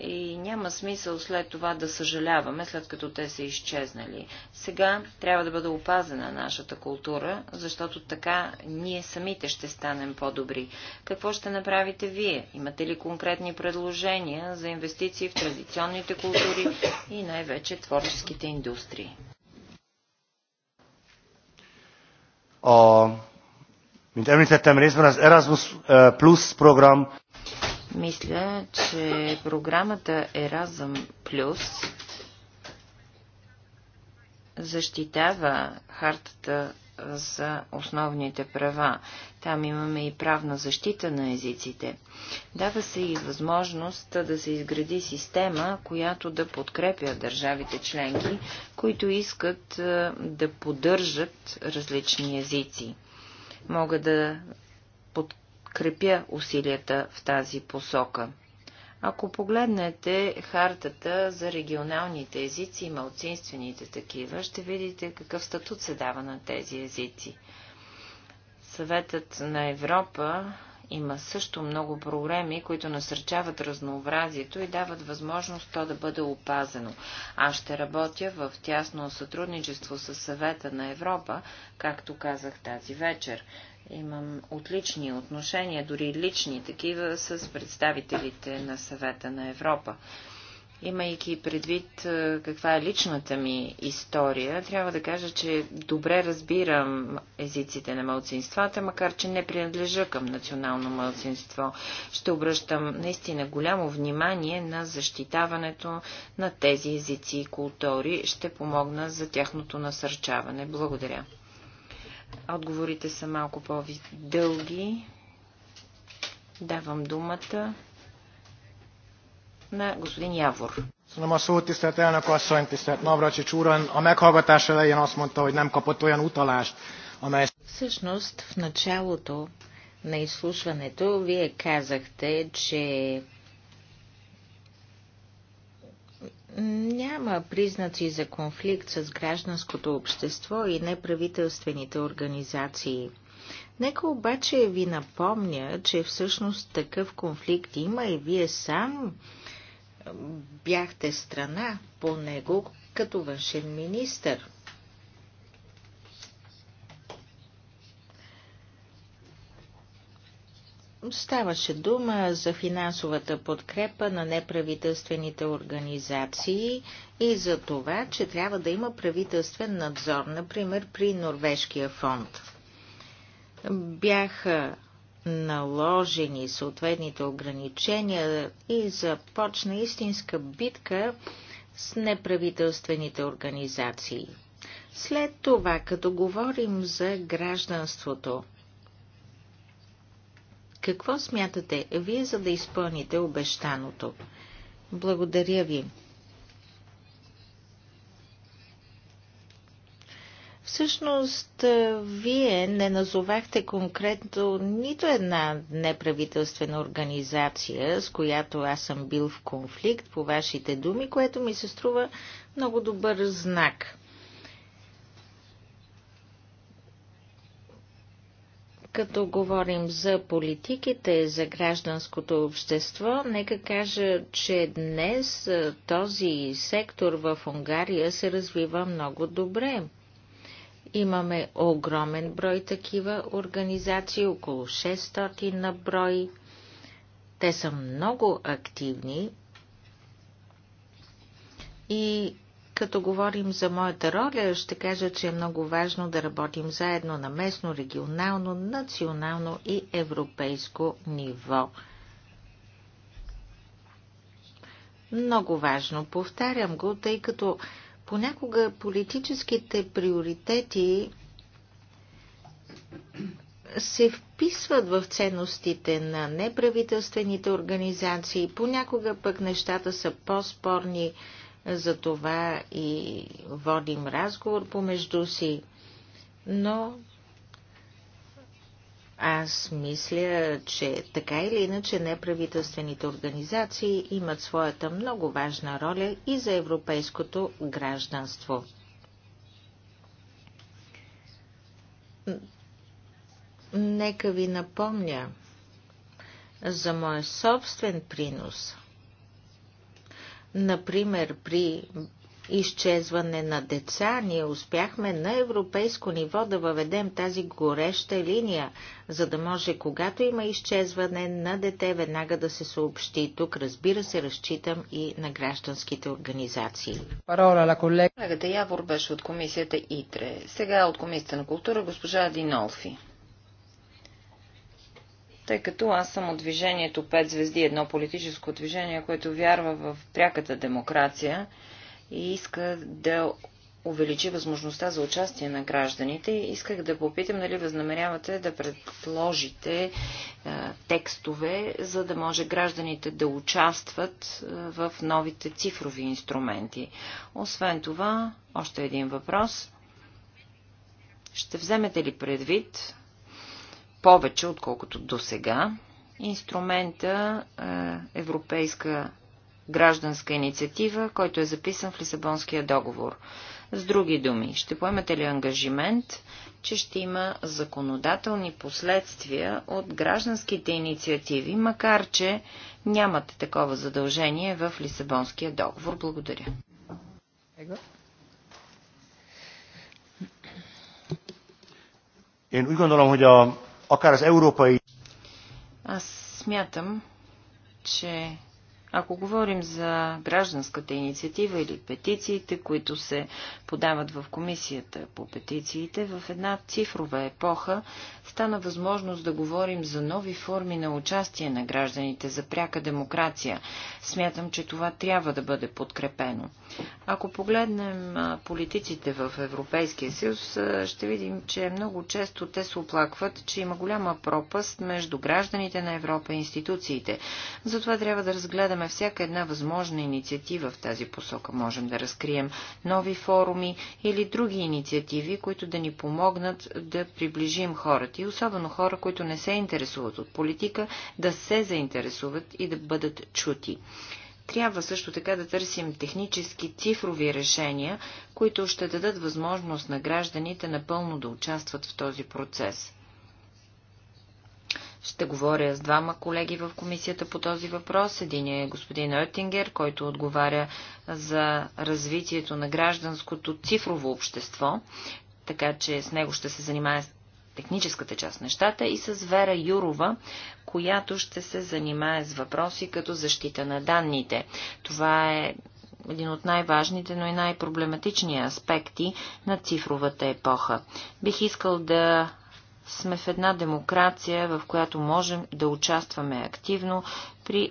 И няма смисъл след това да съжаляваме, след като те са изчезнали. Сега трябва да бъде опазена нашата култура, защото така ние самите ще станем по-добри. Какво ще направите вие? Имате ли конкретни предложения за инвестиции в традиционните култури и най-вече творческите индустрии? a, mint említettem részben, az Erasmus Plus program. Мисля, че програмата Erasmus Plus защитава хартата за основните права. Там имаме и правна защита на езиците. Дава се и възможност да се изгради система, която да подкрепя държавите членки, които искат е, да поддържат различни езици. Мога да подкрепя усилията в тази посока. Ако погледнете хартата за регионалните езици и малцинствените такива, ще видите какъв статут се дава на тези езици. Съветът на Европа има също много проблеми, които насърчават разнообразието и дават възможност то да бъде опазено. Аз ще работя в тясно сътрудничество с съвета на Европа, както казах тази вечер. Имам отлични отношения, дори лични такива, с представителите на съвета на Европа. Имайки предвид е, каква е личната ми история, трябва да кажа, че добре разбирам езиците на мълцинствата, макар че не принадлежа към национално мълцинство. Ще обръщам наистина голямо внимание на защитаването на тези езици и култури. Ще помогна за тяхното насърчаване. Благодаря. Отговорите са малко по-дълги. Давам думата на господин Явор. Köszönöm a szót, tisztelt elnök asszony, tisztelt Navracsics úr. A meghallgatás elején azt mondta, hogy nem kapott olyan utalást, amely... Всъщност, в началото на изслушването вие казахте, че няма признаци за конфликт с гражданското общество и неправителствените организации. Нека обаче ви напомня, че всъщност такъв конфликт има и вие сам бяхте страна по него като външен министр. Ставаше дума за финансовата подкрепа на неправителствените организации и за това, че трябва да има правителствен надзор, например при Норвежкия фонд. Бяха наложени съответните ограничения и започна истинска битка с неправителствените организации. След това, като говорим за гражданството, какво смятате вие, за да изпълните обещаното? Благодаря ви. Всъщност, е, вие не назовахте конкретно нито една неправителствена организация, с която аз съм бил в конфликт, по вашите думи, което ми се струва много добър знак. Като говорим за политиките, за гражданското общество, нека кажа, че днес този сектор в Унгария се развива много добре. Имаме огромен брой такива организации, около 600 на брой. Те са много активни и като говорим за моята роля, ще кажа, че е много важно да работим заедно на местно, регионално, национално и европейско ниво. Много важно, повтарям го, тъй като понякога политическите приоритети се вписват в ценностите на неправителствените организации, понякога пък нещата са по-спорни, за това и водим разговор помежду си, но аз мисля, че така или иначе неправителствените организации имат своята много важна роля и за европейското гражданство. Нека ви напомня за моя собствен принос – Например, при изчезване на деца, ние успяхме на европейско ниво да въведем тази гореща линия, за да може, когато има изчезване на дете, веднага да се съобщи. Тук, разбира се, разчитам и на гражданските организации. Парола на колегата Явор беше от комисията ИТРЕ. Сега от комисията на култура госпожа Динолфи тъй като аз съм от движението 5 звезди, едно политическо движение, което вярва в пряката демокрация и иска да увеличи възможността за участие на гражданите. Исках да попитам дали възнамерявате да предложите е, текстове, за да може гражданите да участват е, в новите цифрови инструменти. Освен това, още един въпрос. Ще вземете ли предвид повече, отколкото до сега. Инструмента е, Европейска гражданска инициатива, който е записан в Лисабонския договор. С други думи, ще поемете ли ангажимент, че ще има законодателни последствия от гражданските инициативи, макар че нямате такова задължение в Лисабонския договор? Благодаря. Én úgy gondolom, hogy a akár az európai... Аз смятам, че ако говорим за гражданската инициатива или петициите, които се подават в комисията по петициите, в една цифрова епоха стана възможност да говорим за нови форми на участие на гражданите за пряка демокрация. Смятам, че това трябва да бъде подкрепено. Ако погледнем политиците в Европейския съюз, ще видим, че много често те се оплакват, че има голяма пропаст между гражданите на Европа и институциите. Затова трябва да разгледаме разгледаме всяка една възможна инициатива в тази посока. Можем да разкрием нови форуми или други инициативи, които да ни помогнат да приближим хората и особено хора, които не се интересуват от политика, да се заинтересуват и да бъдат чути. Трябва също така да търсим технически цифрови решения, които ще дадат възможност на гражданите напълно да участват в този процес. Ще говоря с двама колеги в комисията по този въпрос. Един е господин Оттингер, който отговаря за развитието на гражданското цифрово общество, така че с него ще се занимая с техническата част на нещата и с Вера Юрова, която ще се занимае с въпроси като защита на данните. Това е един от най-важните, но и най-проблематични аспекти на цифровата епоха. Бих искал да сме в една демокрация, в която можем да участваме активно при е,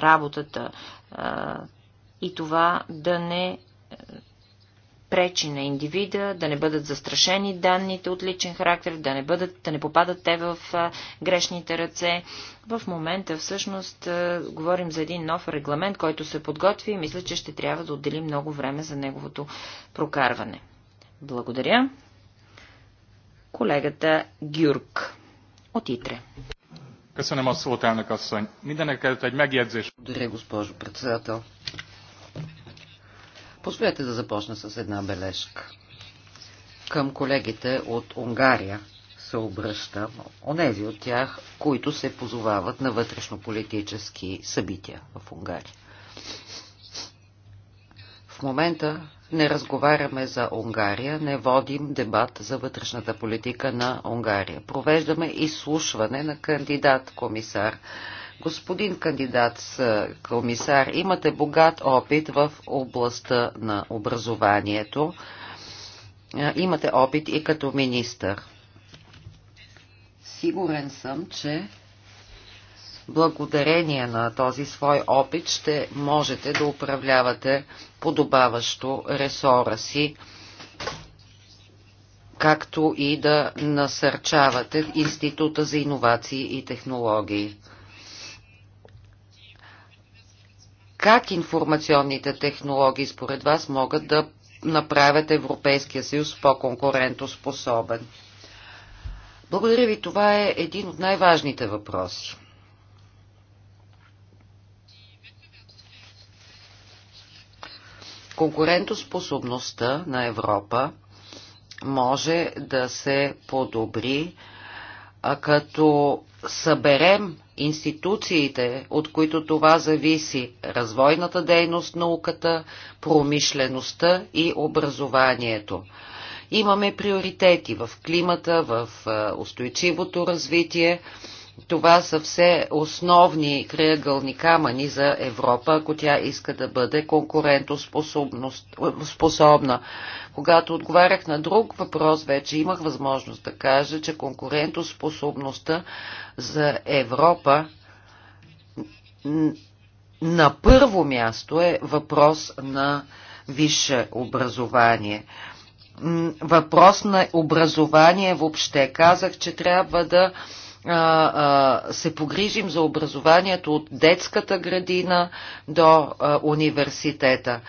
работата е, и това да не е, пречи на индивида, да не бъдат застрашени данните от личен характер, да не, бъдат, да не попадат те в грешните ръце. В момента всъщност говорим за един нов регламент, който се подготви и мисля, че ще трябва да отделим много време за неговото прокарване. Благодаря колегата Гюрк от Итре. Köszönöm a szót, elnök asszony. Mindenek előtt egy megjegyzés. Благодаря, госпожо председател. Позволете да започна с една бележка. Към колегите от Унгария се обръщам, онези от тях, които се позовават на вътрешно-политически събития в Унгария. В момента не разговаряме за Унгария, не водим дебат за вътрешната политика на Унгария. Провеждаме изслушване на кандидат-комисар. Господин кандидат с комисар, имате богат опит в областта на образованието. Имате опит и като министър. Сигурен съм, че благодарение на този свой опит ще можете да управлявате подобаващо ресора си, както и да насърчавате Института за иновации и технологии. Как информационните технологии според вас могат да направят Европейския съюз по-конкурентоспособен? Благодаря ви, това е един от най-важните въпроси. Конкурентоспособността на Европа може да се подобри, като съберем институциите, от които това зависи развойната дейност, науката, промишлеността и образованието. Имаме приоритети в климата, в устойчивото развитие това са все основни кръгълни камъни за Европа, ако тя иска да бъде конкурентоспособна. Когато отговарях на друг въпрос, вече имах възможност да кажа, че конкурентоспособността за Европа на първо място е въпрос на висше образование въпрос на образование въобще. Казах, че трябва да се погрижим за образованието от детската градина до университета.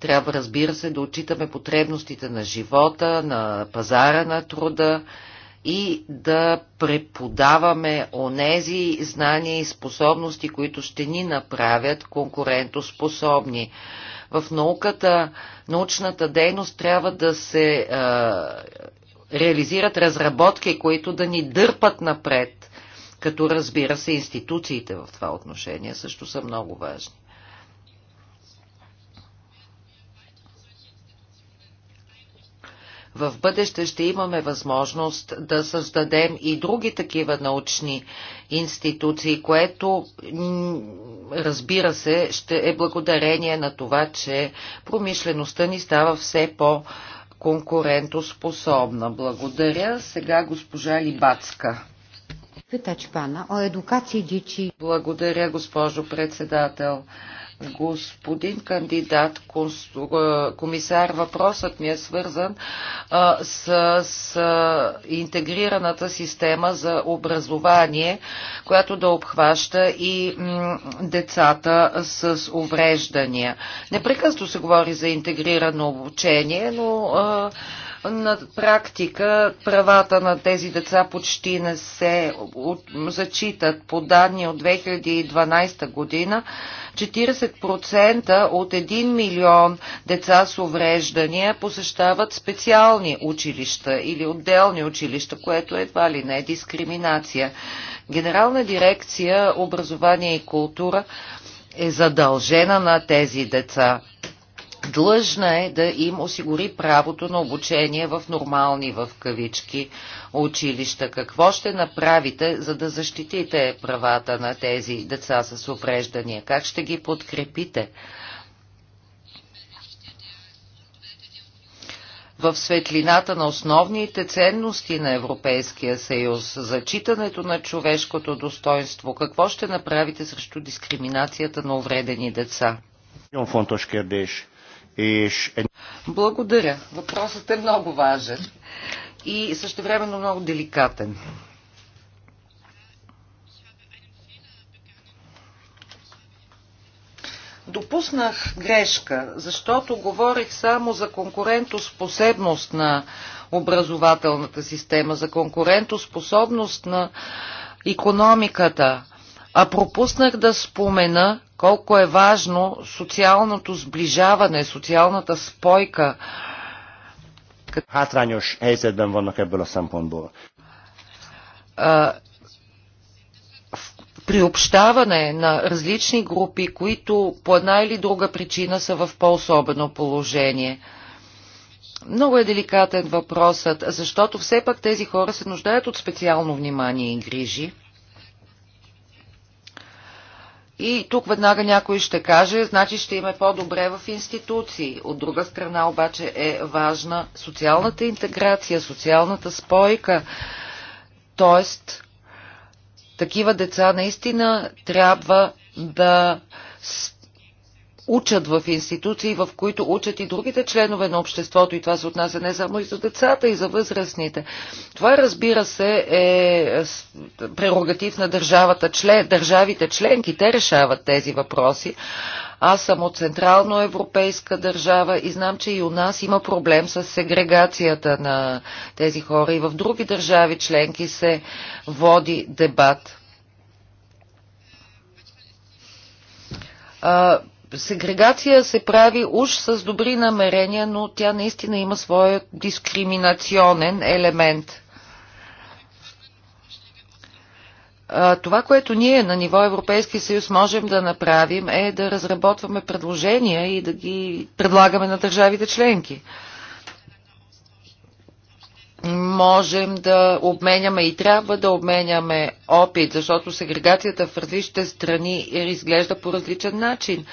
Трябва, разбира се, да отчитаме потребностите на живота, на пазара на труда и да преподаваме онези знания и способности, които ще ни направят конкурентоспособни. В науката, научната дейност трябва да се а, реализират разработки, които да ни дърпат напред като разбира се институциите в това отношение също са много важни. В бъдеще ще имаме възможност да създадем и други такива научни институции, което разбира се ще е благодарение на това, че промишлеността ни става все по- конкурентоспособна. Благодаря. Сега госпожа Либацка. Благодаря, госпожо председател. Господин кандидат е, комисар, въпросът ми е свързан е, с, с интегрираната система за образование, която да обхваща и децата с увреждания. Непрекъсто се говори за интегрирано обучение, но а, е, на практика правата на тези деца почти не се зачитат. По данни от 2012 година 40% от 1 милион деца с увреждания посещават специални училища или отделни училища, което едва ли не е дискриминация. Генерална дирекция образование и култура е задължена на тези деца длъжна е да им осигури правото на обучение в нормални в кавички училища. Какво ще направите, за да защитите правата на тези деца с увреждания? Как ще ги подкрепите? в светлината на основните ценности на Европейския съюз, зачитането на човешкото достоинство, какво ще направите срещу дискриминацията на увредени деца? Е- Благодаря. Въпросът е много важен и също времено много деликатен. Допуснах грешка, защото говорих само за конкурентоспособност на образователната система, за конкурентоспособност на економиката, а пропуснах да спомена колко е важно социалното сближаване, социалната спойка. Hátrányos helyzetben vannak ebből a szempontból. Приобщаване на различни групи, които по една или друга причина са в по-особено положение. Много е деликатен въпросът, защото все пак тези хора се нуждаят от специално внимание и грижи. И тук веднага някой ще каже, значи ще има по-добре в институции. От друга страна обаче е важна социалната интеграция, социалната спойка. Тоест, такива деца наистина трябва да учат в институции, в които учат и другите членове на обществото и това се отнася не само и за децата, и за възрастните. Това разбира се е прерогатив на държавата, член, държавите членки, те решават тези въпроси. Аз съм от централно европейска държава и знам, че и у нас има проблем с сегрегацията на тези хора. И в други държави членки се води дебат сегрегация се прави уж с добри намерения, но тя наистина има своя дискриминационен елемент. Това, което ние на ниво Европейски съюз можем да направим е да разработваме предложения и да ги предлагаме на държавите членки. Можем да обменяме и трябва да обменяме опит, защото сегрегацията в различните страни изглежда по различен начин.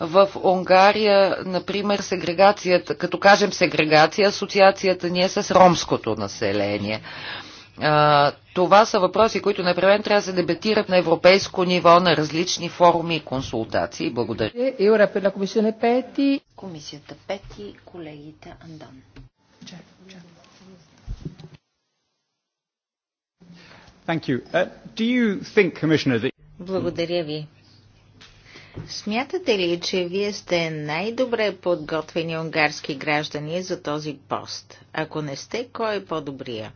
В Унгария, например, сегрегацията, като кажем сегрегация, асоциацията ни е с ромското население. Това са въпроси, които непременно трябва да се дебатират на европейско ниво, на различни форуми и консултации. Благодаря. Еура комисията Пети. Комисията Пети, колегите Андан. Uh, Благодаря ви. Смятате ли, че вие сте най-добре подготвени унгарски граждани за този пост? Ако не сте, кой е по-добрия?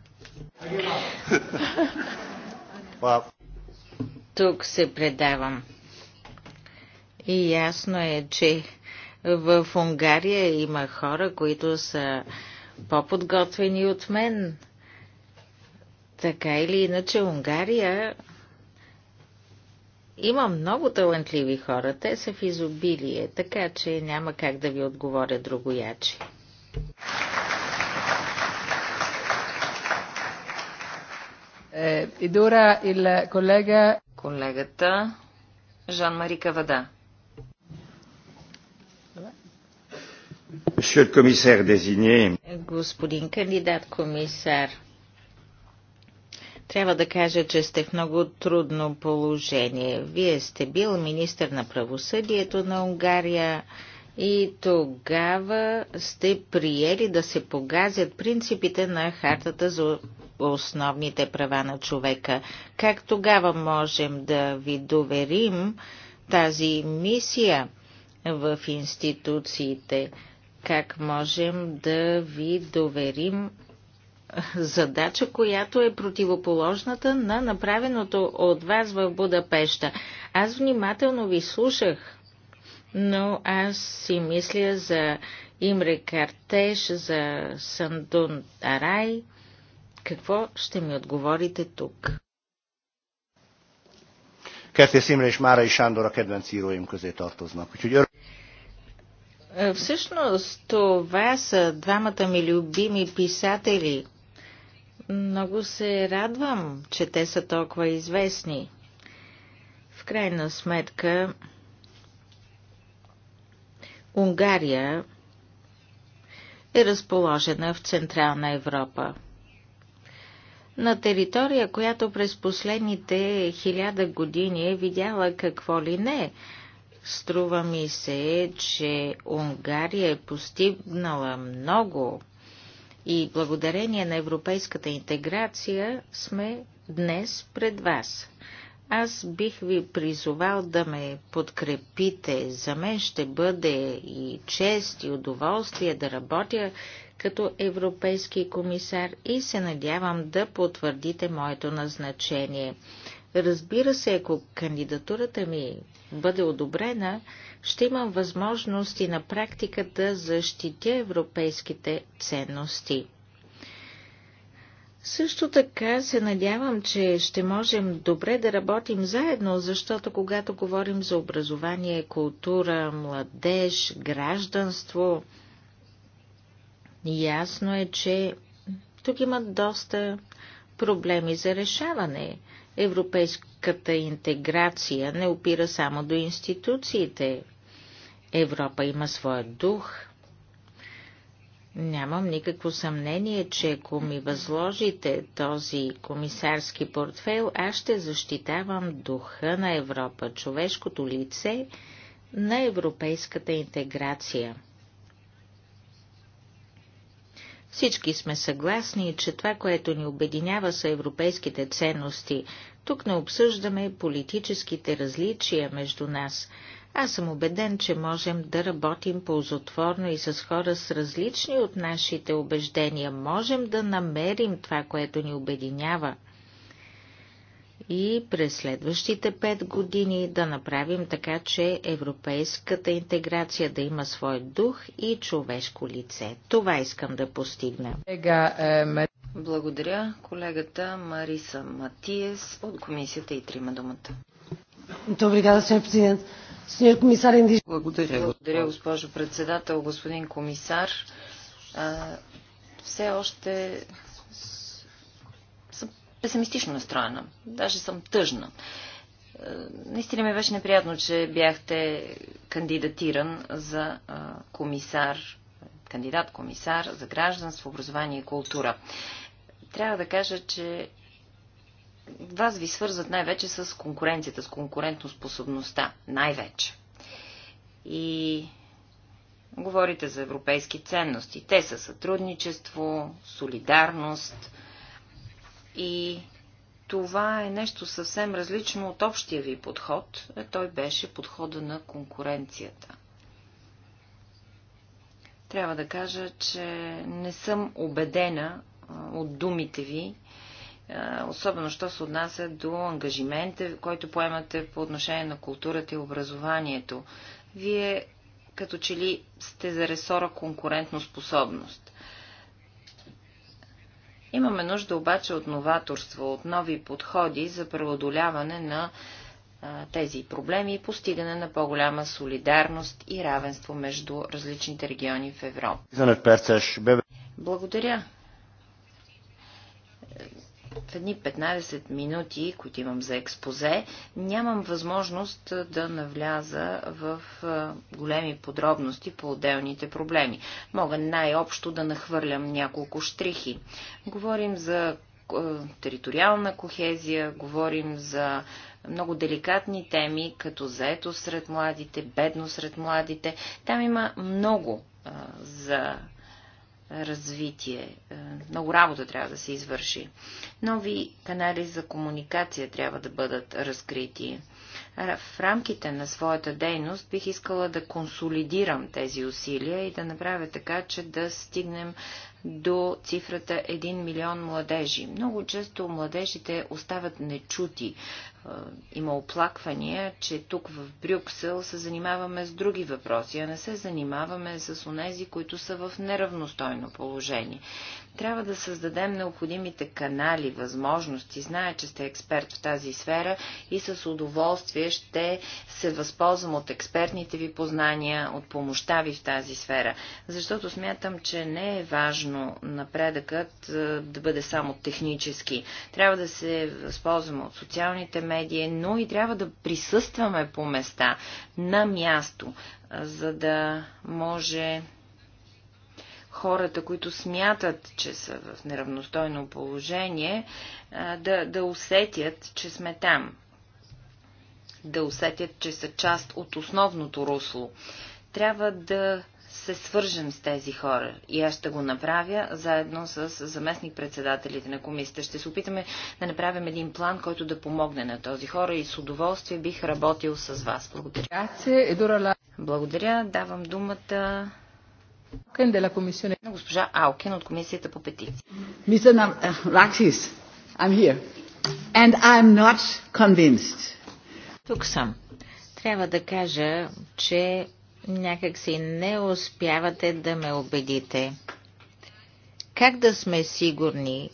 Тук се предавам. И ясно е, че в Унгария има хора, които са по-подготвени от мен. Така или иначе, Унгария има много талантливи хора, те са в изобилие, така че няма как да ви отговоря другояче. Е, идура или колега... Колегата Жан-Мари Кавада. Господин кандидат комисар, трябва да кажа, че сте в много трудно положение. Вие сте бил министър на правосъдието на Унгария и тогава сте приели да се погазят принципите на хартата за основните права на човека. Как тогава можем да ви доверим тази мисия в институциите? Как можем да ви доверим задача, която е противоположната на направеното от вас в Будапеща. Аз внимателно ви слушах, но аз си мисля за Имре Картеш, за Сандун Арай. Какво ще ми отговорите тук? Kertész Imre és Márai Sándor a kedvenc íróim Всъщност това са двамата ми любими писатели – много се радвам, че те са толкова известни. В крайна сметка, Унгария е разположена в Централна Европа. На територия, която през последните хиляда години е видяла какво ли не, струва ми се, че Унгария е постигнала много и благодарение на европейската интеграция сме днес пред вас. Аз бих ви призовал да ме подкрепите. За мен ще бъде и чест и удоволствие да работя като европейски комисар и се надявам да потвърдите моето назначение. Разбира се, ако кандидатурата ми бъде одобрена, ще имам възможност и на практика да защитя европейските ценности. Също така се надявам, че ще можем добре да работим заедно, защото когато говорим за образование, култура, младеж, гражданство, ясно е, че тук има доста проблеми за решаване. Европейската интеграция не опира само до институциите. Европа има своя дух. Нямам никакво съмнение, че ако ми възложите този комисарски портфел, аз ще защитавам духа на Европа, човешкото лице на европейската интеграция. Всички сме съгласни, че това, което ни обединява са европейските ценности, тук не обсъждаме политическите различия между нас. Аз съм убеден, че можем да работим ползотворно и с хора с различни от нашите убеждения. Можем да намерим това, което ни обединява. И през следващите пет години да направим така, че европейската интеграция да има свой дух и човешко лице. Това искам да постигна. Е, благодаря. Колегата Мариса Матиес от комисията и трима думата. Добре, господин президент. Благодаря. Благодаря, госпожо председател, господин комисар. А, все още съм песимистично настроена. Даже съм тъжна. А, наистина ми беше неприятно, че бяхте кандидатиран за а, комисар, кандидат-комисар за гражданство, образование и култура. Трябва да кажа, че вас ви свързват най-вече с конкуренцията, с конкурентоспособността. Най-вече. И говорите за европейски ценности. Те са сътрудничество, солидарност и това е нещо съвсем различно от общия ви подход. Е, той беше подхода на конкуренцията. Трябва да кажа, че не съм убедена от думите ви, особено що се отнася до ангажимента, който поемате по отношение на културата и образованието. Вие като че ли сте за ресора конкурентно способност. Имаме нужда обаче от новаторство, от нови подходи за преодоляване на тези проблеми и постигане на по-голяма солидарност и равенство между различните региони в Европа. Благодаря. В едни 15 минути, които имам за експозе, нямам възможност да навляза в големи подробности по отделните проблеми. Мога най-общо да нахвърлям няколко штрихи. Говорим за териториална кохезия, говорим за много деликатни теми, като заето сред младите, бедно сред младите. Там има много за развитие. Е, много работа трябва да се извърши. Нови канали за комуникация трябва да бъдат разкрити. Е, в рамките на своята дейност бих искала да консолидирам тези усилия и да направя така, че да стигнем до цифрата 1 милион младежи. Много често младежите остават нечути има оплаквания, че тук в Брюксел се занимаваме с други въпроси, а не се занимаваме с онези, които са в неравностойно положение. Трябва да създадем необходимите канали, възможности. Зная, че сте експерт в тази сфера и с удоволствие ще се възползвам от експертните ви познания, от помощта ви в тази сфера, защото смятам, че не е важно напредъкът да бъде само технически. Трябва да се възползваме от социалните медие, но и трябва да присъстваме по места, на място, за да може хората, които смятат, че са в неравностойно положение, да, да усетят, че сме там. Да усетят, че са част от основното русло. Трябва да се свържем с тези хора. И аз ще го направя заедно с заместник-председателите на комисията. Ще се опитаме да направим един план, който да помогне на този хора и с удоволствие бих работил с вас. Благодаря. Благодаря. Давам думата на госпожа Алкин от комисията по петиции. Мисля на Лаксис, I'm here. And I'm not convinced. Тук съм. Трябва да кажа, че Някак си не успявате да ме убедите. Как да сме сигурни,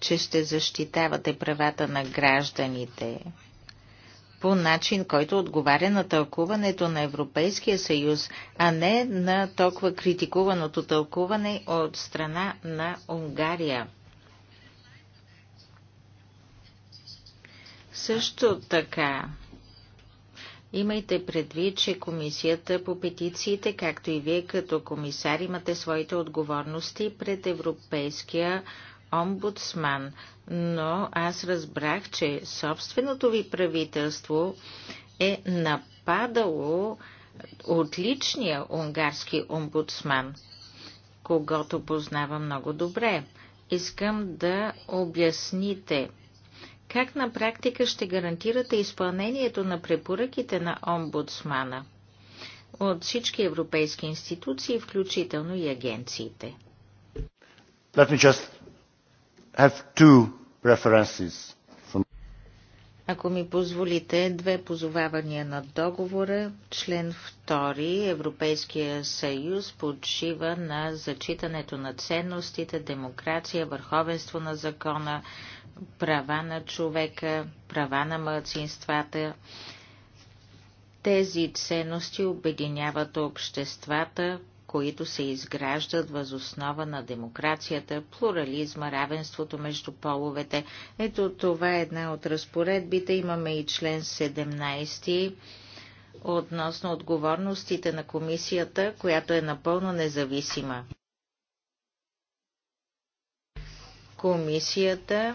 че ще защитавате правата на гражданите по начин, който отговаря на тълкуването на Европейския съюз, а не на толкова критикуваното тълкуване от страна на Унгария? Също така, Имайте предвид, че комисията по петициите, както и вие като комисар, имате своите отговорности пред Европейския омбудсман, но аз разбрах, че собственото ви правителство е нападало отличния унгарски омбудсман, когато познава много добре. Искам да обясните как на практика ще гарантирате изпълнението на препоръките на омбудсмана от всички европейски институции, включително и агенциите? Let me just have two references. Ако ми позволите, две позовавания на договора. Член 2. Европейския съюз почива на зачитането на ценностите, демокрация, върховенство на закона, права на човека, права на младсинствата. Тези ценности обединяват обществата, които се изграждат въз основа на демокрацията, плурализма, равенството между половете. Ето това е една от разпоредбите. Имаме и член 17 относно отговорностите на комисията, която е напълно независима. Комисията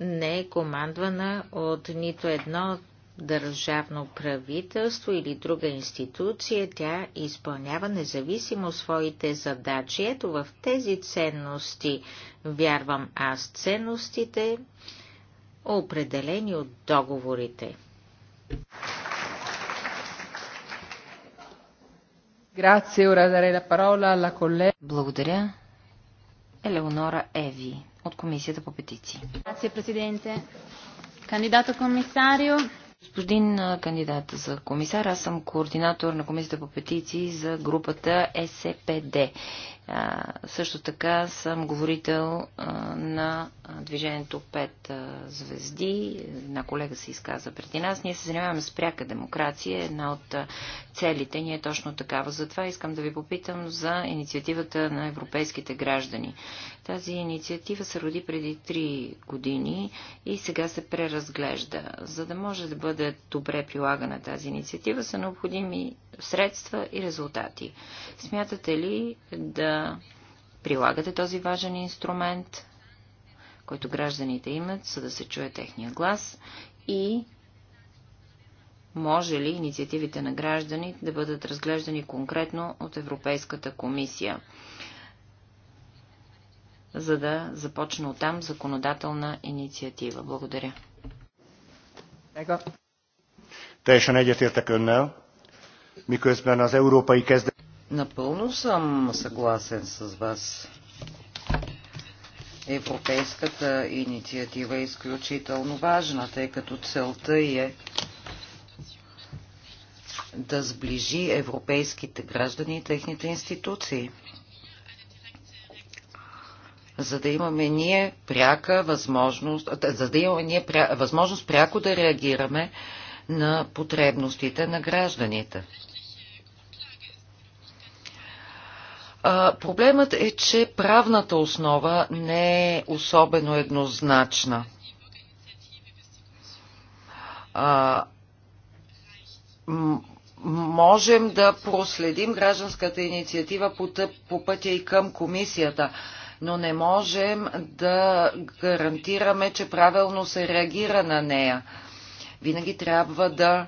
не е командвана от нито едно държавно правителство или друга институция, тя изпълнява независимо своите задачи. Ето в тези ценности вярвам аз ценностите, определени от договорите. Благодаря. Елеонора Еви от Комисията по петиции. президенте. Кандидато комисарио. Господин кандидат за комисар, аз съм координатор на Комисията по петиции за групата СПД. А, също така съм говорител а, на движението 5 звезди. Една колега се изказа преди нас. Ние се занимаваме с пряка демокрация. Една от целите ни е точно такава. Затова искам да ви попитам за инициативата на европейските граждани. Тази инициатива се роди преди 3 години и сега се преразглежда. За да може да бъде добре прилагана тази инициатива, са необходими средства и резултати. Смятате ли да прилагате този важен инструмент, който гражданите имат, за да се чуе техния глас и може ли инициативите на граждани да бъдат разглеждани конкретно от Европейската комисия, за да започне оттам законодателна инициатива? Благодаря. Teljesen egyetértek önnel az európai kezdet... Напълно съм съгласен с вас. Европейската инициатива е изключително важна, тъй като целта е да сближи европейските граждани и техните институции за да имаме ние пряка възможност, за да имаме ние пря, възможност пряко да реагираме на потребностите на гражданите. А, проблемът е, че правната основа не е особено еднозначна. А, можем да проследим гражданската инициатива по, тъп, по пътя и към комисията, но не можем да гарантираме, че правилно се реагира на нея. Винаги трябва да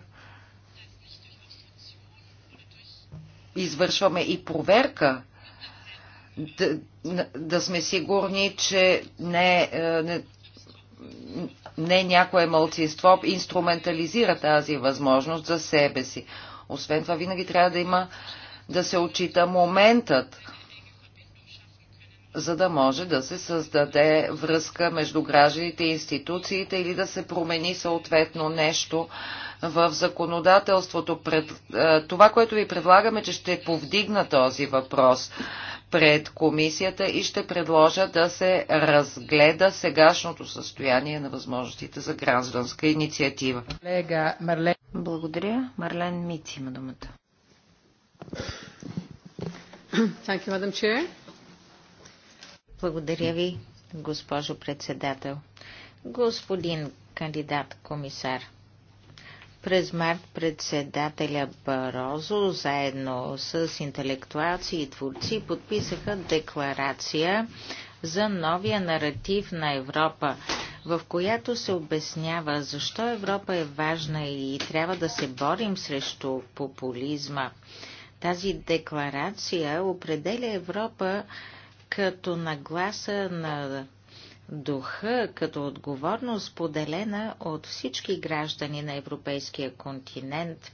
извършваме и проверка да, да сме сигурни, че не, е, не, не някое мълцинство инструментализира тази възможност за себе си. Освен това, винаги трябва да има да се очита моментът, за да може да се създаде връзка между гражданите и институциите или да се промени съответно нещо в законодателството. Е, това, което ви предлагаме, че ще повдигна този въпрос пред комисията и ще предложа да се разгледа сегашното състояние на възможностите за гражданска инициатива. Благодаря. Марлен Мици, има думата. You, Благодаря ви, госпожо председател. Господин кандидат комисар, през март председателя Барозо заедно с интелектуалци и творци подписаха декларация за новия наратив на Европа, в която се обяснява защо Европа е важна и трябва да се борим срещу популизма. Тази декларация определя Европа като нагласа на духа като отговорност, поделена от всички граждани на европейския континент,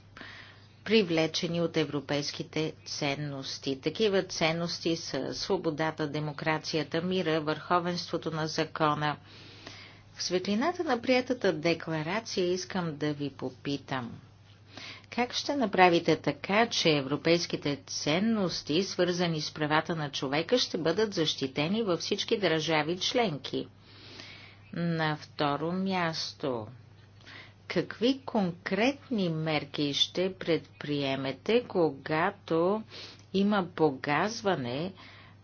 привлечени от европейските ценности. Такива ценности са свободата, демокрацията, мира, върховенството на закона. В светлината на приятата декларация искам да ви попитам – как ще направите така, че европейските ценности, свързани с правата на човека, ще бъдат защитени във всички държави членки? На второ място, какви конкретни мерки ще предприемете, когато има погазване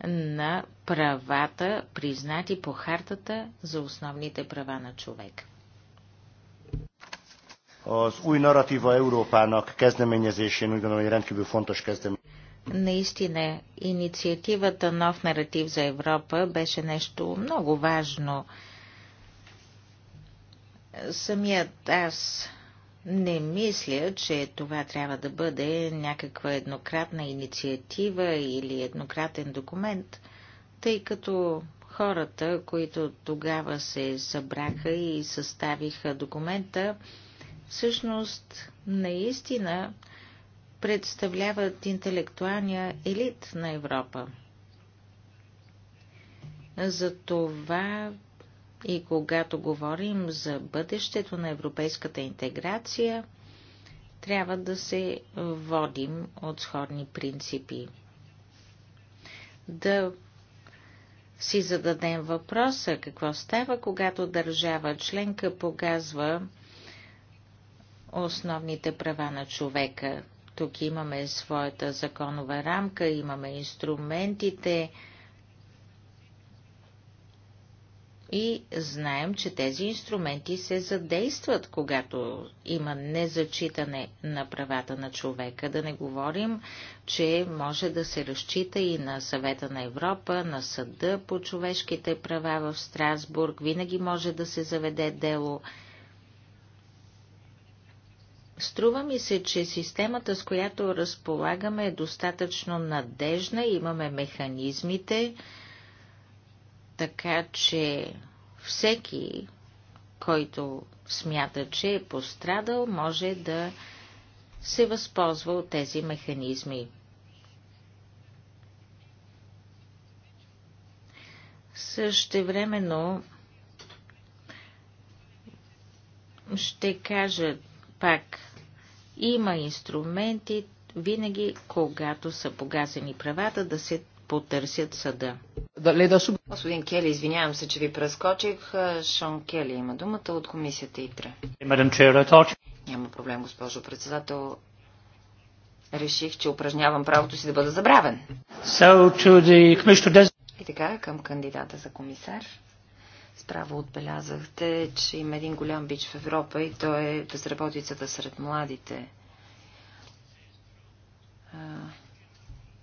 на правата, признати по хартата за основните права на човека? az új narratíva Európának kezdeményezésén úgy gondolom, hogy rendkívül fontos kezdeményezés. Наистина, инициативата Нов наратив за Европа беше нещо много важно. Самият аз не мисля, че това трябва да бъде някаква еднократна инициатива или еднократен документ, тъй като хората, които тогава се събраха и съставиха документа, всъщност наистина представляват интелектуалния елит на Европа. Затова и когато говорим за бъдещето на европейската интеграция, трябва да се водим от сходни принципи. Да си зададем въпроса какво става, когато държава членка погазва основните права на човека. Тук имаме своята законова рамка, имаме инструментите и знаем, че тези инструменти се задействат, когато има незачитане на правата на човека. Да не говорим, че може да се разчита и на съвета на Европа, на съда по човешките права в Страсбург. Винаги може да се заведе дело. Струва ми се, че системата, с която разполагаме, е достатъчно надежна, имаме механизмите, така че всеки, който смята, че е пострадал, може да се възползва от тези механизми. Същевременно ще кажа, пак има инструменти винаги, когато са погазени правата, да се потърсят съда. Е Господин Кели, извинявам се, че ви прескочих. Е, Шон Кели има думата от комисията ИТРА. Няма проблем, госпожо председател. Реших, че упражнявам правото си да бъда забравен. So the... И така, към кандидата за комисар. Справо отбелязахте, че има един голям бич в Европа и то е безработицата сред младите.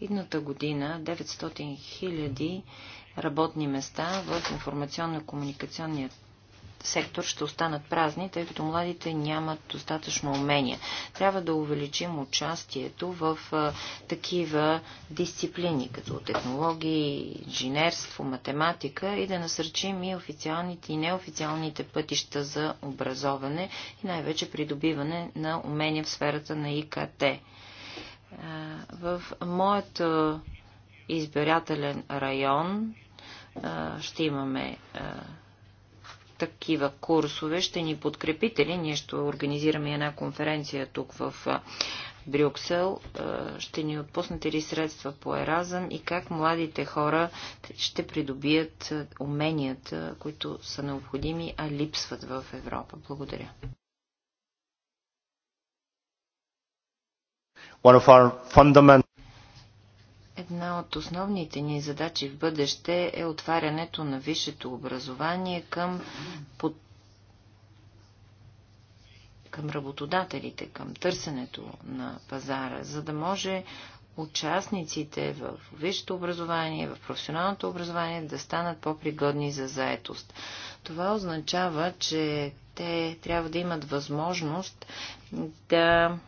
Идната година 900 хиляди работни места в информационно-комуникационния сектор ще останат празни, тъй като младите нямат достатъчно умения. Трябва да увеличим участието в а, такива дисциплини, като технологии, инженерство, математика и да насърчим и официалните и неофициалните пътища за образоване и най-вече придобиване на умения в сферата на ИКТ. А, в моят избирателен район ще имаме такива курсове. Ще ни подкрепите ли? Ние ще организираме една конференция тук в Брюксел. Ще ни отпуснете ли средства по Еразъм и как младите хора ще придобият уменията, които са необходими, а липсват в Европа? Благодаря. One of our fundamental Една от основните ни задачи в бъдеще е отварянето на висшето образование към, под... към работодателите, към търсенето на пазара, за да може участниците в висшето образование, в професионалното образование да станат по-пригодни за заетост. Това означава, че те трябва да имат възможност да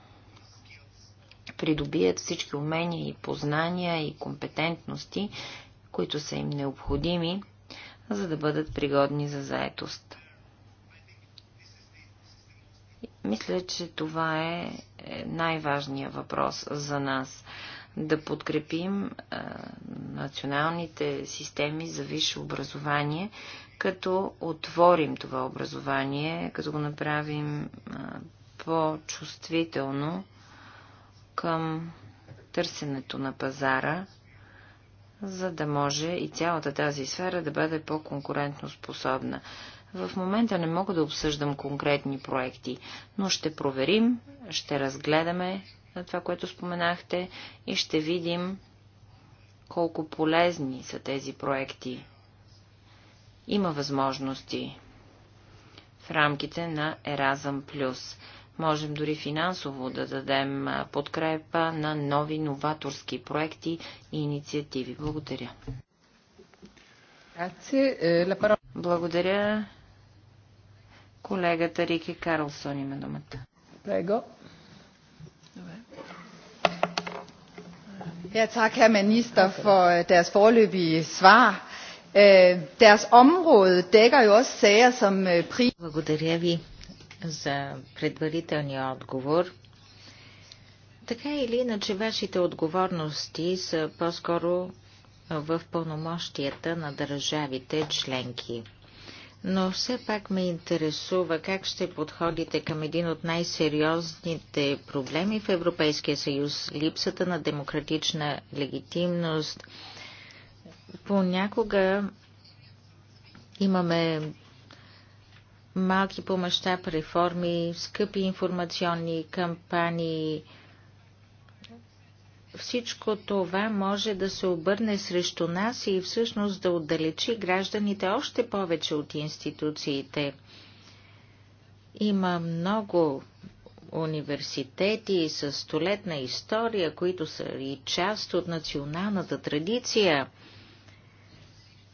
придобият всички умения и познания и компетентности, които са им необходими, за да бъдат пригодни за заетост. Мисля, че това е, е най-важният въпрос за нас да подкрепим е, националните системи за висше образование, като отворим това образование, като го направим е, по-чувствително към търсенето на пазара, за да може и цялата тази сфера да бъде по-конкурентно способна. В момента не мога да обсъждам конкретни проекти, но ще проверим, ще разгледаме това, което споменахте и ще видим колко полезни са тези проекти. Има възможности в рамките на Еразъм Можем дори финансово да дадем подкрепа на нови новаторски проекти и инициативи. Благодаря. Е, Благодаря. Колегата Рики Карлсон има думата. Прего. Ja, tak, herr minister, for øh, deres forløbige svar. Øh, deres område dækker jo også sager som øh, pris. Благодаря ви за предварителния отговор. Така или иначе, вашите отговорности са по-скоро в пълномощията на държавите членки. Но все пак ме интересува как ще подходите към един от най-сериозните проблеми в Европейския съюз – липсата на демократична легитимност. Понякога имаме малки по мащаб реформи, скъпи информационни кампании. Всичко това може да се обърне срещу нас и всъщност да отдалечи гражданите още повече от институциите. Има много университети с столетна история, които са и част от националната традиция –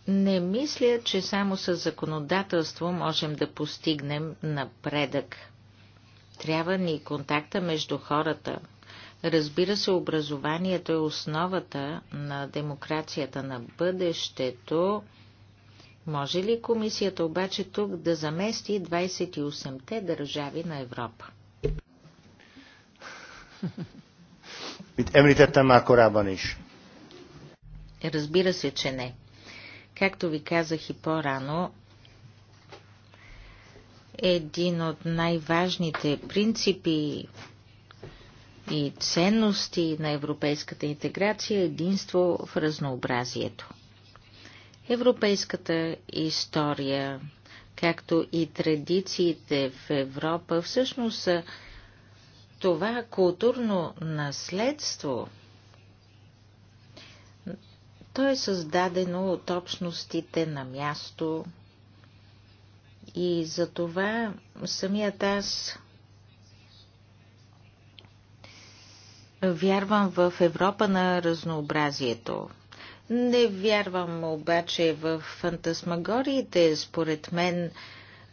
не мисля, че само с законодателство можем да постигнем напредък. Трябва ни контакта между хората. Разбира се, образованието е основата на демокрацията на бъдещето. Може ли комисията обаче тук да замести 28-те държави на Европа? Mit említettem már Разбира се, че не. Както ви казах и по-рано, един от най-важните принципи и ценности на европейската интеграция е единство в разнообразието. Европейската история, както и традициите в Европа, всъщност са това културно наследство, то е създадено от общностите на място и за това самият аз вярвам в Европа на разнообразието. Не вярвам обаче в фантасмагориите. Според мен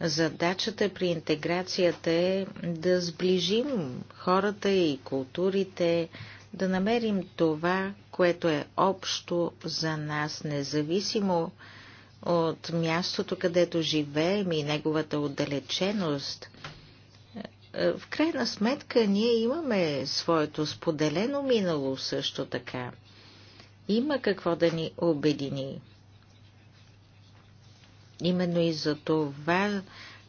задачата при интеграцията е да сближим хората и културите, да намерим това, което е общо за нас, независимо от мястото, където живеем и неговата отдалеченост. Е, в крайна сметка ние имаме своето споделено минало също така. Има какво да ни обедини. Именно и за това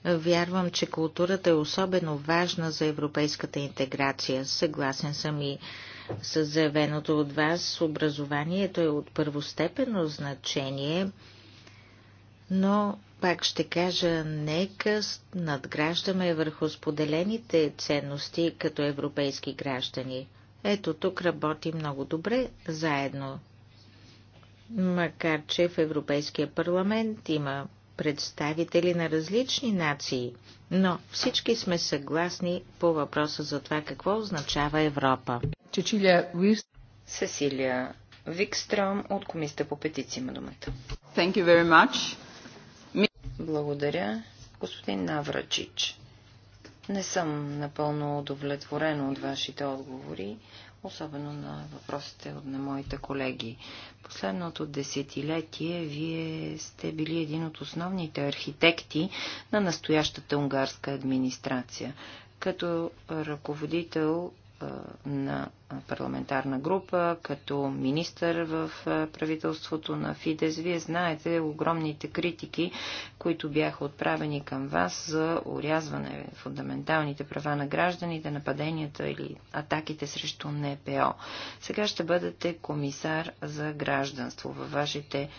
вярвам, че културата е особено важна за европейската интеграция. Съгласен съм и с заявеното от вас. Образованието е от първостепенно значение, но пак ще кажа, нека надграждаме върху споделените ценности като европейски граждани. Ето тук работи много добре заедно. Макар, че в Европейския парламент има представители на различни нации, но всички сме съгласни по въпроса за това какво означава Европа. Cecilia Сесилия Викстром от Комисията по петиции има думата. Thank you very much. Ми... Благодаря. Господин Наврачич, не съм напълно удовлетворена от вашите отговори, особено на въпросите от на моите колеги. Последното десетилетие вие сте били един от основните архитекти на настоящата унгарска администрация. Като ръководител е, на парламентарна група, като министър в е, правителството на Фидес. Вие знаете огромните критики, които бяха отправени към вас за урязване фундаменталните права на гражданите, нападенията или атаките срещу НПО. Сега ще бъдете комисар за гражданство. Във вашите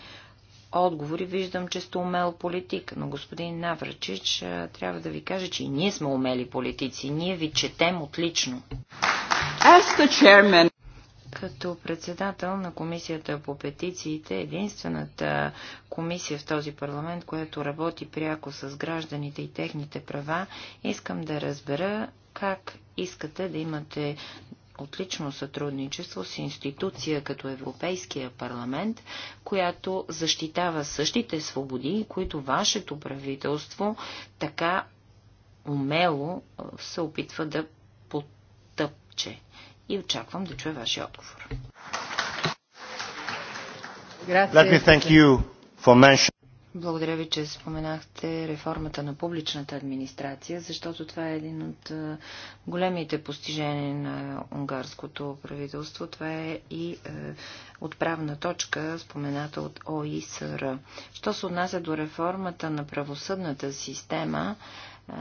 отговори виждам, че сте умел политик, но господин Навръчич, трябва да ви кажа, че и ние сме умели политици. Ние ви четем отлично. Като председател на комисията по петициите, единствената комисия в този парламент, която работи пряко с гражданите и техните права, искам да разбера как искате да имате отлично сътрудничество с институция като Европейския парламент, която защитава същите свободи, които вашето правителство така умело се опитва да потъпче. И очаквам да чуя вашия отговор. Let me thank you for mentioning благодаря ви, че споменахте реформата на публичната администрация, защото това е един от големите постижения на унгарското правителство. Това е и е, отправна точка, спомената от ОИСР. Що се отнася до реформата на правосъдната система, е,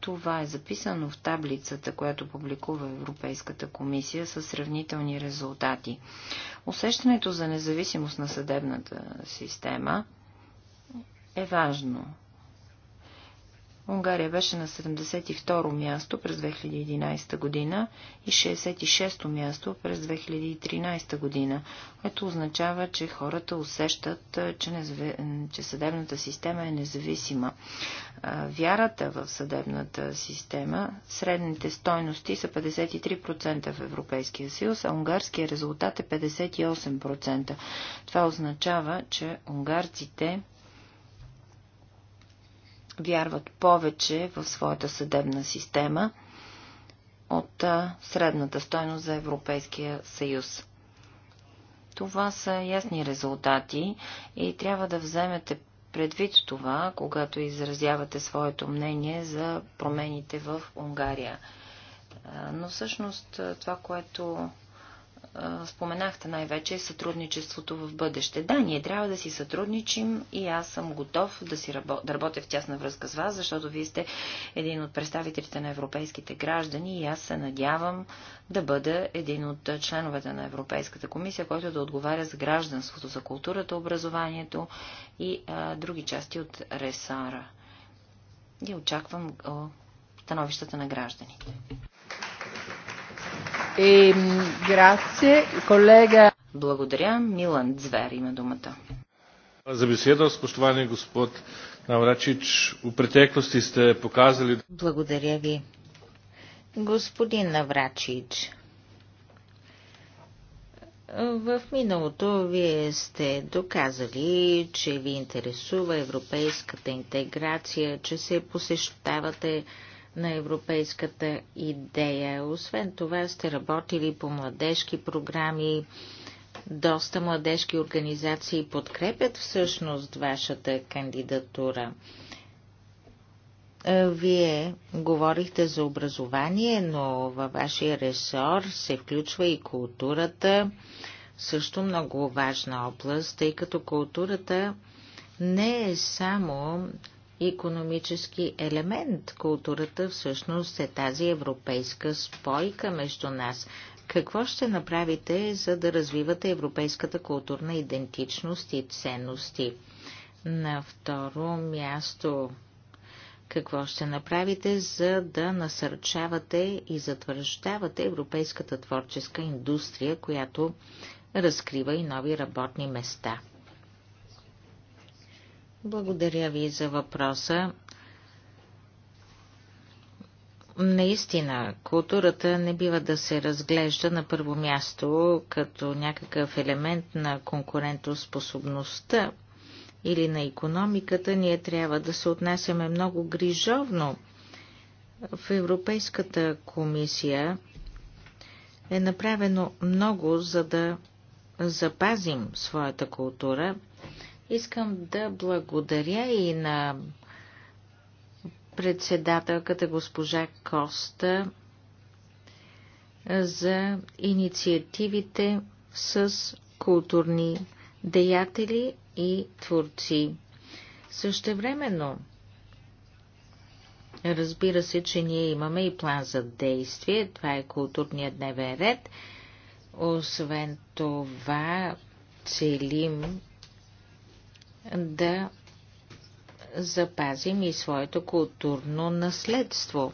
това е записано в таблицата, която публикува Европейската комисия с сравнителни резултати. Усещането за независимост на съдебната система – е важно. Унгария беше на 72-ро място през 2011 година и 66-то място през 2013 година, което означава, че хората усещат, че, че съдебната система е независима. Вярата в съдебната система, средните стойности са 53% в Европейския съюз, а унгарския резултат е 58%. Това означава, че унгарците вярват повече в своята съдебна система от средната стойност за Европейския съюз. Това са ясни резултати и трябва да вземете предвид това, когато изразявате своето мнение за промените в Унгария. Но всъщност това, което споменахте най-вече сътрудничеството в бъдеще. Да, ние трябва да си сътрудничим и аз съм готов да, си рабо, да работя в тясна връзка с вас, защото вие сте един от представителите на европейските граждани и аз се надявам да бъда един от членовете на Европейската комисия, който да отговаря за гражданството, за културата, образованието и а, други части от Ресара. И очаквам а, становищата на гражданите. Ehm, Благодаря. Милан Звер има думата. За беседа, спощувани господ Наврачич, у претеклости сте показали... Благодаря ви. Господин Наврачич, в миналото вие сте доказали, че ви интересува европейската интеграция, че се посещавате на европейската идея. Освен това сте работили по младежки програми, доста младежки организации подкрепят всъщност вашата кандидатура. Е, вие говорихте за образование, но във вашия ресор се включва и културата, също много важна област, тъй като културата не е само економически елемент. Културата всъщност е тази европейска спойка между нас. Какво ще направите, за да развивате европейската културна идентичност и ценности? На второ място, какво ще направите, за да насърчавате и затвърждавате европейската творческа индустрия, която разкрива и нови работни места? Благодаря ви за въпроса. Наистина, културата не бива да се разглежда на първо място като някакъв елемент на конкурентоспособността или на економиката. Ние трябва да се отнасяме много грижовно. В Европейската комисия е направено много, за да запазим своята култура Искам да благодаря и на председателката госпожа Коста за инициативите с културни деятели и творци. Същевременно, разбира се, че ние имаме и план за действие, това е културният дневен ред. Освен това, целим да запазим и своето културно наследство.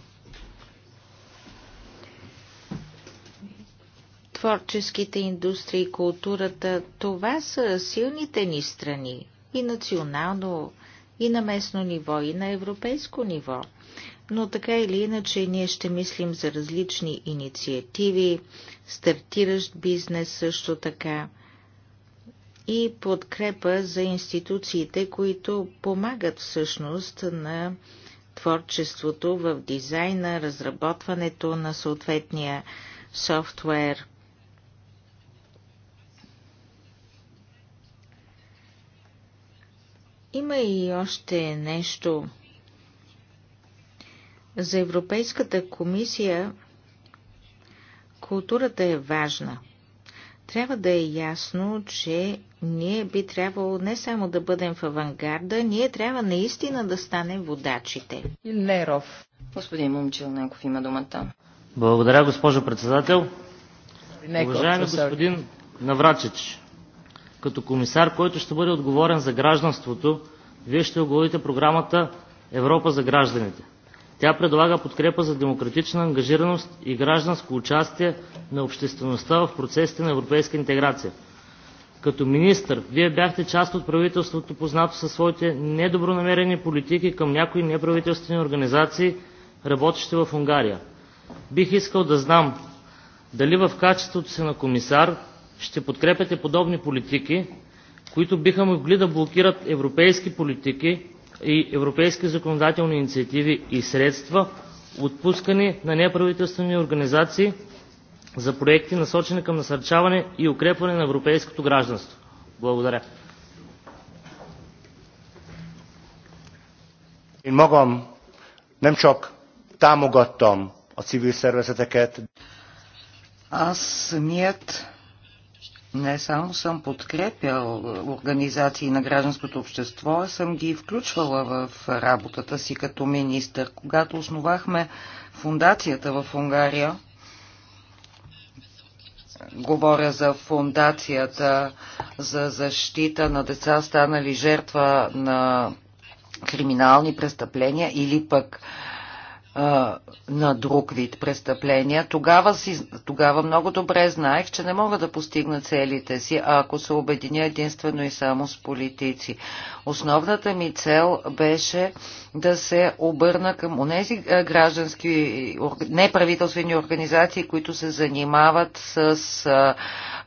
Творческите индустрии и културата – това са силните ни страни и национално, и на местно ниво, и на европейско ниво. Но така или иначе ние ще мислим за различни инициативи, стартиращ бизнес също така и подкрепа за институциите, които помагат всъщност на творчеството в дизайна, разработването на съответния софтуер. Има и още нещо. За Европейската комисия културата е важна – трябва да е ясно, че ние би трябвало не само да бъдем в авангарда, ние трябва наистина да станем водачите. Илнеров. Господин Момчилненков има думата. Благодаря, госпожо председател. Неков, Уважаеми господин Наврачич, като комисар, който ще бъде отговорен за гражданството, вие ще оглавите програмата Европа за гражданите – тя предлага подкрепа за демократична ангажираност и гражданско участие на обществеността в процесите на европейска интеграция. Като министър Вие бяхте част от правителството, познато със своите недобронамерени политики към някои неправителствени организации, работещи в Унгария. Бих искал да знам дали в качеството си на комисар ще подкрепяте подобни политики, които биха могли да блокират европейски политики, и европейски законодателни инициативи и средства, отпускани на неправителствени организации за проекти, насочени към насърчаване и укрепване на европейското гражданство. Благодаря. Én magam nem csak támogattam a civil szervezeteket. Аз самият не само съм подкрепял организации на гражданското общество, а съм ги включвала в работата си като министър. Когато основахме фундацията в Унгария, говоря за фундацията за защита на деца, станали жертва на криминални престъпления или пък на друг вид престъпления, тогава, си, тогава много добре знаех, че не мога да постигна целите си, ако се обединя единствено и само с политици. Основната ми цел беше да се обърна към онези граждански неправителствени организации, които се занимават с а,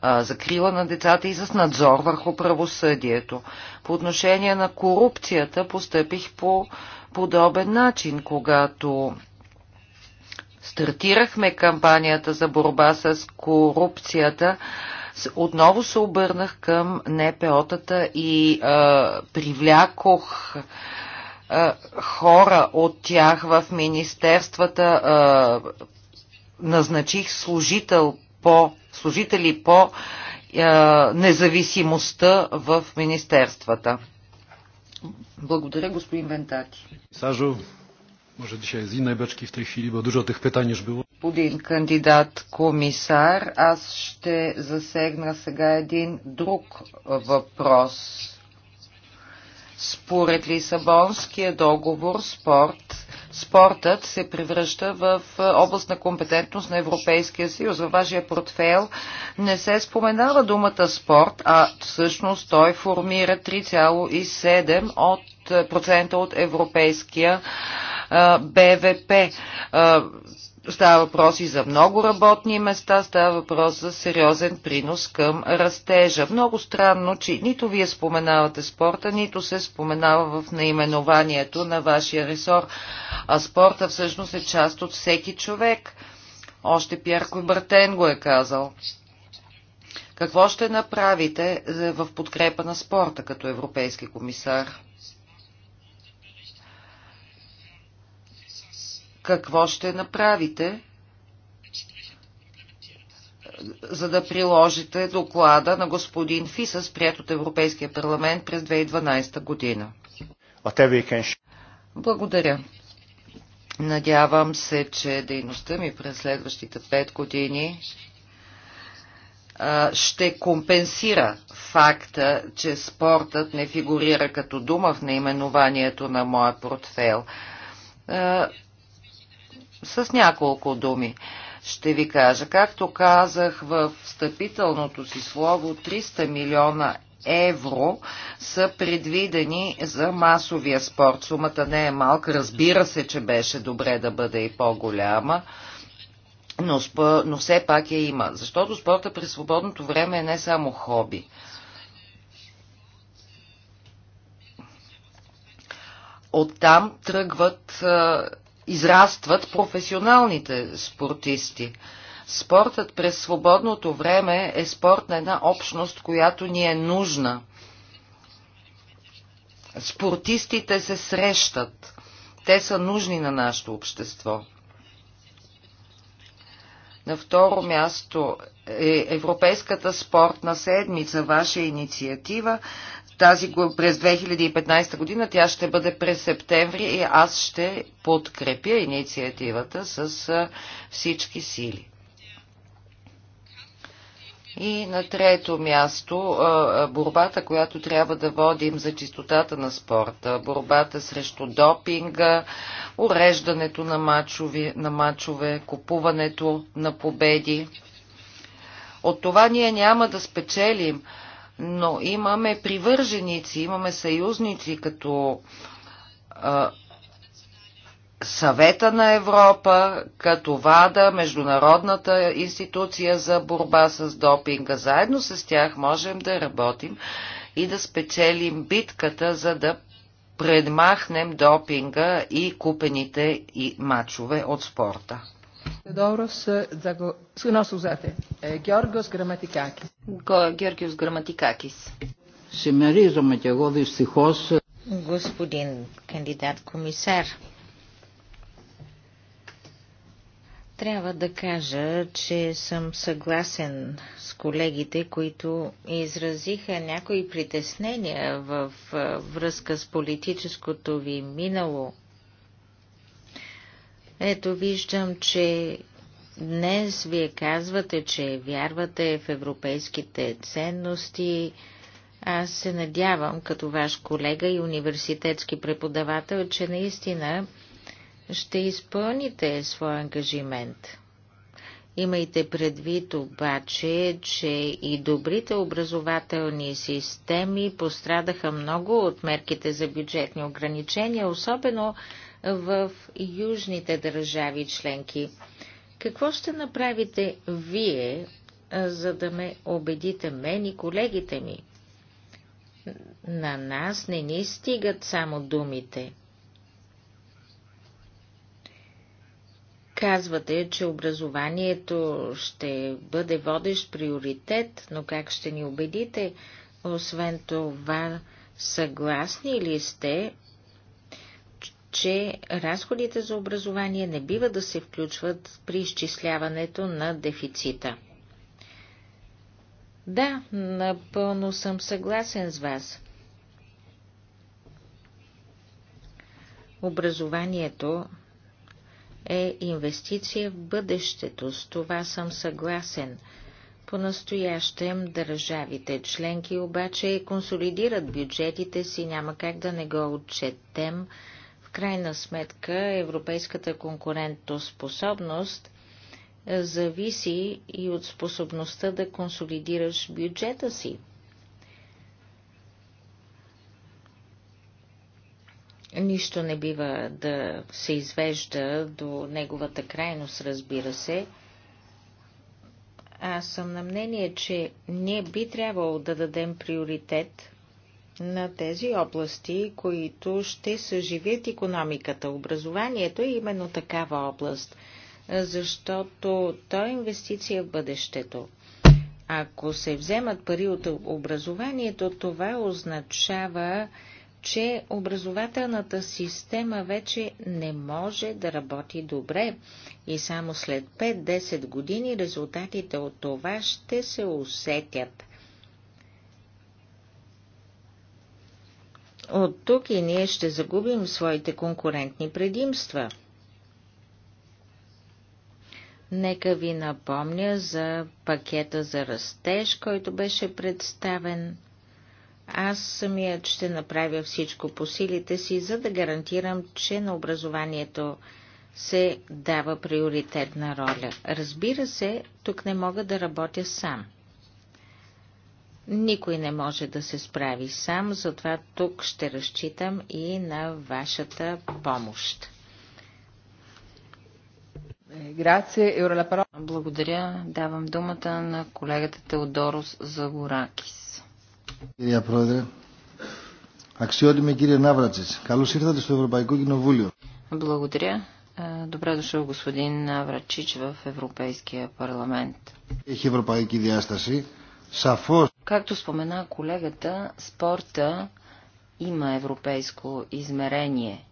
а, закрила на децата и с надзор върху правосъдието. По отношение на корупцията постъпих по подобен начин, когато стартирахме кампанията за борба с корупцията, отново се обърнах към НПО-тата и а, привлякох а, хора от тях в министерствата, а, назначих служител по, служители по а, независимостта в министерствата. Благодаря, господин Вентати. Сажо, може да z innej бачки в тези хвили, бъде dużo тих питания ще било. Господин кандидат комисар, аз ще засегна сега един друг въпрос. Според Лисабонския договор спорт, спортът се превръща в област на компетентност на Европейския съюз. Във вашия портфел не се споменава думата спорт, а всъщност той формира 3,7 от 10% от европейския БВП. Става въпрос и за много работни места, става въпрос за сериозен принос към растежа. Много странно, че нито вие споменавате спорта, нито се споменава в наименованието на вашия ресор. А спорта всъщност е част от всеки човек. Още Пярко Бартен го е казал. Какво ще направите е, в подкрепа на спорта като европейски комисар? какво ще направите, за да приложите доклада на господин Фисас, прият от Европейския парламент през 2012 година. Благодаря. Надявам се, че дейността ми през следващите пет години ще компенсира факта, че спортът не фигурира като дума в наименованието на моя портфел с няколко думи. Ще ви кажа, както казах в встъпителното си слово, 300 милиона евро са предвидени за масовия спорт. Сумата не е малка, разбира се, че беше добре да бъде и по-голяма, но, но все пак я има. Защото спорта при свободното време е не само хоби. Оттам тръгват израстват професионалните спортисти. Спортът през свободното време е спорт на една общност, която ни е нужна. Спортистите се срещат. Те са нужни на нашето общество. На второ място е Европейската спортна седмица, ваша инициатива тази, през 2015 година. Тя ще бъде през септември и аз ще подкрепя инициативата с всички сили. И на трето място, борбата, която трябва да водим за чистотата на спорта, борбата срещу допинга, уреждането на мачове, на мачове купуването на победи. От това ние няма да спечелим, но имаме привърженици, имаме съюзници като а, Съвета на Европа, като ВАДА, Международната институция за борба с допинга. Заедно с тях можем да работим и да спечелим битката, за да предмахнем допинга и купените и мачове от спорта. E, Граматикакис. εγώ δυστυχώς. Господин кандидат комисар, трябва да кажа, че съм съгласен с колегите, които изразиха някои притеснения в връзка с политическото ви минало. Ето виждам, че днес вие казвате, че вярвате в европейските ценности. Аз се надявам, като ваш колега и университетски преподавател, че наистина ще изпълните своя ангажимент. Имайте предвид обаче, че и добрите образователни системи пострадаха много от мерките за бюджетни ограничения, особено в южните държави членки. Какво ще направите вие, за да ме убедите мен и колегите ми? На нас не ни стигат само думите. Казвате, че образованието ще бъде водещ приоритет, но как ще ни убедите? Освен това, съгласни ли сте че разходите за образование не бива да се включват при изчисляването на дефицита. Да, напълно съм съгласен с вас. Образованието е инвестиция в бъдещето, с това съм съгласен. По-настоящем държавите членки обаче консолидират бюджетите си, няма как да не го отчетем – крайна сметка европейската конкурентоспособност зависи и от способността да консолидираш бюджета си. Нищо не бива да се извежда до неговата крайност, разбира се. Аз съм на мнение, че ние би трябвало да дадем приоритет на тези области, които ще съживят економиката. Образованието е именно такава област, защото то е инвестиция в бъдещето. Ако се вземат пари от образованието, това означава, че образователната система вече не може да работи добре и само след 5-10 години резултатите от това ще се усетят – От тук и ние ще загубим своите конкурентни предимства. Нека ви напомня за пакета за растеж, който беше представен. Аз самият ще направя всичко по силите си, за да гарантирам, че на образованието се дава приоритетна роля. Разбира се, тук не мога да работя сам. Никой не може да се справи сам, затова тук ще разчитам и на вашата помощ. Благодаря. Давам думата на колегата Теодорос Загоракис. Кирия Κυρία аксиоди ме кирия Ναύρατσης, καλώς ήρθατε στο Ευρωπαϊκό Κοινοβούλιο. Благодаря. Е, добре дошъл господин Врачич в Европейския парламент. Ех ευρωπαϊκή диастаси. Както спомена колегата, спорта има европейско измерение.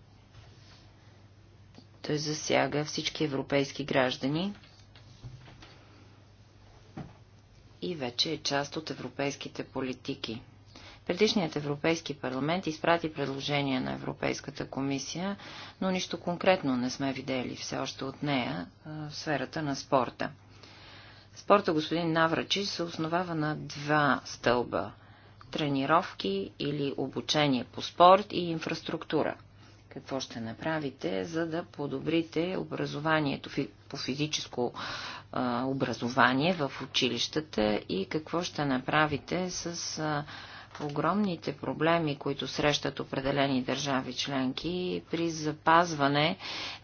Той засяга всички европейски граждани и вече е част от европейските политики. Предишният Европейски парламент изпрати предложения на Европейската комисия, но нищо конкретно не сме видели все още от нея в сферата на спорта. Спорта, господин Наврачи, се основава на два стълба – тренировки или обучение по спорт и инфраструктура. Какво ще направите, за да подобрите образованието по физическо образование в училищата и какво ще направите с огромните проблеми, които срещат определени държави членки при запазване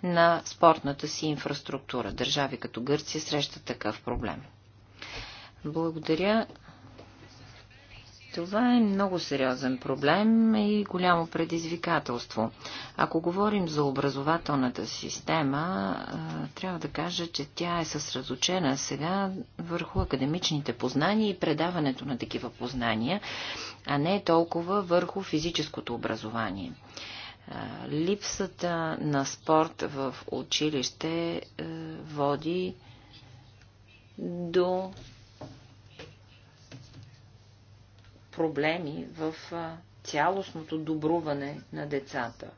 на спортната си инфраструктура. Държави като Гърция срещат такъв проблем. Благодаря. Това е много сериозен проблем и голямо предизвикателство. Ако говорим за образователната система, трябва да кажа, че тя е съсредоточена сега върху академичните познания и предаването на такива познания, а не толкова върху физическото образование. Липсата на спорт в училище води до проблеми в цялостното добруване на децата.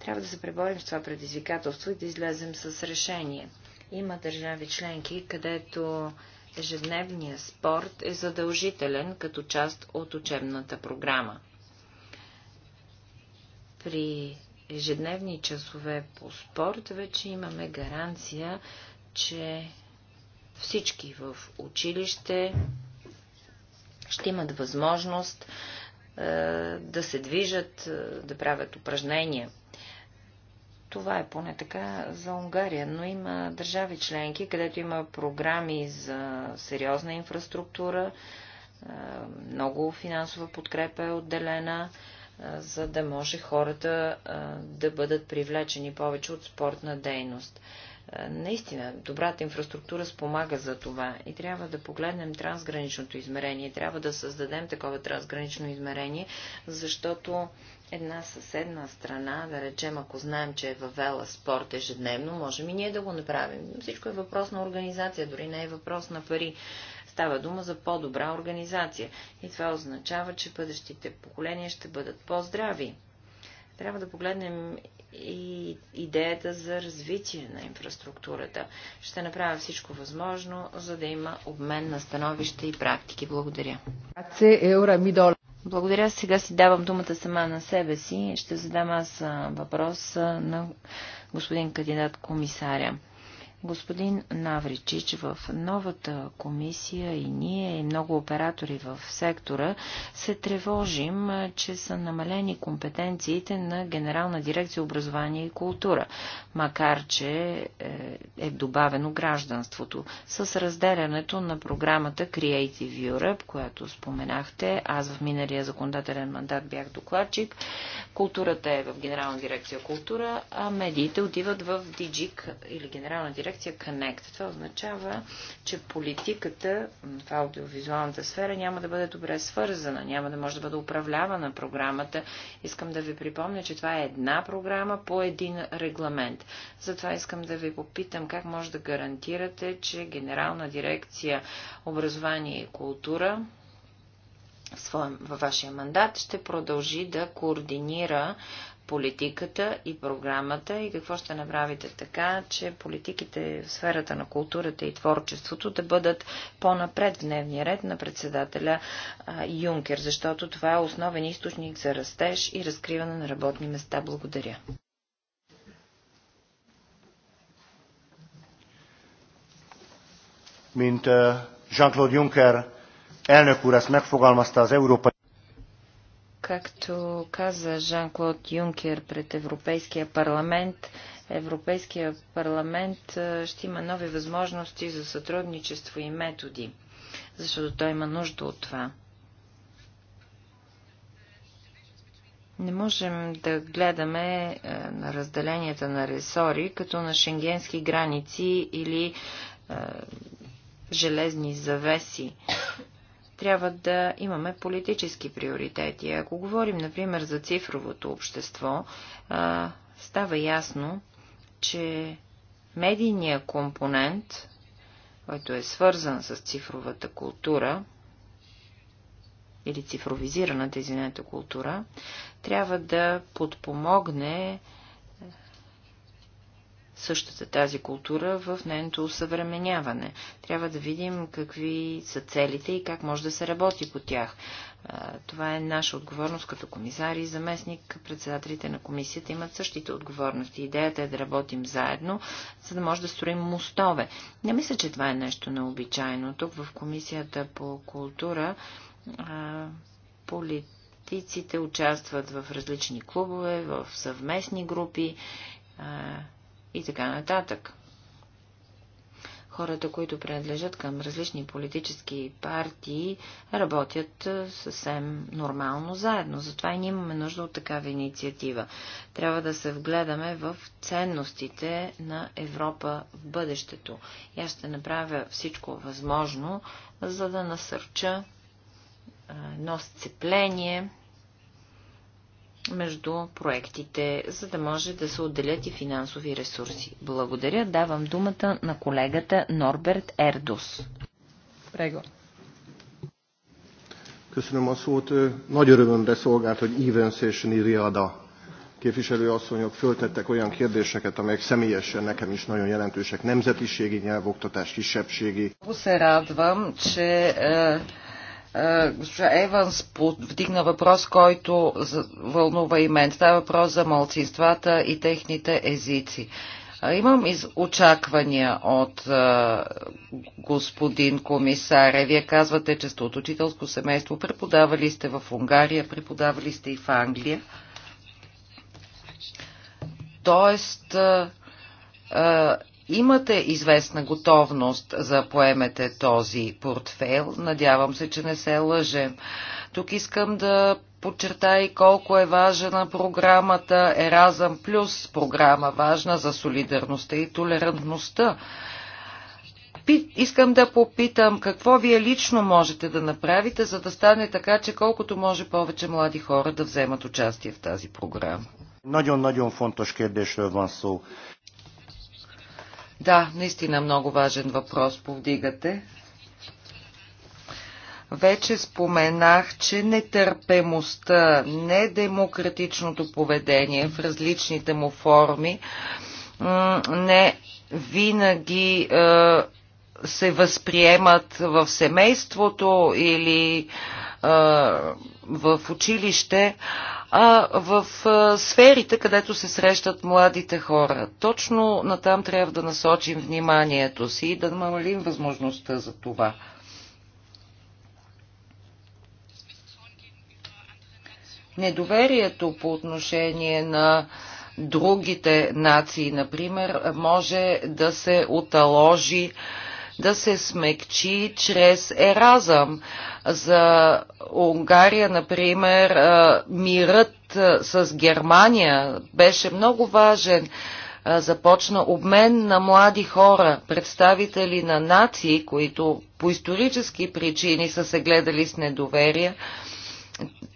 Трябва да се преборим с това предизвикателство и да излезем с решение. Има държави членки, където ежедневният спорт е задължителен като част от учебната програма. При ежедневни часове по спорт вече имаме гаранция, че всички в училище, ще имат възможност е, да се движат, е, да правят упражнения. Това е поне така за Унгария, но има държави членки, където има програми за сериозна инфраструктура, е, много финансова подкрепа е отделена е, за да може хората е, да бъдат привлечени повече от спортна дейност. Е, наистина, добрата инфраструктура спомага за това и трябва да погледнем трансграничното измерение. Трябва да създадем такова трансгранично измерение, защото една съседна страна, да речем, ако знаем, че е въвела спорт ежедневно, можем и ние да го направим. Всичко е въпрос на организация, дори не е въпрос на пари. Става дума за по-добра организация. И това означава, че бъдещите поколения ще бъдат по-здрави. Трябва да погледнем и идеята за развитие на инфраструктурата. Ще направя всичко възможно, за да има обмен на становища и практики. Благодаря. Е Благодаря. Сега си давам думата сама на себе си. Ще задам аз въпрос на господин кандидат комисаря. Господин Навричич, в новата комисия и ние, и много оператори в сектора се тревожим, че са намалени компетенциите на Генерална дирекция образование и култура, макар че е, е добавено гражданството. С разделянето на програмата Creative Europe, която споменахте, аз в миналия законодателен мандат бях докладчик, културата е в Генерална дирекция култура, а медиите отиват в Диджик или Генерална дирекция лекция Connect. Това означава, че политиката в аудиовизуалната сфера няма да бъде добре свързана, няма да може да бъде управлявана програмата. Искам да ви припомня, че това е една програма по един регламент. Затова искам да ви попитам как може да гарантирате, че Генерална дирекция образование и култура във вашия мандат ще продължи да координира политиката и програмата и какво ще направите така, че политиките в сферата на културата и творчеството да бъдат по-напред в дневния ред на председателя а, Юнкер, защото това е основен източник за растеж и разкриване на работни места. Благодаря. Mint э, Jean-Claude Juncker elnök úr ezt megfogalmazta az európai Както каза Жан-Клод Юнкер пред Европейския парламент, Европейския парламент ще има нови възможности за сътрудничество и методи, защото той има нужда от това. Не можем да гледаме на разделенията на ресори като на шенгенски граници или железни завеси трябва да имаме политически приоритети. Ако говорим, например, за цифровото общество, става ясно, че медийният компонент, който е свързан с цифровата култура, или цифровизираната, извинете, култура, трябва да подпомогне същата тази култура в нейното усъвременяване. Трябва да видим какви са целите и как може да се работи по тях. Това е наша отговорност като комисари и заместник. Председателите на комисията имат същите отговорности. Идеята е да работим заедно, за да може да строим мостове. Не мисля, че това е нещо необичайно. Тук в комисията по култура политиците участват в различни клубове, в съвместни групи и така нататък. Хората, които принадлежат към различни политически партии, работят съвсем нормално заедно. Затова и ние имаме нужда от такава инициатива. Трябва да се вгледаме в ценностите на Европа в бъдещето. И аз ще направя всичко възможно, за да насърча едно сцепление между проектите, за да може да се отделят и финансови ресурси. Благодаря. Давам думата на колегата Норберт Ердус. Прего. Köszönöm a szót. Nagy örömömre szolgált, hogy Evans és Niriada képviselőasszonyok föltettek olyan kérdéseket, amelyek személyesen nekem is nagyon jelentősek. Nemzetiségi, nyelvoktatás, kisebbségi. Радвам, че е, госпожа Еванс вдигна въпрос, който вълнува и мен. Става въпрос за малцинствата и техните езици. Е, имам из очаквания от а, е, господин комисаре. Вие казвате, че сте от учителско семейство. Преподавали сте в Унгария, преподавали сте и в Англия. Тоест, а, а, имате известна готовност за поемете този портфейл. Надявам се, че не се лъжем. Тук искам да подчертай и колко е важна програмата Еразъм Плюс, програма важна за солидарността и толерантността. Искам да попитам какво вие лично можете да направите, за да стане така, че колкото може повече млади хора да вземат участие в тази програма. Да, наистина много важен въпрос повдигате. Вече споменах, че нетърпемостта, недемократичното поведение в различните му форми не винаги е, се възприемат в семейството или а, в училище, а в а, сферите, където се срещат младите хора. Точно натам трябва да насочим вниманието си и да намалим възможността за това. Недоверието по отношение на другите нации, например, може да се оталожи а, да се смекчи чрез еразъм. За Унгария, например, мирът с Германия беше много важен започна обмен на млади хора, представители на нации, които по исторически причини са се гледали с недоверие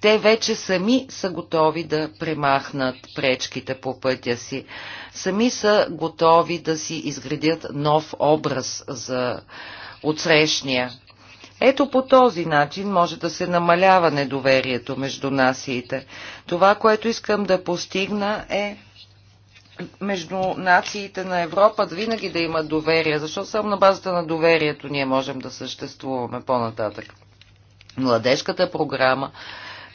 те вече сами са готови да премахнат пречките по пътя си. Сами са готови да си изградят нов образ за отсрещния. Ето по този начин може да се намалява недоверието между нациите. Това, което искам да постигна е между нациите на Европа да винаги да има доверие, защото само на базата на доверието ние можем да съществуваме по-нататък младежката програма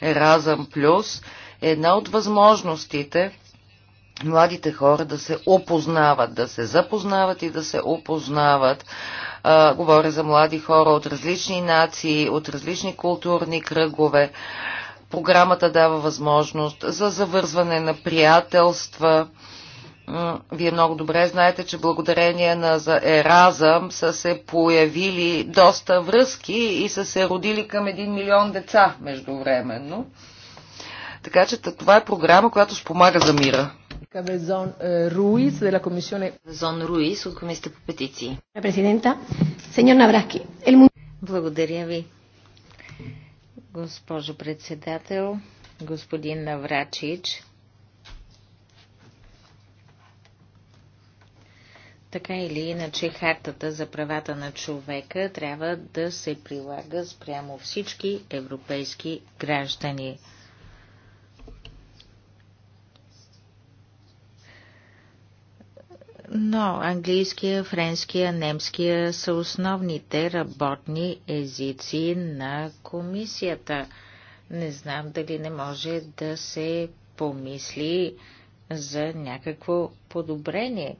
Еразъм Плюс е една от възможностите младите хора да се опознават, да се запознават и да се опознават. А, говоря за млади хора от различни нации, от различни културни кръгове. Програмата дава възможност за завързване на приятелства, вие много добре знаете, че благодарение на Еразъм са се появили доста връзки и са се родили към един милион деца междувременно. Така че това е програма, която спомага за мира. Кабезон е, Руис, de la Зон Руис от Комисията по петиции. Е, президента, сеньор Навраски. Благодаря ви, госпожо председател, господин Наврачич. Така или иначе, хартата за правата на човека трябва да се прилага спрямо всички европейски граждани. Но английския, френския, немския са основните работни езици на комисията. Не знам дали не може да се помисли за някакво подобрение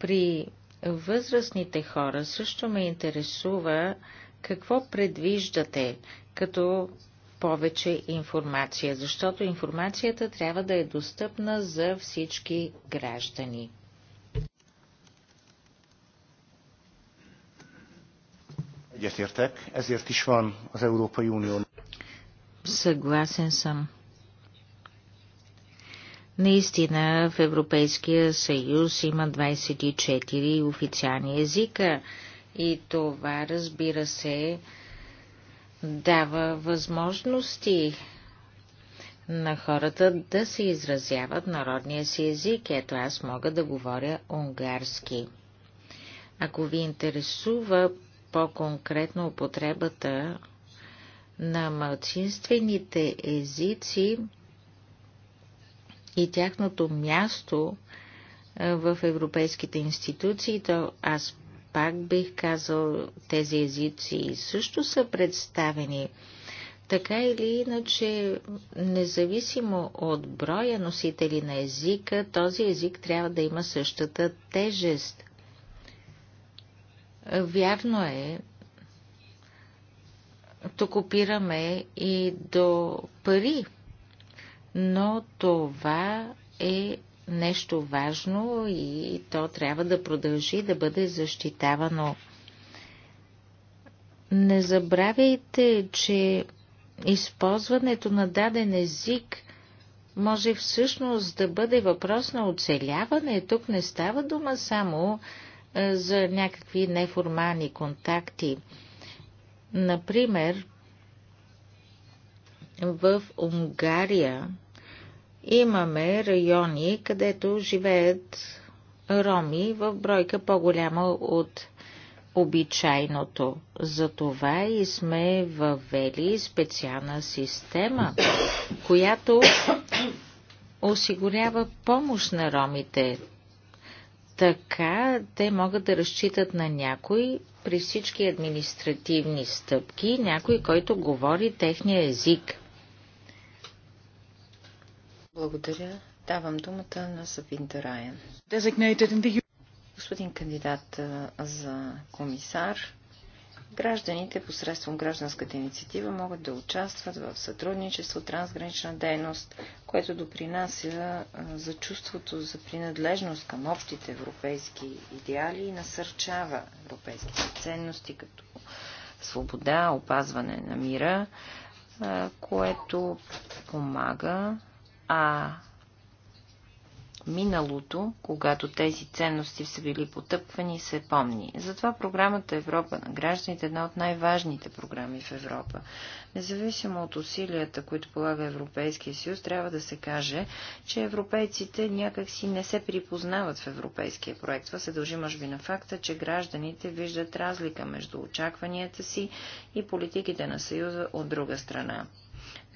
при възрастните хора също ме интересува какво предвиждате като повече информация, защото информацията трябва да е достъпна за всички граждани. Egyetértek, ezért is van az Európai Unió. Съгласен съм. Наистина в Европейския съюз има 24 официални езика и това, разбира се, дава възможности на хората да се изразяват народния си език. Ето аз мога да говоря унгарски. Ако ви интересува по-конкретно употребата на малцинствените езици, и тяхното място в европейските институции, то аз пак бих казал, тези езици също са представени. Така или иначе, независимо от броя носители на езика, този език трябва да има същата тежест. Вярно е, тук опираме и до пари, но това е нещо важно и то трябва да продължи да бъде защитавано. Не забравяйте, че използването на даден език може всъщност да бъде въпрос на оцеляване. Тук не става дума само е, за някакви неформални контакти. Например, в Унгария Имаме райони, където живеят роми в бройка по-голяма от обичайното. Затова и сме въвели специална система, която осигурява помощ на ромите. Така те могат да разчитат на някой при всички административни стъпки, някой, който говори техния език. Благодаря. Давам думата на Сабинта Райан. Господин кандидат за комисар, гражданите посредством гражданската инициатива могат да участват в сътрудничество, трансгранична дейност, което допринася за чувството за принадлежност към общите европейски идеали и насърчава европейските ценности като свобода, опазване на мира, което помага а миналото, когато тези ценности са били потъпвани, се помни. Затова програмата Европа на гражданите е една от най-важните програми в Европа. Независимо от усилията, които полага Европейския съюз, трябва да се каже, че европейците някакси не се припознават в европейския проект. Това се дължи, може би, на факта, че гражданите виждат разлика между очакванията си и политиките на Съюза от друга страна.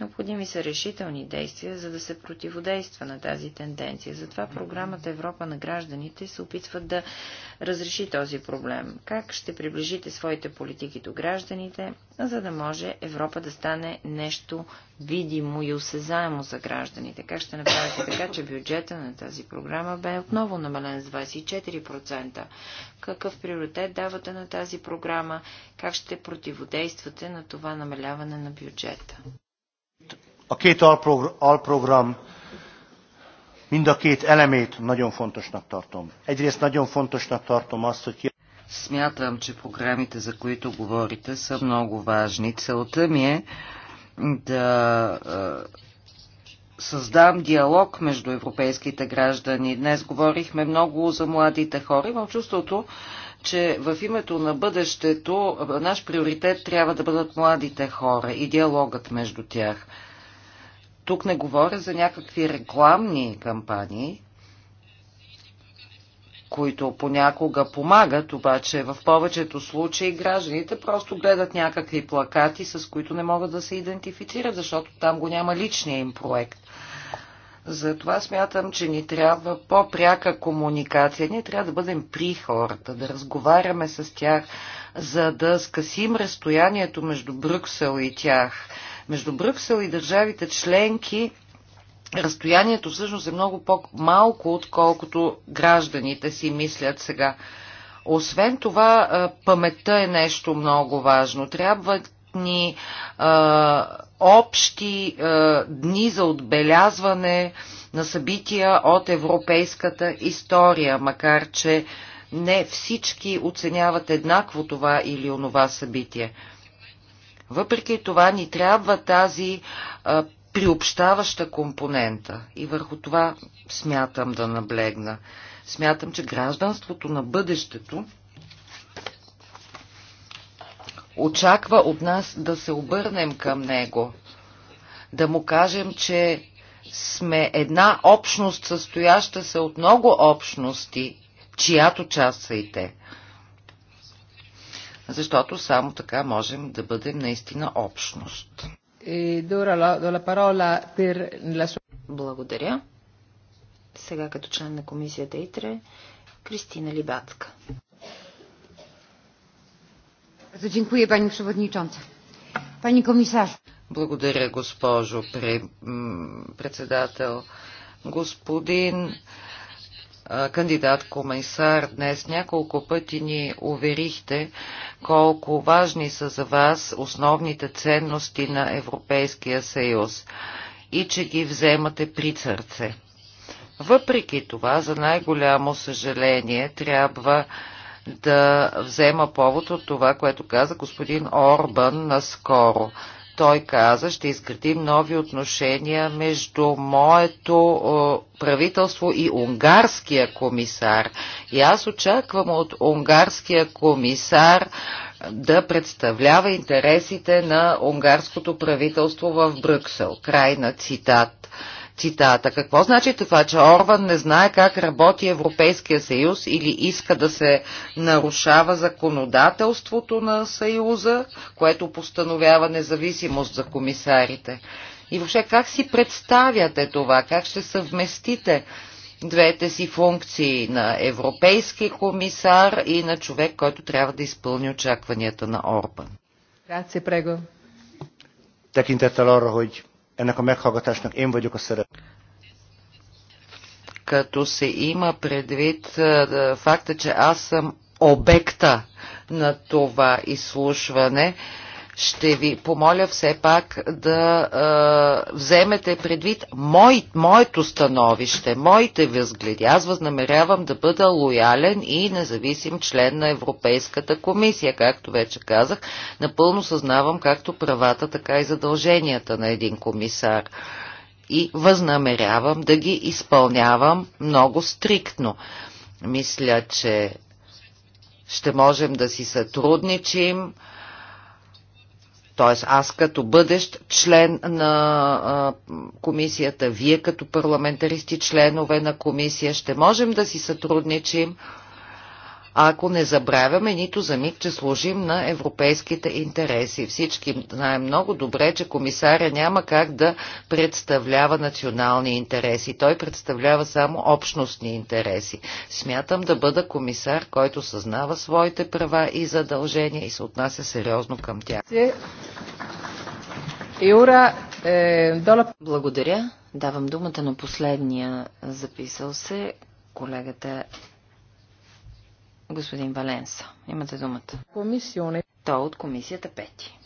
Необходими са решителни действия, за да се противодейства на тази тенденция. Затова програмата Европа на гражданите се опитва да разреши този проблем. Как ще приближите своите политики до гражданите, за да може Европа да стане нещо видимо и осезаемо за гражданите? Как ще направите така, че бюджета на тази програма бе отново намален с 24%? Какъв приоритет давате на тази програма? Как ще противодействате на това намаляване на бюджета? A két alprogram mind a két elemét nagyon fontosnak tartom. Egyrészt nagyon fontosnak tartom azt, hogy Смятам, че програмите, за които говорите, са много важни. Целта ми е да създам диалог между европейските граждани. Днес говорихме много за младите хора. Имам чувството, че в името на бъдещето наш приоритет трябва да бъдат младите хора и диалогът между тях. Тук не говоря за някакви рекламни кампании, които понякога помагат, обаче в повечето случаи гражданите просто гледат някакви плакати, с които не могат да се идентифицират, защото там го няма личния им проект. Затова смятам, че ни трябва по-пряка комуникация. Ние трябва да бъдем при хората, да разговаряме с тях, за да скъсим разстоянието между Брюксел и тях между Брюксел и държавите членки разстоянието всъщност е много по-малко, отколкото гражданите си мислят сега. Освен това, паметта е нещо много важно. Трябва ни а, общи а, дни за отбелязване на събития от европейската история, макар че не всички оценяват еднакво това или онова събитие. Въпреки това ни трябва тази а, приобщаваща компонента и върху това смятам да наблегна. Смятам, че гражданството на бъдещето очаква от нас да се обърнем към него, да му кажем, че сме една общност, състояща се от много общности, чиято част са и те защото само така можем да бъдем наистина общност. Е, Благодаря. Сега като член на комисията ИТРЕ, Кристина Либацка. Dziękuję Pani Благодаря, госпожо председател. Господин кандидат комисар, днес няколко пъти ни уверихте колко важни са за вас основните ценности на Европейския съюз и че ги вземате при сърце. Въпреки това, за най-голямо съжаление, трябва да взема повод от това, което каза господин Орбан наскоро. Той каза, ще изградим нови отношения между моето правителство и унгарския комисар. И аз очаквам от унгарския комисар да представлява интересите на унгарското правителство в Брюксел. Край на цитат цитата. Какво значи това, че Орван не знае как работи Европейския съюз или иска да се нарушава законодателството на съюза, което постановява независимост за комисарите? И въобще как си представяте това? Как ще съвместите двете си функции на европейски комисар и на човек, който трябва да изпълни очакванията на Орбан? Грация, Прего. Так arra, ennek a meghallgatásnak én vagyok a szerep. Като се има предвид е, е, факта, че аз съм обекта на това изслушване, ще ви помоля все пак да а, вземете предвид мой, моето становище, моите възгледи. Аз възнамерявам да бъда лоялен и независим член на Европейската комисия. Както вече казах, напълно съзнавам както правата, така и задълженията на един комисар и възнамерявам да ги изпълнявам много стриктно. Мисля, че ще можем да си сътрудничим т.е. аз като бъдещ член на а, комисията, вие като парламентаристи, членове на комисия, ще можем да си сътрудничим, ако не забравяме нито за миг, че служим на европейските интереси. Всички знаем много добре, че комисаря няма как да представлява национални интереси. Той представлява само общностни интереси. Смятам да бъда комисар, който съзнава своите права и задължения и се отнася сериозно към тях. Е, Благодаря. Давам думата на последния записал се колегата господин Валенса. Имате думата. Комисионе. от комисията пети.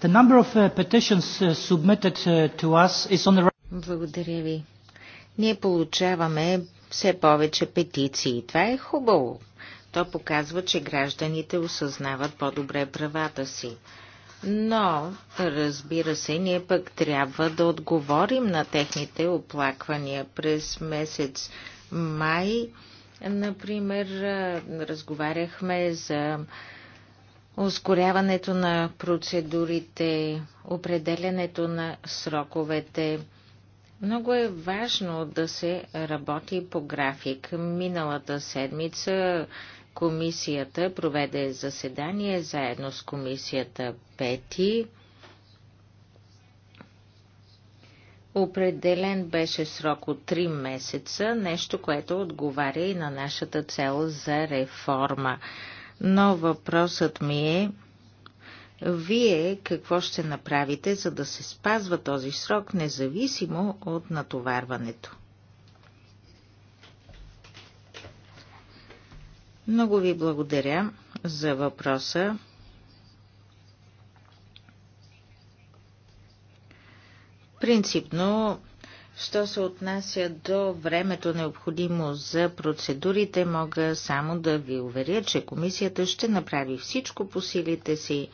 The number of uh, petitions uh, submitted uh, to us is on the... Благодаря ви. Ние получаваме все повече петиции. Това е хубаво. То показва, че гражданите осъзнават по-добре правата си. Но, разбира се, ние пък трябва да отговорим на техните оплаквания през месец май. Например, разговаряхме за ускоряването на процедурите, определянето на сроковете. Много е важно да се работи по график. Миналата седмица Комисията проведе заседание заедно с комисията Пети. Определен беше срок от 3 месеца, нещо, което отговаря и на нашата цел за реформа. Но въпросът ми е, вие какво ще направите, за да се спазва този срок, независимо от натоварването? Много ви благодаря за въпроса. Принципно, що се отнася до времето необходимо за процедурите, мога само да ви уверя, че комисията ще направи всичко по силите си,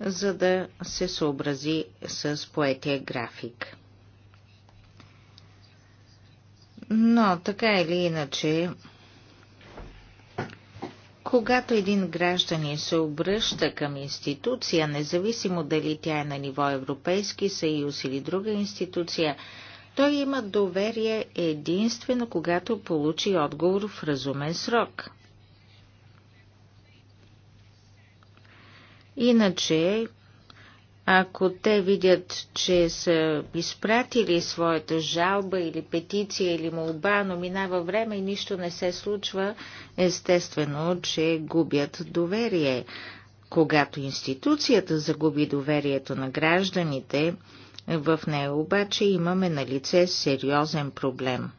за да се съобрази с поетия график. Но така или иначе, когато един гражданин се обръща към институция, независимо дали тя е на ниво Европейски съюз или друга институция, той има доверие единствено, когато получи отговор в разумен срок. Иначе ако те видят, че са изпратили своята жалба или петиция или молба, но минава време и нищо не се случва, естествено, че губят доверие. Когато институцията загуби доверието на гражданите, в нея обаче имаме на лице сериозен проблем.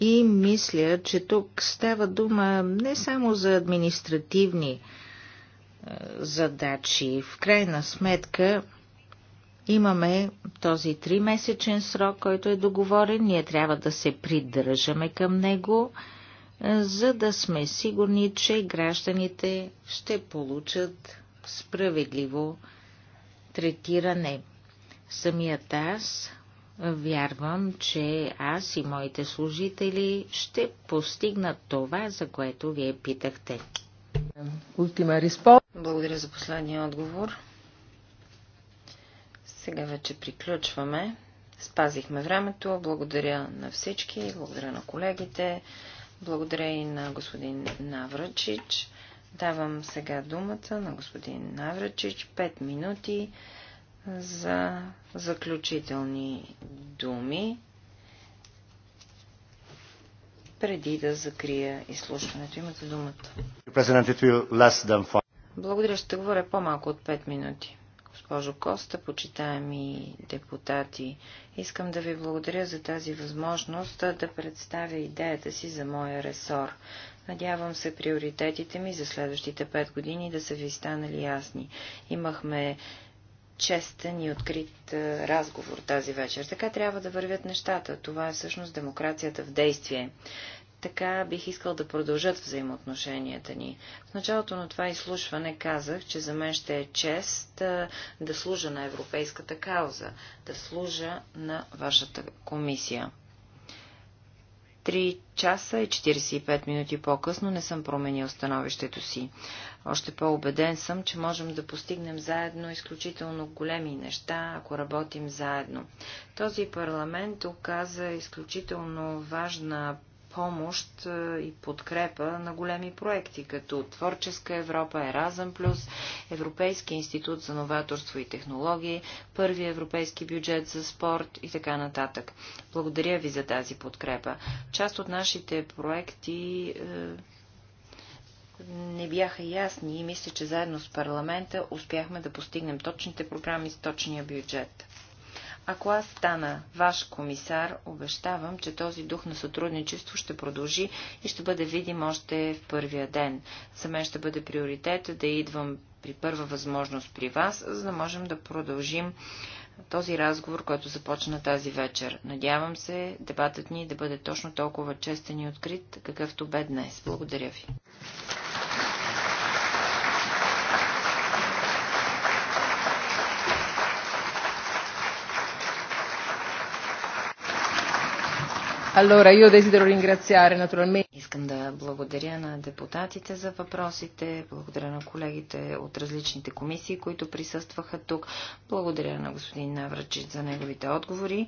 И мисля, че тук става дума не само за административни задачи. В крайна сметка имаме този тримесечен срок, който е договорен. Ние трябва да се придържаме към него, е, за да сме сигурни, че гражданите ще получат справедливо третиране. Самият аз вярвам, че аз и моите служители ще постигнат това, за което вие питахте. Благодаря за последния отговор. Сега вече приключваме. Спазихме времето. Благодаря на всички, благодаря на колегите, благодаря и на господин Навръчич. Давам сега думата на господин Навръчич. 5 минути за заключителни думи преди да закрия изслушването. Имате думата. Благодаря, ще говоря по-малко от 5 минути. Госпожо Коста, почитаеми депутати, искам да ви благодаря за тази възможност да представя идеята си за моя ресор. Надявам се приоритетите ми за следващите 5 години да са ви станали ясни. Имахме честен и открит е, разговор тази вечер. Така трябва да вървят нещата. Това е всъщност демокрацията в действие. Така бих искал да продължат взаимоотношенията ни. В началото на това изслушване казах, че за мен ще е чест е, да служа на европейската кауза, да служа на вашата комисия. Три часа и 45 минути по-късно не съм променил становището си. Още по-убеден съм, че можем да постигнем заедно изключително големи неща, ако работим заедно. Този парламент оказа изключително важна помощ е, и подкрепа на големи проекти, като Творческа Европа, Еразъм Плюс, Европейски институт за новаторство и технологии, Първи европейски бюджет за спорт и така нататък. Благодаря ви за тази подкрепа. Част от нашите проекти е, не бяха ясни и мисля, че заедно с парламента успяхме да постигнем точните програми с точния бюджет. Ако аз стана ваш комисар, обещавам, че този дух на сътрудничество ще продължи и ще бъде видим още в първия ден. За мен ще бъде приоритет да идвам при първа възможност при вас, за да можем да продължим този разговор, който започна тази вечер. Надявам се дебатът ни да бъде точно толкова честен и открит, какъвто бе днес. Благодаря ви. Искам да благодаря на депутатите за въпросите, благодаря на колегите от различните комисии, които присъстваха тук, благодаря на господин Навръчич за неговите отговори,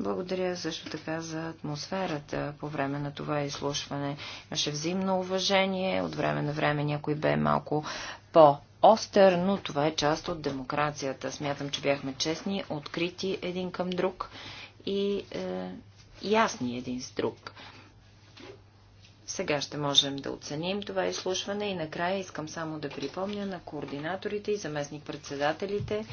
благодаря също така за атмосферата по време на това изслушване. Имаше взаимно уважение, от време на време някой бе малко по остър, но това е част от демокрацията. Смятам, че бяхме честни, открити един към друг и е, ясни един с друг. Сега ще можем да оценим това изслушване и накрая искам само да припомня на координаторите и заместник-председателите,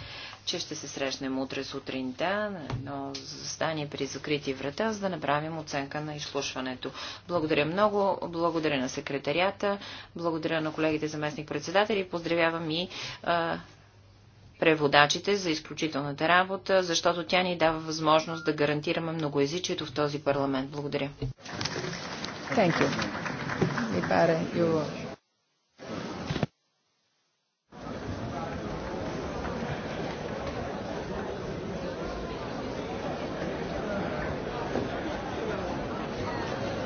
че ще се срещнем утре сутринта на едно застание при закрити врата, за да направим оценка на изслушването. Благодаря много, благодаря на секретарията, благодаря на колегите заместник-председатели, поздравявам и преводачите за изключителната работа, защото тя ни дава възможност да гарантираме многоязичието в този парламент. Благодаря. Thank you.